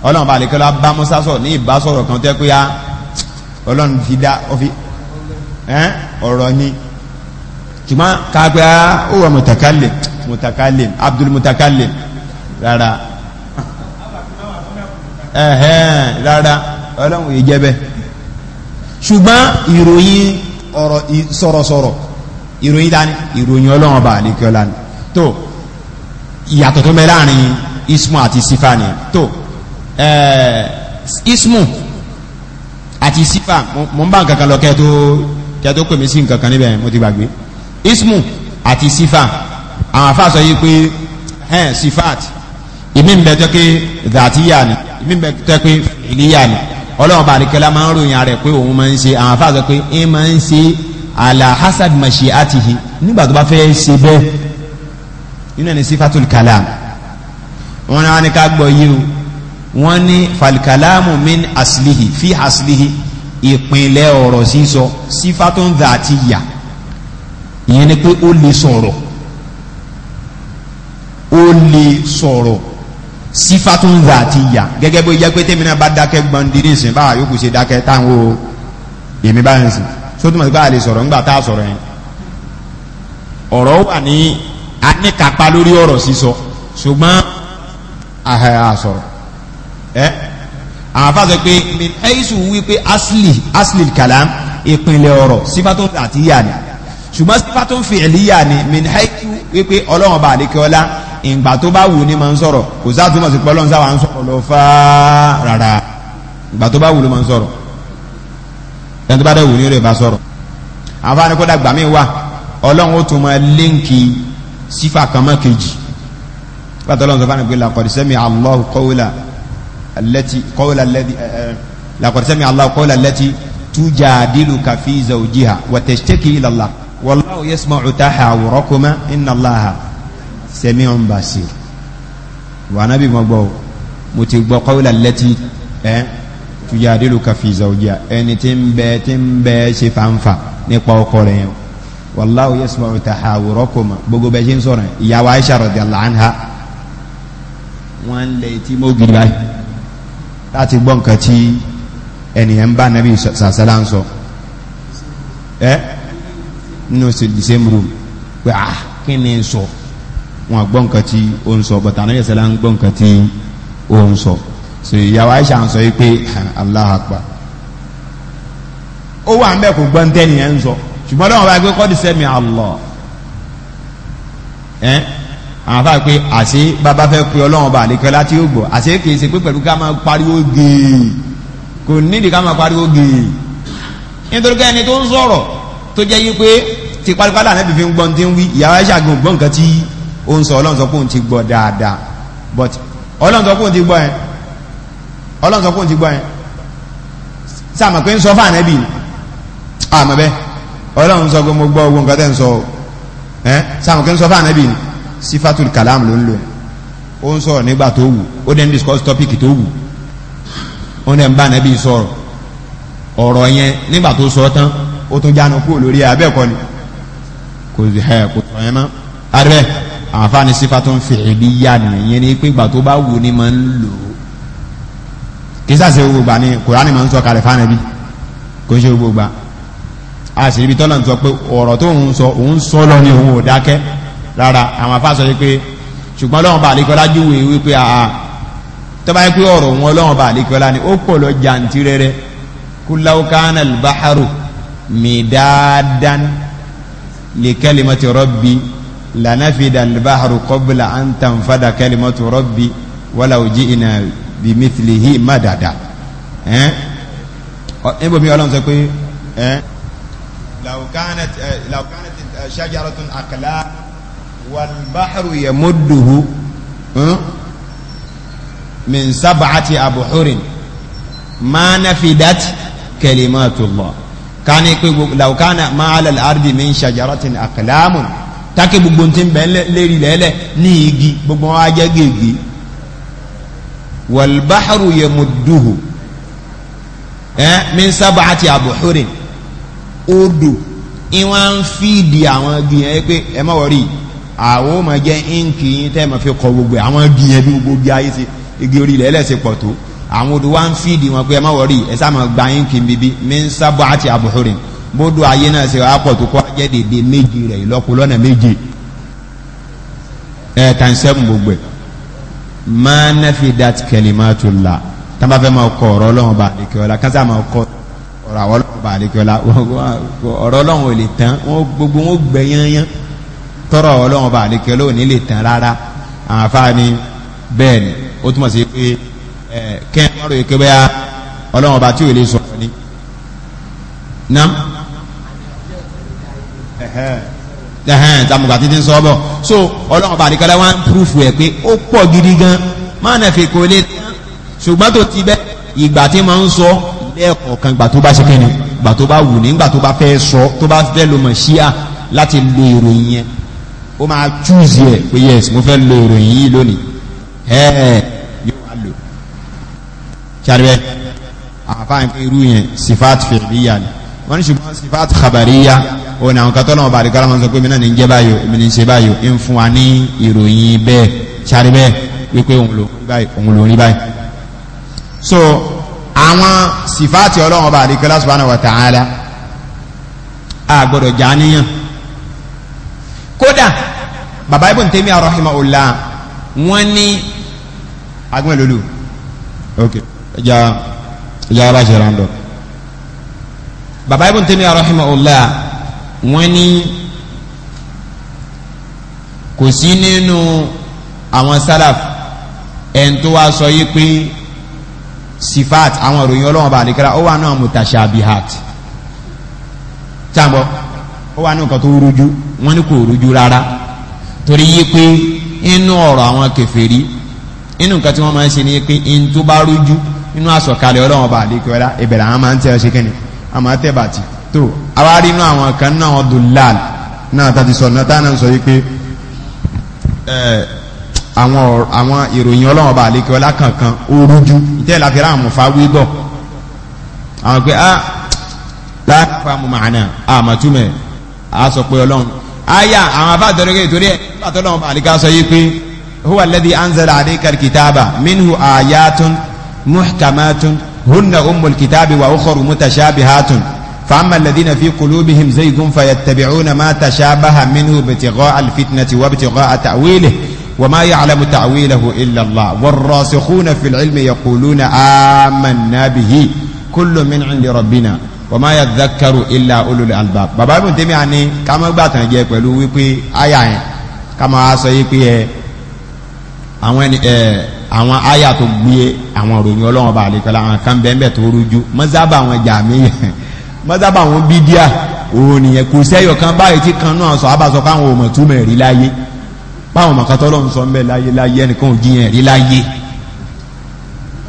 ọlọ́run bá lè kí lọ́ọ́ bá Musa sọ̀rọ̀ ní ìbásọ̀rọ̀ kan tẹ́ pé ọlọ́run fi dá ọfi ọ̀rọ̀ ni ṣùgbọ́n káàpẹ́ á ah, ó wà mutakallim Abdul mutakallim rárá ẹ̀hẹ́n rárá ọlọ́run yìí jẹ́ bẹ́ẹ̀ ṣùgbọ́n ìròyìn ọ̀rọ̀ sọ̀rọ̀sọ̀rọ̀ ìròyìn dání ìròyìn ọlọ́run ọba àlékiọ́lá ni tó ìyàtọ̀ tó mẹ́ láàrin ismu àti sifa ni tó eh, ismu àti sifa mo ń bá nǹkan kan lọ kẹ́ tó kẹ́ tó pè mí sí nǹkan kan níbẹ̀ mo ti gbàgbé ismu àti sifa àwọn afá sọ yìí pé hẹ́n sifat ìmí ń bẹ tó pé dhatiya ni ìmí ń bẹ tó pé ìlíyà ni ọlọ́run ọba àlékiọ́lá máa ń ròyìn rẹ̀ pé òun máa ń ṣe àwọn afá sọ pé ń ń ṣe ala hasad mashiatihi nígbà tó bá fẹ́ ṣe bẹ́ẹ̀ inú ẹni sifatul kalam wọn náà ní ká gbọ́ yìí o wọn ní falkalamu min aslihi fi aslihi ìpínlẹ̀ ọ̀rọ̀ sísọ sifatun dhatiya ìyẹn ni pé ó lè sọ̀rọ̀ ó lè sọ̀rọ̀ sifatun dhatiya gẹ́gẹ́ bó jẹ́ pé tèmi náà bá dákẹ́ gbọ́n dídí sìn ṣe dákẹ́ táwọn èmi báyìí sìn só tó mọ̀ sí pé a lè sọ̀rọ̀ nígbà tá a sọ̀rọ̀ yẹn ọ̀rọ̀ wà ní aníkapa lórí ọ̀rọ̀ sísọ ṣùgbọ́n àṣọ̀rọ̀ ẹ́ àfá sọ pé min aisu wípé asli asli kalam ìpínlẹ̀ ọ̀rọ̀ sífàtó àti yà ni ṣùgbọ́n sífàtó fìlì yà ni min aisu wípé ọlọ́run bá àdékẹ́ ọlá ìgbà tó bá wù ní máa ń sọ̀rọ̀ kò sáà túmọ̀ sí pé ọlọ́run sáwà ń sọ̀rọ̀ lọ fà rárá ìgbà tó bá wù ló máa ń sọ̀rọ̀ ẹni tó bá dẹ̀wò ní ó lè bá sọ̀rọ̀ àǹfààní kó dàgbà mí wà ọlọ́run ó tún máa léǹkì sífà kan mọ́ kejì pàtó ọlọ́run sọ fún àgbẹ̀ laqad sami'a Allahu qawla allati qawla allati eh, eh, laqad sami'a Allahu qawla allati tujadiluka fi zawjiha wa tashtaki ila Allah wallahu yàdílùkà fi zàwùjá ẹni tí ń bẹ tí ń bẹ ṣe fanfa nípa ọkọ rẹ̀ yẹn wàláwù yasma'u tahawurakuma gbogbo bẹ ṣe ń sọ̀rọ̀ ìyàwó Aisha radiyallahu anha wọ́n ń lè tí mo gidi báyìí láti gbọ́ nǹkan tí ènìyàn bá nàbí sàṣálà ń sọ ẹ nínú the same room pé ah kí ni sọ wọn tí ń sọ nàbí so ìyàwó Aisha ń sọ yìí pé Allahu Akbar ó wà ń bẹ kó gbọ́ ń tẹ́nìyàn ń sọ ṣùgbọ́n lọ́wọ́ bá gbé kọ́ di sẹ́mi Allah ẹ́ àwọn afáà pé àṣé bàbá fẹ́ pe ọlọ́wọ́n bá àlékọ́ láti ó gbọ́ àṣé kì í ṣe pé pẹ̀lú ká máa pariwo gèè kò nídìí ká máa pariwo gèè nítorí ká ẹni tó ń sọ̀rọ̀ tó jẹ́ yí pé ti pálípálá náà fífi ń gbọ́n tí ń wí ìyàwó Aisha gbọ́n nǹkan tí ó ń sọ ọlọ́run sọ pé òun ti gbọ́ dáadáa but ọlọ́run sọ pé òun ti gbọ́ yẹn ọlọ́run sọ fóun ti gbọ́ yẹn sáàmà pé ń sọ fáànà bí àmọ́ bẹ́ ọlọ́run sọ gbogbo gbọ́ ogun nǹkan tẹ́ ń sọ ẹ́ sáàmà pé ń sọ fáànà bí sífàtúl kàlám ló ń lò ó ń sọ̀rọ̀ nígbà tó wù ó dẹ́n discuss topic tó wù ó dẹ́n bá nàbí sọ̀rọ̀ ọ̀rọ̀ yẹn nígbà tó sọ tán ó tún jánu kúrò lórí abẹ́ẹ̀kọ́ ni kò sí ẹ̀ kò sọ̀rọ̀ yẹn mọ́ àdìbẹ́ àǹfààní sífàtún fìlì yá nìyẹn ni pé ìgbà tó bá wù ni máa ń lò ó kì í sàṣe gbogbo gbà ni kùránì máa ń sọ kalẹ̀ fáànà bí kò ń ṣe gbogbo gbà a sì ríbi tọ́lá ń sọ pé ọ̀rọ̀ tó ń sọ òun sọ lọ ni òun ò dákẹ́ rárá àwọn afá sọ pé ṣùgbọ́n lọ́wọ́n bá àlékọ́lá júwèé wípé àá tó bá pé ọ̀rọ̀ wọn lọ́wọ́n bá àlékọ́lá ni ó pọ̀ lọ jàǹtí rẹ́rẹ́ kúláwó kánà lùbáhárò mìdáadáa lè kalimati rabbi lànàfíìdà lùbáhárò qabla an tanfada kalimatu rabbi wàlà òjì ìnàrí bí mithlihi madada ẹ́n níbòmí ọlọ́run sọ pé ẹ́n law kanat law kanat shajaratun aqlam wal bahru yamudduhu min sab'ati abhurin ma nafidat kalimatullah ká ní pé law kana ma ala al-ardi min shajaratin aqlamun tákì gbogbo tí ń bẹ lérí lẹ́lẹ̀ ní gbogbo wọn á jẹ́ wàlbáhàrù yẹmùdùhù ẹ min sab'ati àbùhùrìn odò ìwọ̀n ń fìdí àwọn igi yẹn pé ẹ má wọrí àwọn ò máa jẹ́ ínkì yín tẹ́ ẹ máa fi kọ gbogbo àwọn igi yẹn bí gbogbo bí ayé ti igi orí ilẹ̀ ẹlẹ́sìn pọ̀ tó àwọn odò wa ń fìdí wọn pé ẹ má sá máa gba ínkì bíbí min sab'ati àbùhùrìn bódò ayé náà ṣe wàá pọ̀ tó kọ́ ajẹ́ dèdè méjì rẹ̀ ìlọ́kulọ́nà méjì ẹ̀ tàn gbogbo ẹ̀ ma nafidat kalimatullah tán bá fẹ́ máa kọ ọ̀rọ̀ ọlọ́run bá àdékè ọlá kásá máa kọ ọ̀rọ̀ àwọn ọlọ́run bá àdékè ọlá ọ̀rọ̀ ọlọ́run ò lè tán gbogbo wọn gbẹ yányán tọrọ ọlọ́run bá àdékè ọlá ò ní lè tán rárá àwọn afáàní bẹ́ẹ̀ ni ó túmọ̀ sí pé kẹ́hìn ọ̀rọ̀ èké bẹ́ẹ̀ ọlọ́run bá tí ò lè sọ̀rọ̀ ni ẹ̀hẹ́n tàmùkà títí ń sọ bọ̀ so ọlọ́run bàdìkọ́lá wá ń púrúfù ẹ̀ pé ó pọ̀ gidi gan má nà fi kò lè tán ṣùgbọ́n tó ti bẹ́ ìgbà tí máa ń sọ lẹ́ẹ̀kọ̀ọ̀kan ìgbà tó bá ṣe kíni ìgbà tó bá wù ní ìgbà tó bá fẹ́ sọ tó bá fẹ́ lo mọ̀ṣíà láti lo ìròyìn yẹn ó máa chúùsì ẹ̀ pé yes mo fẹ́ lo ìròyìn yìí lónìí ẹ̀ẹ́ yóò wá lò ṣàrẹ́ àfáàní pé irú yẹn sifat fèrè yíyá ni wọ́n ní ṣùgbọ́n àwọn sifaati khabariya ó ní àwọn kan tọ́lọ́wọ́n bá àdìgbọ́lá máa ń sọ pé mi náà ní jẹ́ báyò mi ní ṣe báyò ń fún wa ní ìròyìn bẹ́ẹ̀ sáré bẹ́ẹ̀ wípé òun ló rí rí báyìí so àwọn sifaati ọlọ́wọ́n bá àdìgbọ́lá subhanahu wa ta'ala a gbọ́dọ̀ já níyàn kódà bàbá Ibn Taymiyyah rahimahullah wọ́n ní agbọ́n lólu ok ẹja ẹja bá ra ń dọ̀ baba ibn Taymiyyah rahimahullah wọ́n ní kò sí nínú àwọn salaf ẹn tó wá sọ yìí pé sifat àwọn ìròyìn ọlọ́wọ́n bá àdékẹ́ra ó wà náà mutashabihat tàbọ̀ ó wà náà kan tó rújú wọ́n ní kò rújú rárá torí yìí pé inú ọ̀rọ̀ àwọn kèfèrí inú nǹkan tí wọ́n máa ń ṣe ni pé in tó bá rújú inú àsọ̀kalẹ̀ ọlọ́wọ́n bá àdékẹ́ra ìbẹ̀rẹ̀ àwọn máa ń tẹ́ ọ ṣe kẹ́ni àmọ́ tẹ́bàtì tó àwa rí inú àwọn kan náà wọn dùlal náà tàbí sọ náà táwọn náà sọ wípé àwọn ìròyìn ọlọ́wọ́n bá àlékè ọlá kankan orújú ìtẹ́ láti rá àmọ̀fà wíbọ̀ àwọn pé ah láàfà mu màánà àmọ̀túmẹ̀ a sọ pé ọlọ́run aya àwọn abáàdọ́rẹ́gẹ́ ìtòrí ẹ̀ látọ̀ ọlọ́wọ́n bá àlékè sọ yí pé huwa alladhi anzala alayka alkitaba minhu ayatun muhkamatun hunna ummul kitabi wa ukhru mutashabihatun fa'amma alladhina fi qulubihim zaygun fayattabi'una ma tashabaha minhu ibtigha'a alfitnati wa ibtigha'a ta'wilihi wa ma ya'lamu ta'wilahu illa Allah war-rasikhuna fil ilmi yaquluna amanna bihi kullu min 'indi rabbina wa ma yadhakkaru illa ulul albab bàbá mi tẹ́mi àní ká má gbàtàn jẹ pẹ̀lú wípé àyà yẹn ká má sọ yìí pé ẹ àwọn ẹni ẹ àwọn àyà tó gbé àwọn ìròyìn ọlọ́run bá àlekọ́ láwọn kan bẹ́ẹ̀ tó rújú mọ́sábà àwọn jàmíyà mọ́sábà àwọn bídíà òun nìyẹn kò sẹ́yọ̀ kan báyìí tí kan náà sọ abàsọ káwọn òmò túmọ̀ rí láyé báwọn ọmọ kan tọ́lọ́run sọ mbẹ́ láyé láyé ẹnìkan ò jiyàn rí láyé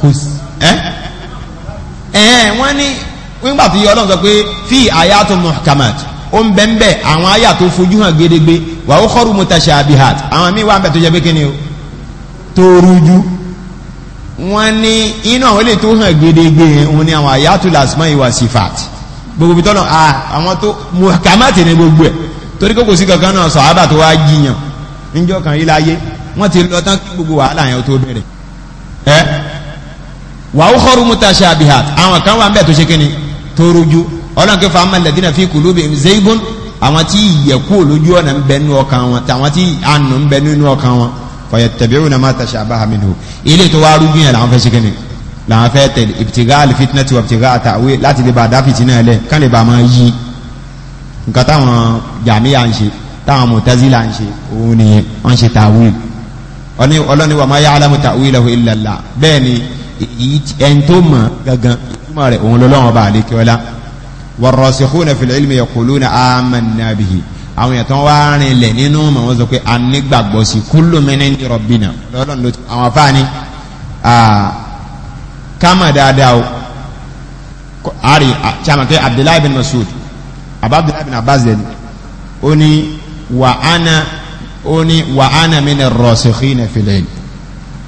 kò sí wọ́n ní nígbà tí ọlọ́run sọ pé fi àyàtò muhkamat ó ń bẹ́ẹ̀ bẹ́ẹ̀ àwọn àyà tó fojú hàn gédégbé wà ó kọ́rù mutashabihat àwọn míì wà ń bẹ̀ tó jẹ́ pé kíni o tó rújú wọ́n ní inú àwọn ilé tó hàn gbedegbe yẹn òun ni àwọn àyàtò làsímọ́ ìwà sifat gbogbo bí tọ́nà àwọn tó kàmáàtì ní gbogbo ẹ̀ torí kókò sí kankan náà sàhábà tó wá jiyàn níjọ́ kan yí láyé wọ́n ti lọ tán kí gbogbo wàhálà yẹn tó bẹ̀rẹ̀ ẹ́ wàá kọ́rù mutashabihat àwọn kan wà ń bẹ̀ tó ṣe kíni tó rújú ọlọ́run kẹfà amalẹ̀dínà fi kulubihim zaybun àwọn tí ìyẹ̀kú olójú ọ̀nà ń bẹ nínú ọkàn wọn tàwọn tí àánú ń bẹ nínú ọkàn wọn fayattabi'una ma tashabaha minhu ilé tó wá rúgbìn yẹn làwọn fẹ́ ṣe kíni làwọn fẹ́ tẹ̀lé ibtigha alfitnati wa ibtigha àtàwé láti lè bá dá fìtínà lẹ̀ kán lè bá máa yí nǹkan táwọn jàmíyà ń ṣe táwọn mutazila ń ṣe òun nìyẹn wọ́n ṣe tàwé ọlọ́ni wa ma ya'lamu ta'wilahu illa Allah bẹ́ẹ̀ ni ẹni tó mọ̀ gangan ìtumọ̀ rẹ̀ òun lọ́lọ́wọ́n bá àlékè fil ilmi yaquluna amanna bihi àwọn èèyàn tó ń wá rinlẹ̀ nínú mọ̀ wọ́n sọ pé a nígbàgbọ́ sí kullu min indi rabbina lọ́lọ́run ló ti àwọn afáàní kámà dáadáa o àrí chairman pé abdullahi bin masud àbá abdullahi bin abbas dẹni ó ní wà ánà ó ní wà ánà min ar-rasikhina fil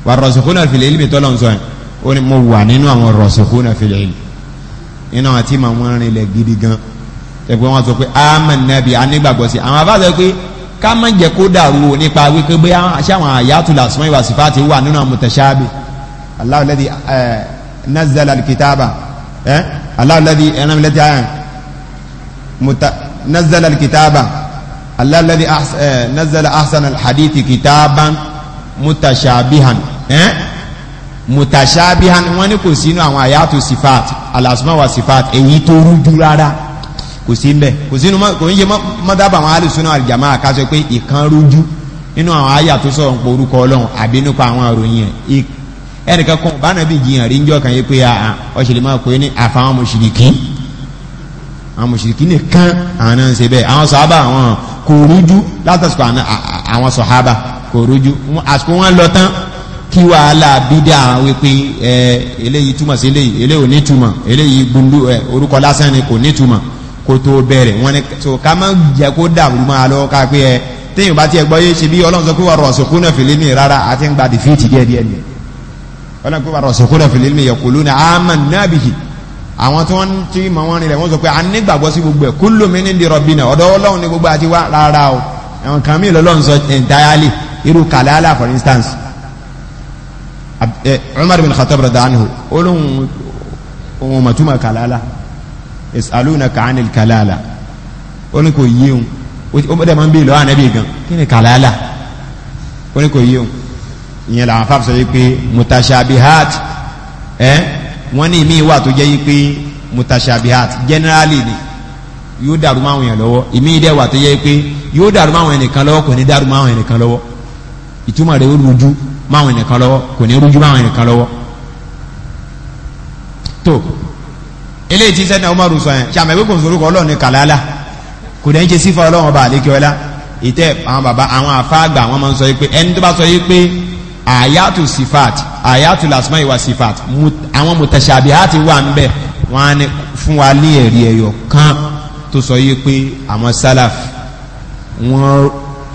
wà ar-rasikhuna mi tọ́lọ̀ ń ó ní mo wà nínú àwọn ar-rasikhuna nínú àwọn tí màá wọ́n rinlẹ̀ gidi gan ẹgbẹ́ wọn sọ pé amanna bi anígbàgbọ́ sí àwọn afáàsọ pé ká má jẹ́ kó dàrú o nípa wípé bí àwọn àyàtul asma'i wa sifati wà nínú mutashabi Allahu alladhi nazzala al-kitaba Allahu alladhi ẹnam lẹ́dí ayàn nazzala al-kitaba Allahu alladhi nazzala ahsana al-hadithi kitaban mutashabihan mutashabihan wọ́n kò sínú àwọn àyàtul sifati al-asma'i wa èyí tó rújú rárá kò sí mbẹ kò sínú kò ń yẹ mọ́dábà àwọn alùsùnà àlìjàmá àkásọ pé ìkan rújú nínú àwọn àyà tó sọ̀rọ̀ nípa orúkọ ọlọ́run àbí nípa àwọn àròyìn ẹ̀ ẹnìkan kan bánà bí jiyàn rí njọ́ kan yé pé ọ̀ṣẹ̀lẹ̀ máa pè ní àfàwọn mùṣìríkí àwọn mùṣìríkí nìkan àwọn náà ń ṣe bẹ́ẹ̀ àwọn sọ̀hábà àwọn kò rújú látàsùkò àwọn sọ̀hábà kò rújú àsìkò wọn lọ tán kí wàhálà bídà wípé ẹ eléyìí túmọ̀ sí eléyìí eléyìí ò ní túmọ̀ eléyìí gbundu ẹ orúkọ lásán ni kò ní túmọ̀ kó tó bẹ̀rẹ̀ wọ́n ní so ká má jẹ́ kó dàrú máa lọ ká pé ẹ téèyàn bá tiẹ̀ gbọ́ yé ṣe bí ọlọ́run sọ pé wà rọ̀ṣọ̀kú náà fìlẹ́ mi rárá àti ń gba dìfíìtì díẹ̀ díẹ̀ ni ọlọ́run pé wà rọ̀ṣọ̀kú náà fìlẹ́ mi yaquluna amanna bihi àwọn tí wọ́n ti mọ̀ wọ́n rinlẹ̀ wọ́n sọ pé a nígbàgbọ́ sí gbogbo ẹ̀ kullu min indi rabbina ọ̀dọ̀ ọlọ́run ní gbogbo àti wá rárá o àwọn kan mìíràn lọ́lọ́run sọ entirely irú for instance eh, Umar bin Khattab radhiyallahu anhu olóhùn ohun mọ̀túmọ̀ kàlálà yasalunaka anil kalala ó ní kò yé òun ó bẹ́ẹ̀ máa ń bèèrè lọ́wọ́ ànábì gan kí ni kàlálà ó ní kò yé òun ìyẹn làwọn afáàfù sọ wípé mutashabihat ẹ wọ́n ní ìmí wà tó jẹ́ wípé mutashabihat generally ni yóò dàrú máwọn èèyàn lọ́wọ́ ìmí dẹ̀ wà tó jẹ́ wípé yóò dàrú máwọn ẹnìkan lọ́wọ́ kò ní dàrú máwọn ẹnìkan lọ́wọ́ ìtumọ̀ rẹ̀ ó rújú máwọn ẹnìkan lọ́wọ́ kò ní rújú máwọn ẹnìkan lọ́wọ́ tó eléyìí tí sẹ́dínà umaru sọ yẹn ṣàmì pé kò sórúkọ ọlọ́run ní kàlálà kò dẹ́ ń ṣe sífọ́ ọlọ́run ọba àlékè ọlá ìtẹ́ àwọn bàbá àwọn àfáàgbà wọn máa ń sọ yìí pé ẹni tó bá sọ yìí pé àyàtù sifat àyàtù lasma ìwà sifat àwọn mutashabihati wà ń bẹ̀ wọ́n á ní fún wa ní ẹ̀rí ẹ̀yọ̀ kan tó sọ yìí pé àwọn salaf wọn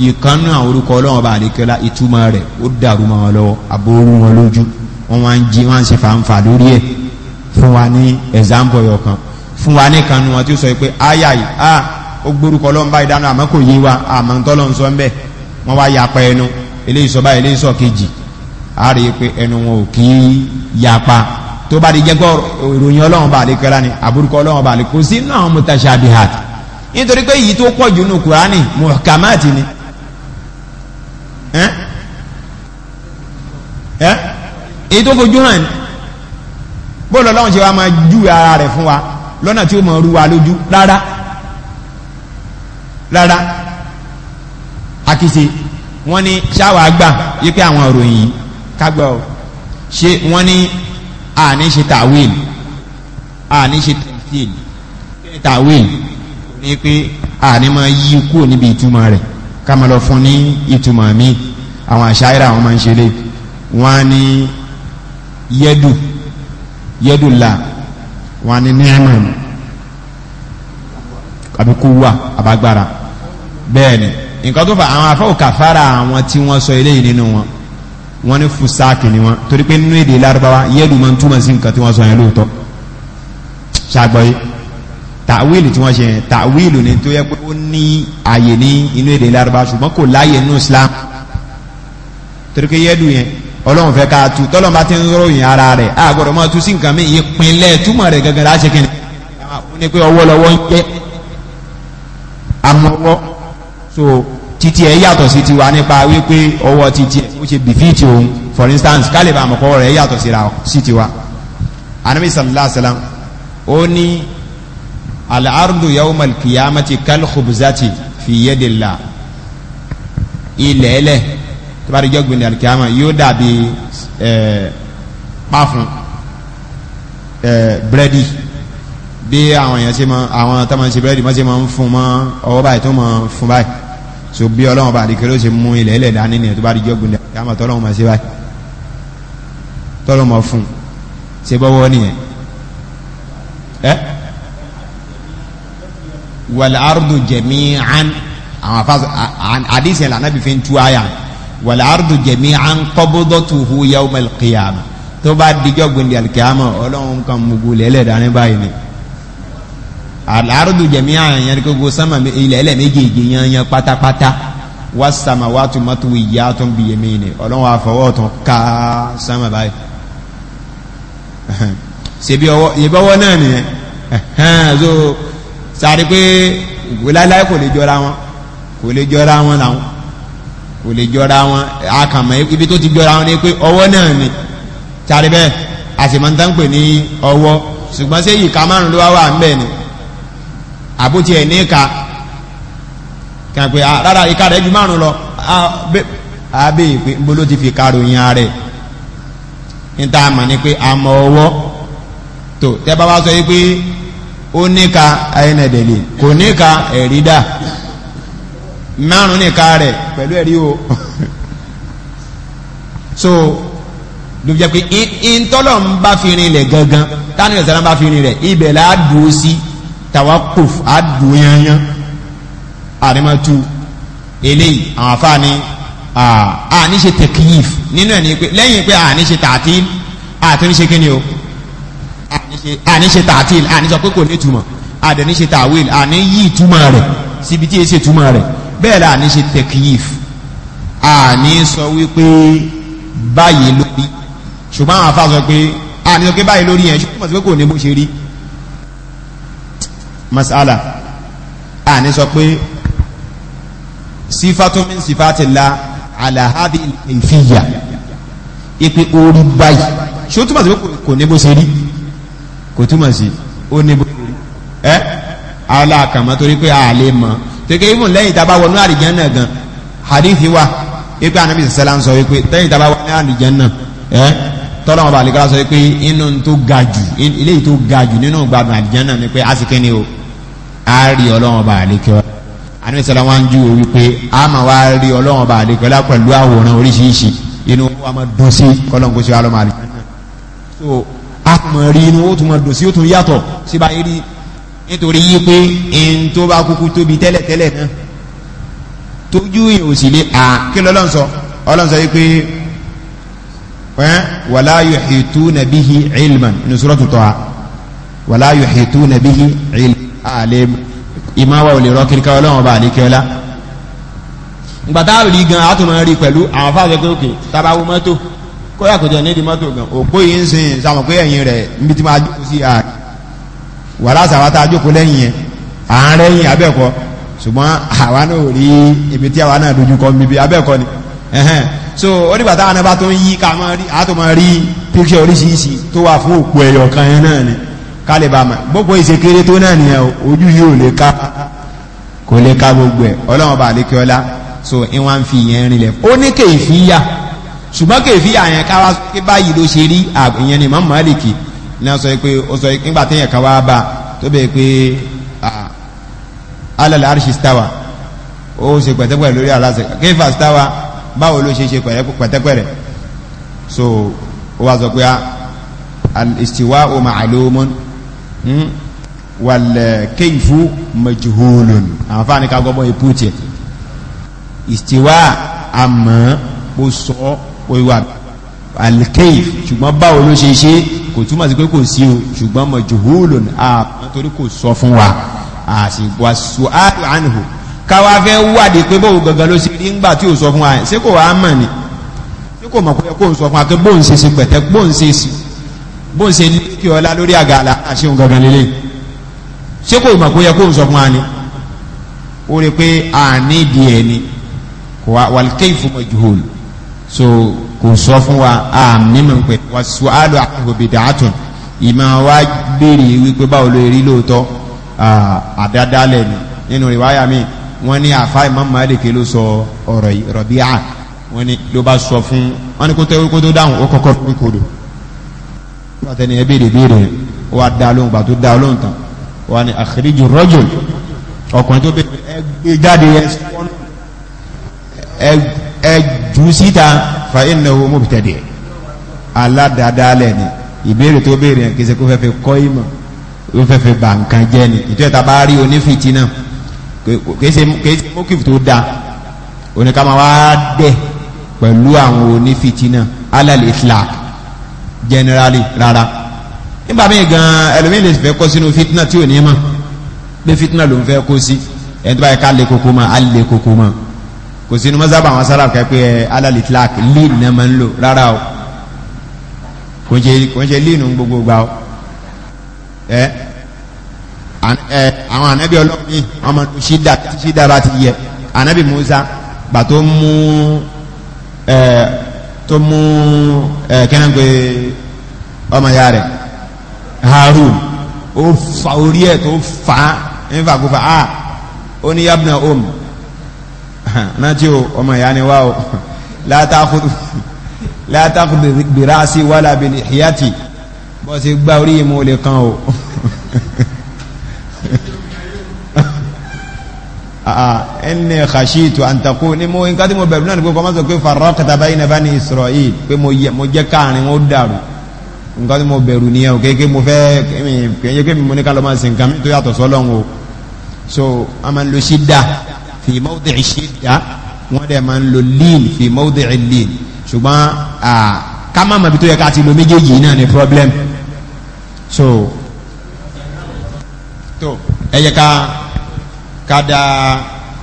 ìkànnù àwọn orúkọ ọlọ́run ọba àlékè ọlá ìtumọ̀ rẹ̀ ó dàrú mọ́ wọn lọ́wọ́ àbórú wọn lójú wọn wá ń ṣe fàǹfà lórí ẹ̀ fún wa ní example yọkan fún wa ní kanu wọn tí ó a ó gbórúkọ lọ́n bá ìdáná àmọ́ kò yé wa àmọ́ ń tọ́lọ́ ń sọ ńbẹ́ wọ́n wá yapa ẹnu eléyìí sọ báyìí eléyìí sọ kejì a rí i pé ẹnu wọn ò í yapa tó bá di jẹ́ ìròyìn ọlọ́run bá lè kẹ́ra ni àbúrúkọ ọlọ́run bá bóòlù ọlọ́run ṣe wa máa júwe ara rẹ̀ fún wa lọ́nà tí ó mọ̀ rú wa lójú rárá rárá àkìsè wọ́n ní ṣáwà gbà yípe àwọn ìròyìn yìí kágbà ọ̀ ṣe wọ́n ní àní ṣe tàwíl àní ṣe tẹ̀síl kíni tàwíl ní pé àní máa yí kúrò níbi ìtumọ̀ rẹ̀ ká máa lọ fún ní ìtumọ̀ míì àwọn àṣà ìrà àwọn máa ń ṣe lé wọ́n á ní yẹ́dù yẹ́dùlá wọn ni níhàmà àbíkú wà àbágbára bẹ́ẹ̀ ni nǹkan tó fà àwọn afọ́ kàfàrà àwọn tí wọ́n sọ eléyìí nínú wọn wọ́n ní fùsáàkì ni wọ́n torí pé nínú èdè lárúbáwá yẹ́dù máa ń túmọ̀ nǹkan tí wọ́n sọ yẹn lóòótọ́ ṣàgbọ́yé tàwílù tí wọ́n ṣe yẹn tàwílù ni tó yẹ pé ó ní àyè ní inú èdè lárúbáwá ṣùgbọ́n kò láyè nínú Islam torí pé yẹ́dù yẹn ọlọ́run fẹ́ ká tu tọ́lọ́run bá ti ń ròyìn ara rẹ̀ a gbọ́dọ̀ máa tu sí nǹkan mi ìpínlẹ̀ túmọ̀ rẹ̀ gangan láṣẹ kìnnì àwọn ní pé ọwọ́ lọ́wọ́ ń jẹ́ amọ́wọ́ so titi ẹ̀ yàtọ̀ sí tiwa nípa wípé ọwọ́ titi ẹ̀ ó ṣe bìfíìtì òun for instance kálíbà àmọ̀kọ́wọ́ rẹ̀ yàtọ̀ sí tiwa anabi sallallahu alayhi wa sallam ó ní al'ardu yawmal qiyamati kal khubzati fi yadillah ilẹ̀ẹ́lẹ̀ tó bá di jọ́ gbìndé alikiyama yóò dàbí pàfún búrẹ́dì bí àwọn èèyàn ṣe mọ àwọn tó máa ń ṣe búrẹ́dì wọ́n ṣe máa ń fún mọ́ ọwọ́ báyìí tó máa ń fún báyìí so bí ọlọ́run bá àdìkẹ́ ló ṣe mú ilẹ̀ ilẹ̀ dání nìyẹn tó bá di jọ́ gbìndé alikiyama tọ́lọ́run máa ṣe báyìí tọ́lọ́run máa fún ṣe bọ́wọ́ nìyẹn ẹ́ wàlárùdù jẹ̀mí àn àdìsẹ̀ lànà bí fi ń wal ardu jami'an qabdatuhu yawm al-qiyamah tó bá dijọ́ gbendi al-qiyamah ọlọ́run kan mugu lẹ́lẹ̀ dání báyìí ni al ardu jami'an yẹn kókó sámà ilẹ̀ ẹlẹ́ méjèèjì yẹn yẹn pátápátá was samawatu matwiyatun bi yamini ọlọ́run àfọwọ́ tán ká sámà báyìí [laughs] ṣebí ọwọ́ ìbọwọ́ náà nìyẹn so sáré pé wíláláì kò lè jọra wọn kò lè jọra wọn làwọn kò lè jọra wọn àkàmọ́ ibi tó ti jọra wọn ni pé ọwọ́ náà ni tàbí bẹ́ẹ̀ àṣemọ̀ntánpè ní ọwọ́ ṣùgbọ́n ṣé ìka márùn ló wá wà ń bẹ̀ ni àbótí ẹ̀ ní ìka kàn pé rárá ìka rẹ̀ ju márùn lọ abẹ́ ìpè ń bolo ti fi karòyìn ara ẹ̀ níta àmọ́ ni pé àmọ́ ọwọ́ tó tẹ́ bá wá sọ yìí pé ó níka ayẹnẹ̀dẹ̀lẹ̀ kò níka ẹ̀rí dà márùn nìka rẹ̀ pẹ̀lú ẹ̀rí o so ló jẹ́ pé ìntọ́lọ̀ ń bá fi rin ilẹ̀ gangan tánú ìsàlá bá fi rin rẹ̀ ibẹ̀ là á dùn ó sí tawakuf á dùn yanyan àrímọ́tú eléyìí àwọn afáàní àní ṣe tẹkíyìf nínú ẹ̀ ní pé lẹ́yìn pé àní ṣe tààtìl àti ní ṣe kíni o àní ṣe tààtìl àní sọ pé kò ní ìtumọ̀ àdẹ̀ ní ṣe tàwíl àní yí ìtumọ̀ rẹ̀ síbi tí èsì ìtumọ̀ rẹ̀ bẹ́ẹ̀ la ní ṣe tẹ̀kìyìf a ní sọ wípé báyìí lórí ṣùgbọ́n àwọn afáàsọ pé a ní sọ pé báyìí lórí yẹn ṣùgbọ́n mọ̀ kò ní bó ṣe rí masala a ní sọ pé sífàtúmí sífàtìlá àlàhádì ìfìyà ipe orí báyìí ṣé ó túmọ̀ sí pé kò ní bó ṣe rí kò túmọ̀ sí ó ní bó ṣe rí ẹ́ aláàkàmọ́ torí pé a lè mọ̀ tẹ̀kẹ́ ibùn lẹ́yìn tá a bá wọnú àlìjánà gan hadithi wa ipe anabi sẹlẹ ń sọ wípé lẹ́yìn tá a bá wọnú àlìjánà ẹ tọ́lọ́mọ bá àlìkọ́lá sọ wípé inú tó ga jù eléyìí tó ga jù nínú gbádùn àlìjánà ni pé a sì kéne o a rí ọlọ́mọ bá àlìkọ́ anabi sẹlẹ wọn ju o wípé a máa wá rí ọlọ́mọ bá àlìkọ́ lá pẹ̀lú àwòrán oríṣiríṣi inú wa máa dùn sí kọ́lọ́ǹkó sí wa lọ́mọ àlìjánà so a tún máa rí inú ó tún máa nítorí yí pé ẹni tó bá kúkú tóbi tẹ́lẹ̀tẹ́lẹ̀ náà tójú yìí ò sì lè à kí lọ́lọ́n sọ ọlọ́n sọ yí pé ẹ́n wàlá yuhituna bihi ilman ní suratu Taha wàlá yuhituna bihi ilman àlẹ́ ìmáwá ò lè rọ kiri ká ọlọ́run ọba àlékẹ́ ọlá gbàtà rí gan àtúmọ̀ rí pẹ̀lú àwọn fáwọn pé òkè tabawo mọ́tò kóyà kò jẹ́ nídìí mọ́tò gan òpó yìí ń sìn sàmọ̀ wàhálà sàwọn tá a jókòó lẹ́yìn yẹn à ń rẹ́yìn abẹ́ẹ̀kọ́ ṣùgbọ́n àwa náà ò rí ibi tí àwa náà dojú kọ bíbi abẹ́ẹ̀kọ́ ni so onígbà táwọn náà bá tó ń yí ká máa rí àtò máa rí píkṣọ oríṣiríṣi tó wà fún òkú ẹ̀yọ̀ kan yẹn náà ni kálí bá ma gbogbo ìṣekéré tó náà nìyẹn ojú yìí ò lè ká kò lè ká gbogbo ẹ̀ ọlọ́run bá lékè ọlá so ìwọ̀n fi yẹn rinlẹ̀ ó ní kèéfì yá ṣùgbọ́n kèéfì yá yẹn káwá báyìí ló ṣe rí àgbẹ̀yẹn ni mọ́ màálìkì ní wọ́n sọ pé ó sọ nígbà téèyàn kan wá bá tó bẹ̀rẹ̀ pé alàlẹ́ àríṣì stáwà ó ṣe pẹ̀tẹ́pẹ̀rẹ̀ lórí aláṣẹ kéfà stáwà báwo ló ṣe ṣe pẹ̀tẹ́pẹ̀rẹ̀ so ó wá sọ pé al-istiwa o ma'alumun hmm, wàlẹ̀ kéfù majhulun àǹfààní ká gbọ́gbọ́n ipú tiẹ̀ istiwa àmọ́ ó sọ ó wà al-kayf ṣùgbọ́n báwo ló ṣe ṣe kò túmọ̀ sí pé kò sí o ṣùgbọ́n mọ̀ jùhúlù àmọ́ torí kò sọ fún wa àṣìgbà su'alu anhu káwa fẹ́ wádìí pé bóun gangan ló ṣe rí ńgbà tí ò sọ fún wa ṣé kò wá mọ̀ ni ṣé kò mọ̀ kò ń sọ fún wa pé bóun pẹ̀tẹ́ bóun ni ó rí pé àní ìdí ẹ̀ so kò sọ fún wa àmìmọ̀ pé wàsù àlọ́ àgbòbèdà àtùn ìmọ̀ wá béèrè wípé báwo ló rí lóòótọ́ àdádálẹ̀ ni nínú ìwáyà mi wọ́n ní àfá Imam Malik ló sọ ọ̀rọ̀ Rabi'a wọ́n ní ló bá sọ fún wọ́n ní kó tẹ́ kó tó dáhùn ó kọ́kọ́ fún kodò pàtẹ́ni ẹ béèrè béèrè ó dá lóhùn gbà tó dá lóhùn tán wà ní akhriju rajul ọkùnrin tó béèrè ẹ gbé jáde ẹ ẹjù síta fa innahu mubtadi aládàádálẹ̀ ni ìbéèrè tó béèrè yẹn kìí ṣe kó fẹ́ fi kọ́ ìmọ̀ ó fẹ́ fi bà nǹkan jẹ́ ni ìtọ́ ìta bá rí onífìtì náà kìí ṣe mọ́kìf tó da oníkàmá wá dẹ̀ pẹ̀lú àwọn onífìtì náà alal itlaq generally rárá nígbà míì gan ẹlòmíì lè fẹ́ kó sínú fitna tí ò ní mọ̀ pé fitna ló ń fẹ́ kó sí ẹni tó bá yẹ ká lè koko mọ́ á lè koko mọ́ kò sínú mọ́sábà àwọn sára kẹ́ pé alali tlak lean náà máa ń lò rárá o kò ń ṣe lean gbogbo gbà o ẹ àwọn ànábì ọlọ́pìn ọmọ ṣídára ti yẹ ànábì Musa gbà tó mú tó mú kẹ́nà pé ọmọ ya rẹ̀ Harun ó fa orí ẹ̀ tó fa nífàkúfà ah ó ní yabna omi um rántí [laughs] o ọmọ ìyá ni wá o látàkùn bìrá sí wàhálà bìlì hìyàtì bọ́ sí gbá orí ìmú olè kan o ẹni [laughs] ah, ah, khashitu àǹtakó ní mo nǹkan tí mo bẹ̀rù náà ni pé kọ́ máa sọ pé faraqta bayna bani Isra'il pé mo jẹ́ káàrin ó dàrú nǹkan tí mo bẹ̀rù nìyẹn o kéèké mo fẹ́ kéèké mi mo ní ká lọ́ máa sin nǹkan mi tó yàtọ̀ sọ́lọ́hún o so a máa fi mawdi'i shidda wọ́n dẹ̀ máa ń lo lean fi mawdi'i lean ṣùgbọ́n ká má mọ̀ bí tó yẹ ká ti lo méjèèjì náà ni problem so tó ẹ yẹ ká ká da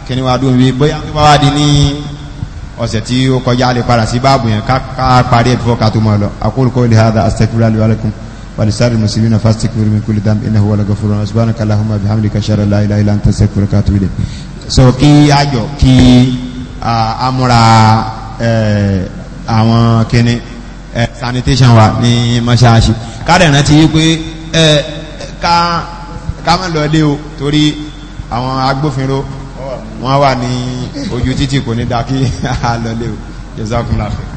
kíni wàá dùn bí bóyá wọ́n bá wá di ní ọ̀sẹ̀ tí ó kọjá lè padà sí báàbù yẹn ká parí ẹ̀ fọ́ ká tó mọ̀ lọ aqulu qawli hadha astaghfirullahi wa lakum ولسائر المسلمين فاستغفر من كل ذنب انه هو الغفور الرحيم سبحانك اللهم وبحمدك اشهد ان لا اله الا انت استغفرك واتوب اليك so kí àjọ kí amúra àwọn kíní sanitation wa ní mọ́ṣáláṣí káàdẹ̀ rántí wípé ká má lọ lé o torí àwọn agbófinró wọ́n wà ní ojú títì kò ní dákí àlọ́lé [laughs] o jésù àkúnláfẹ́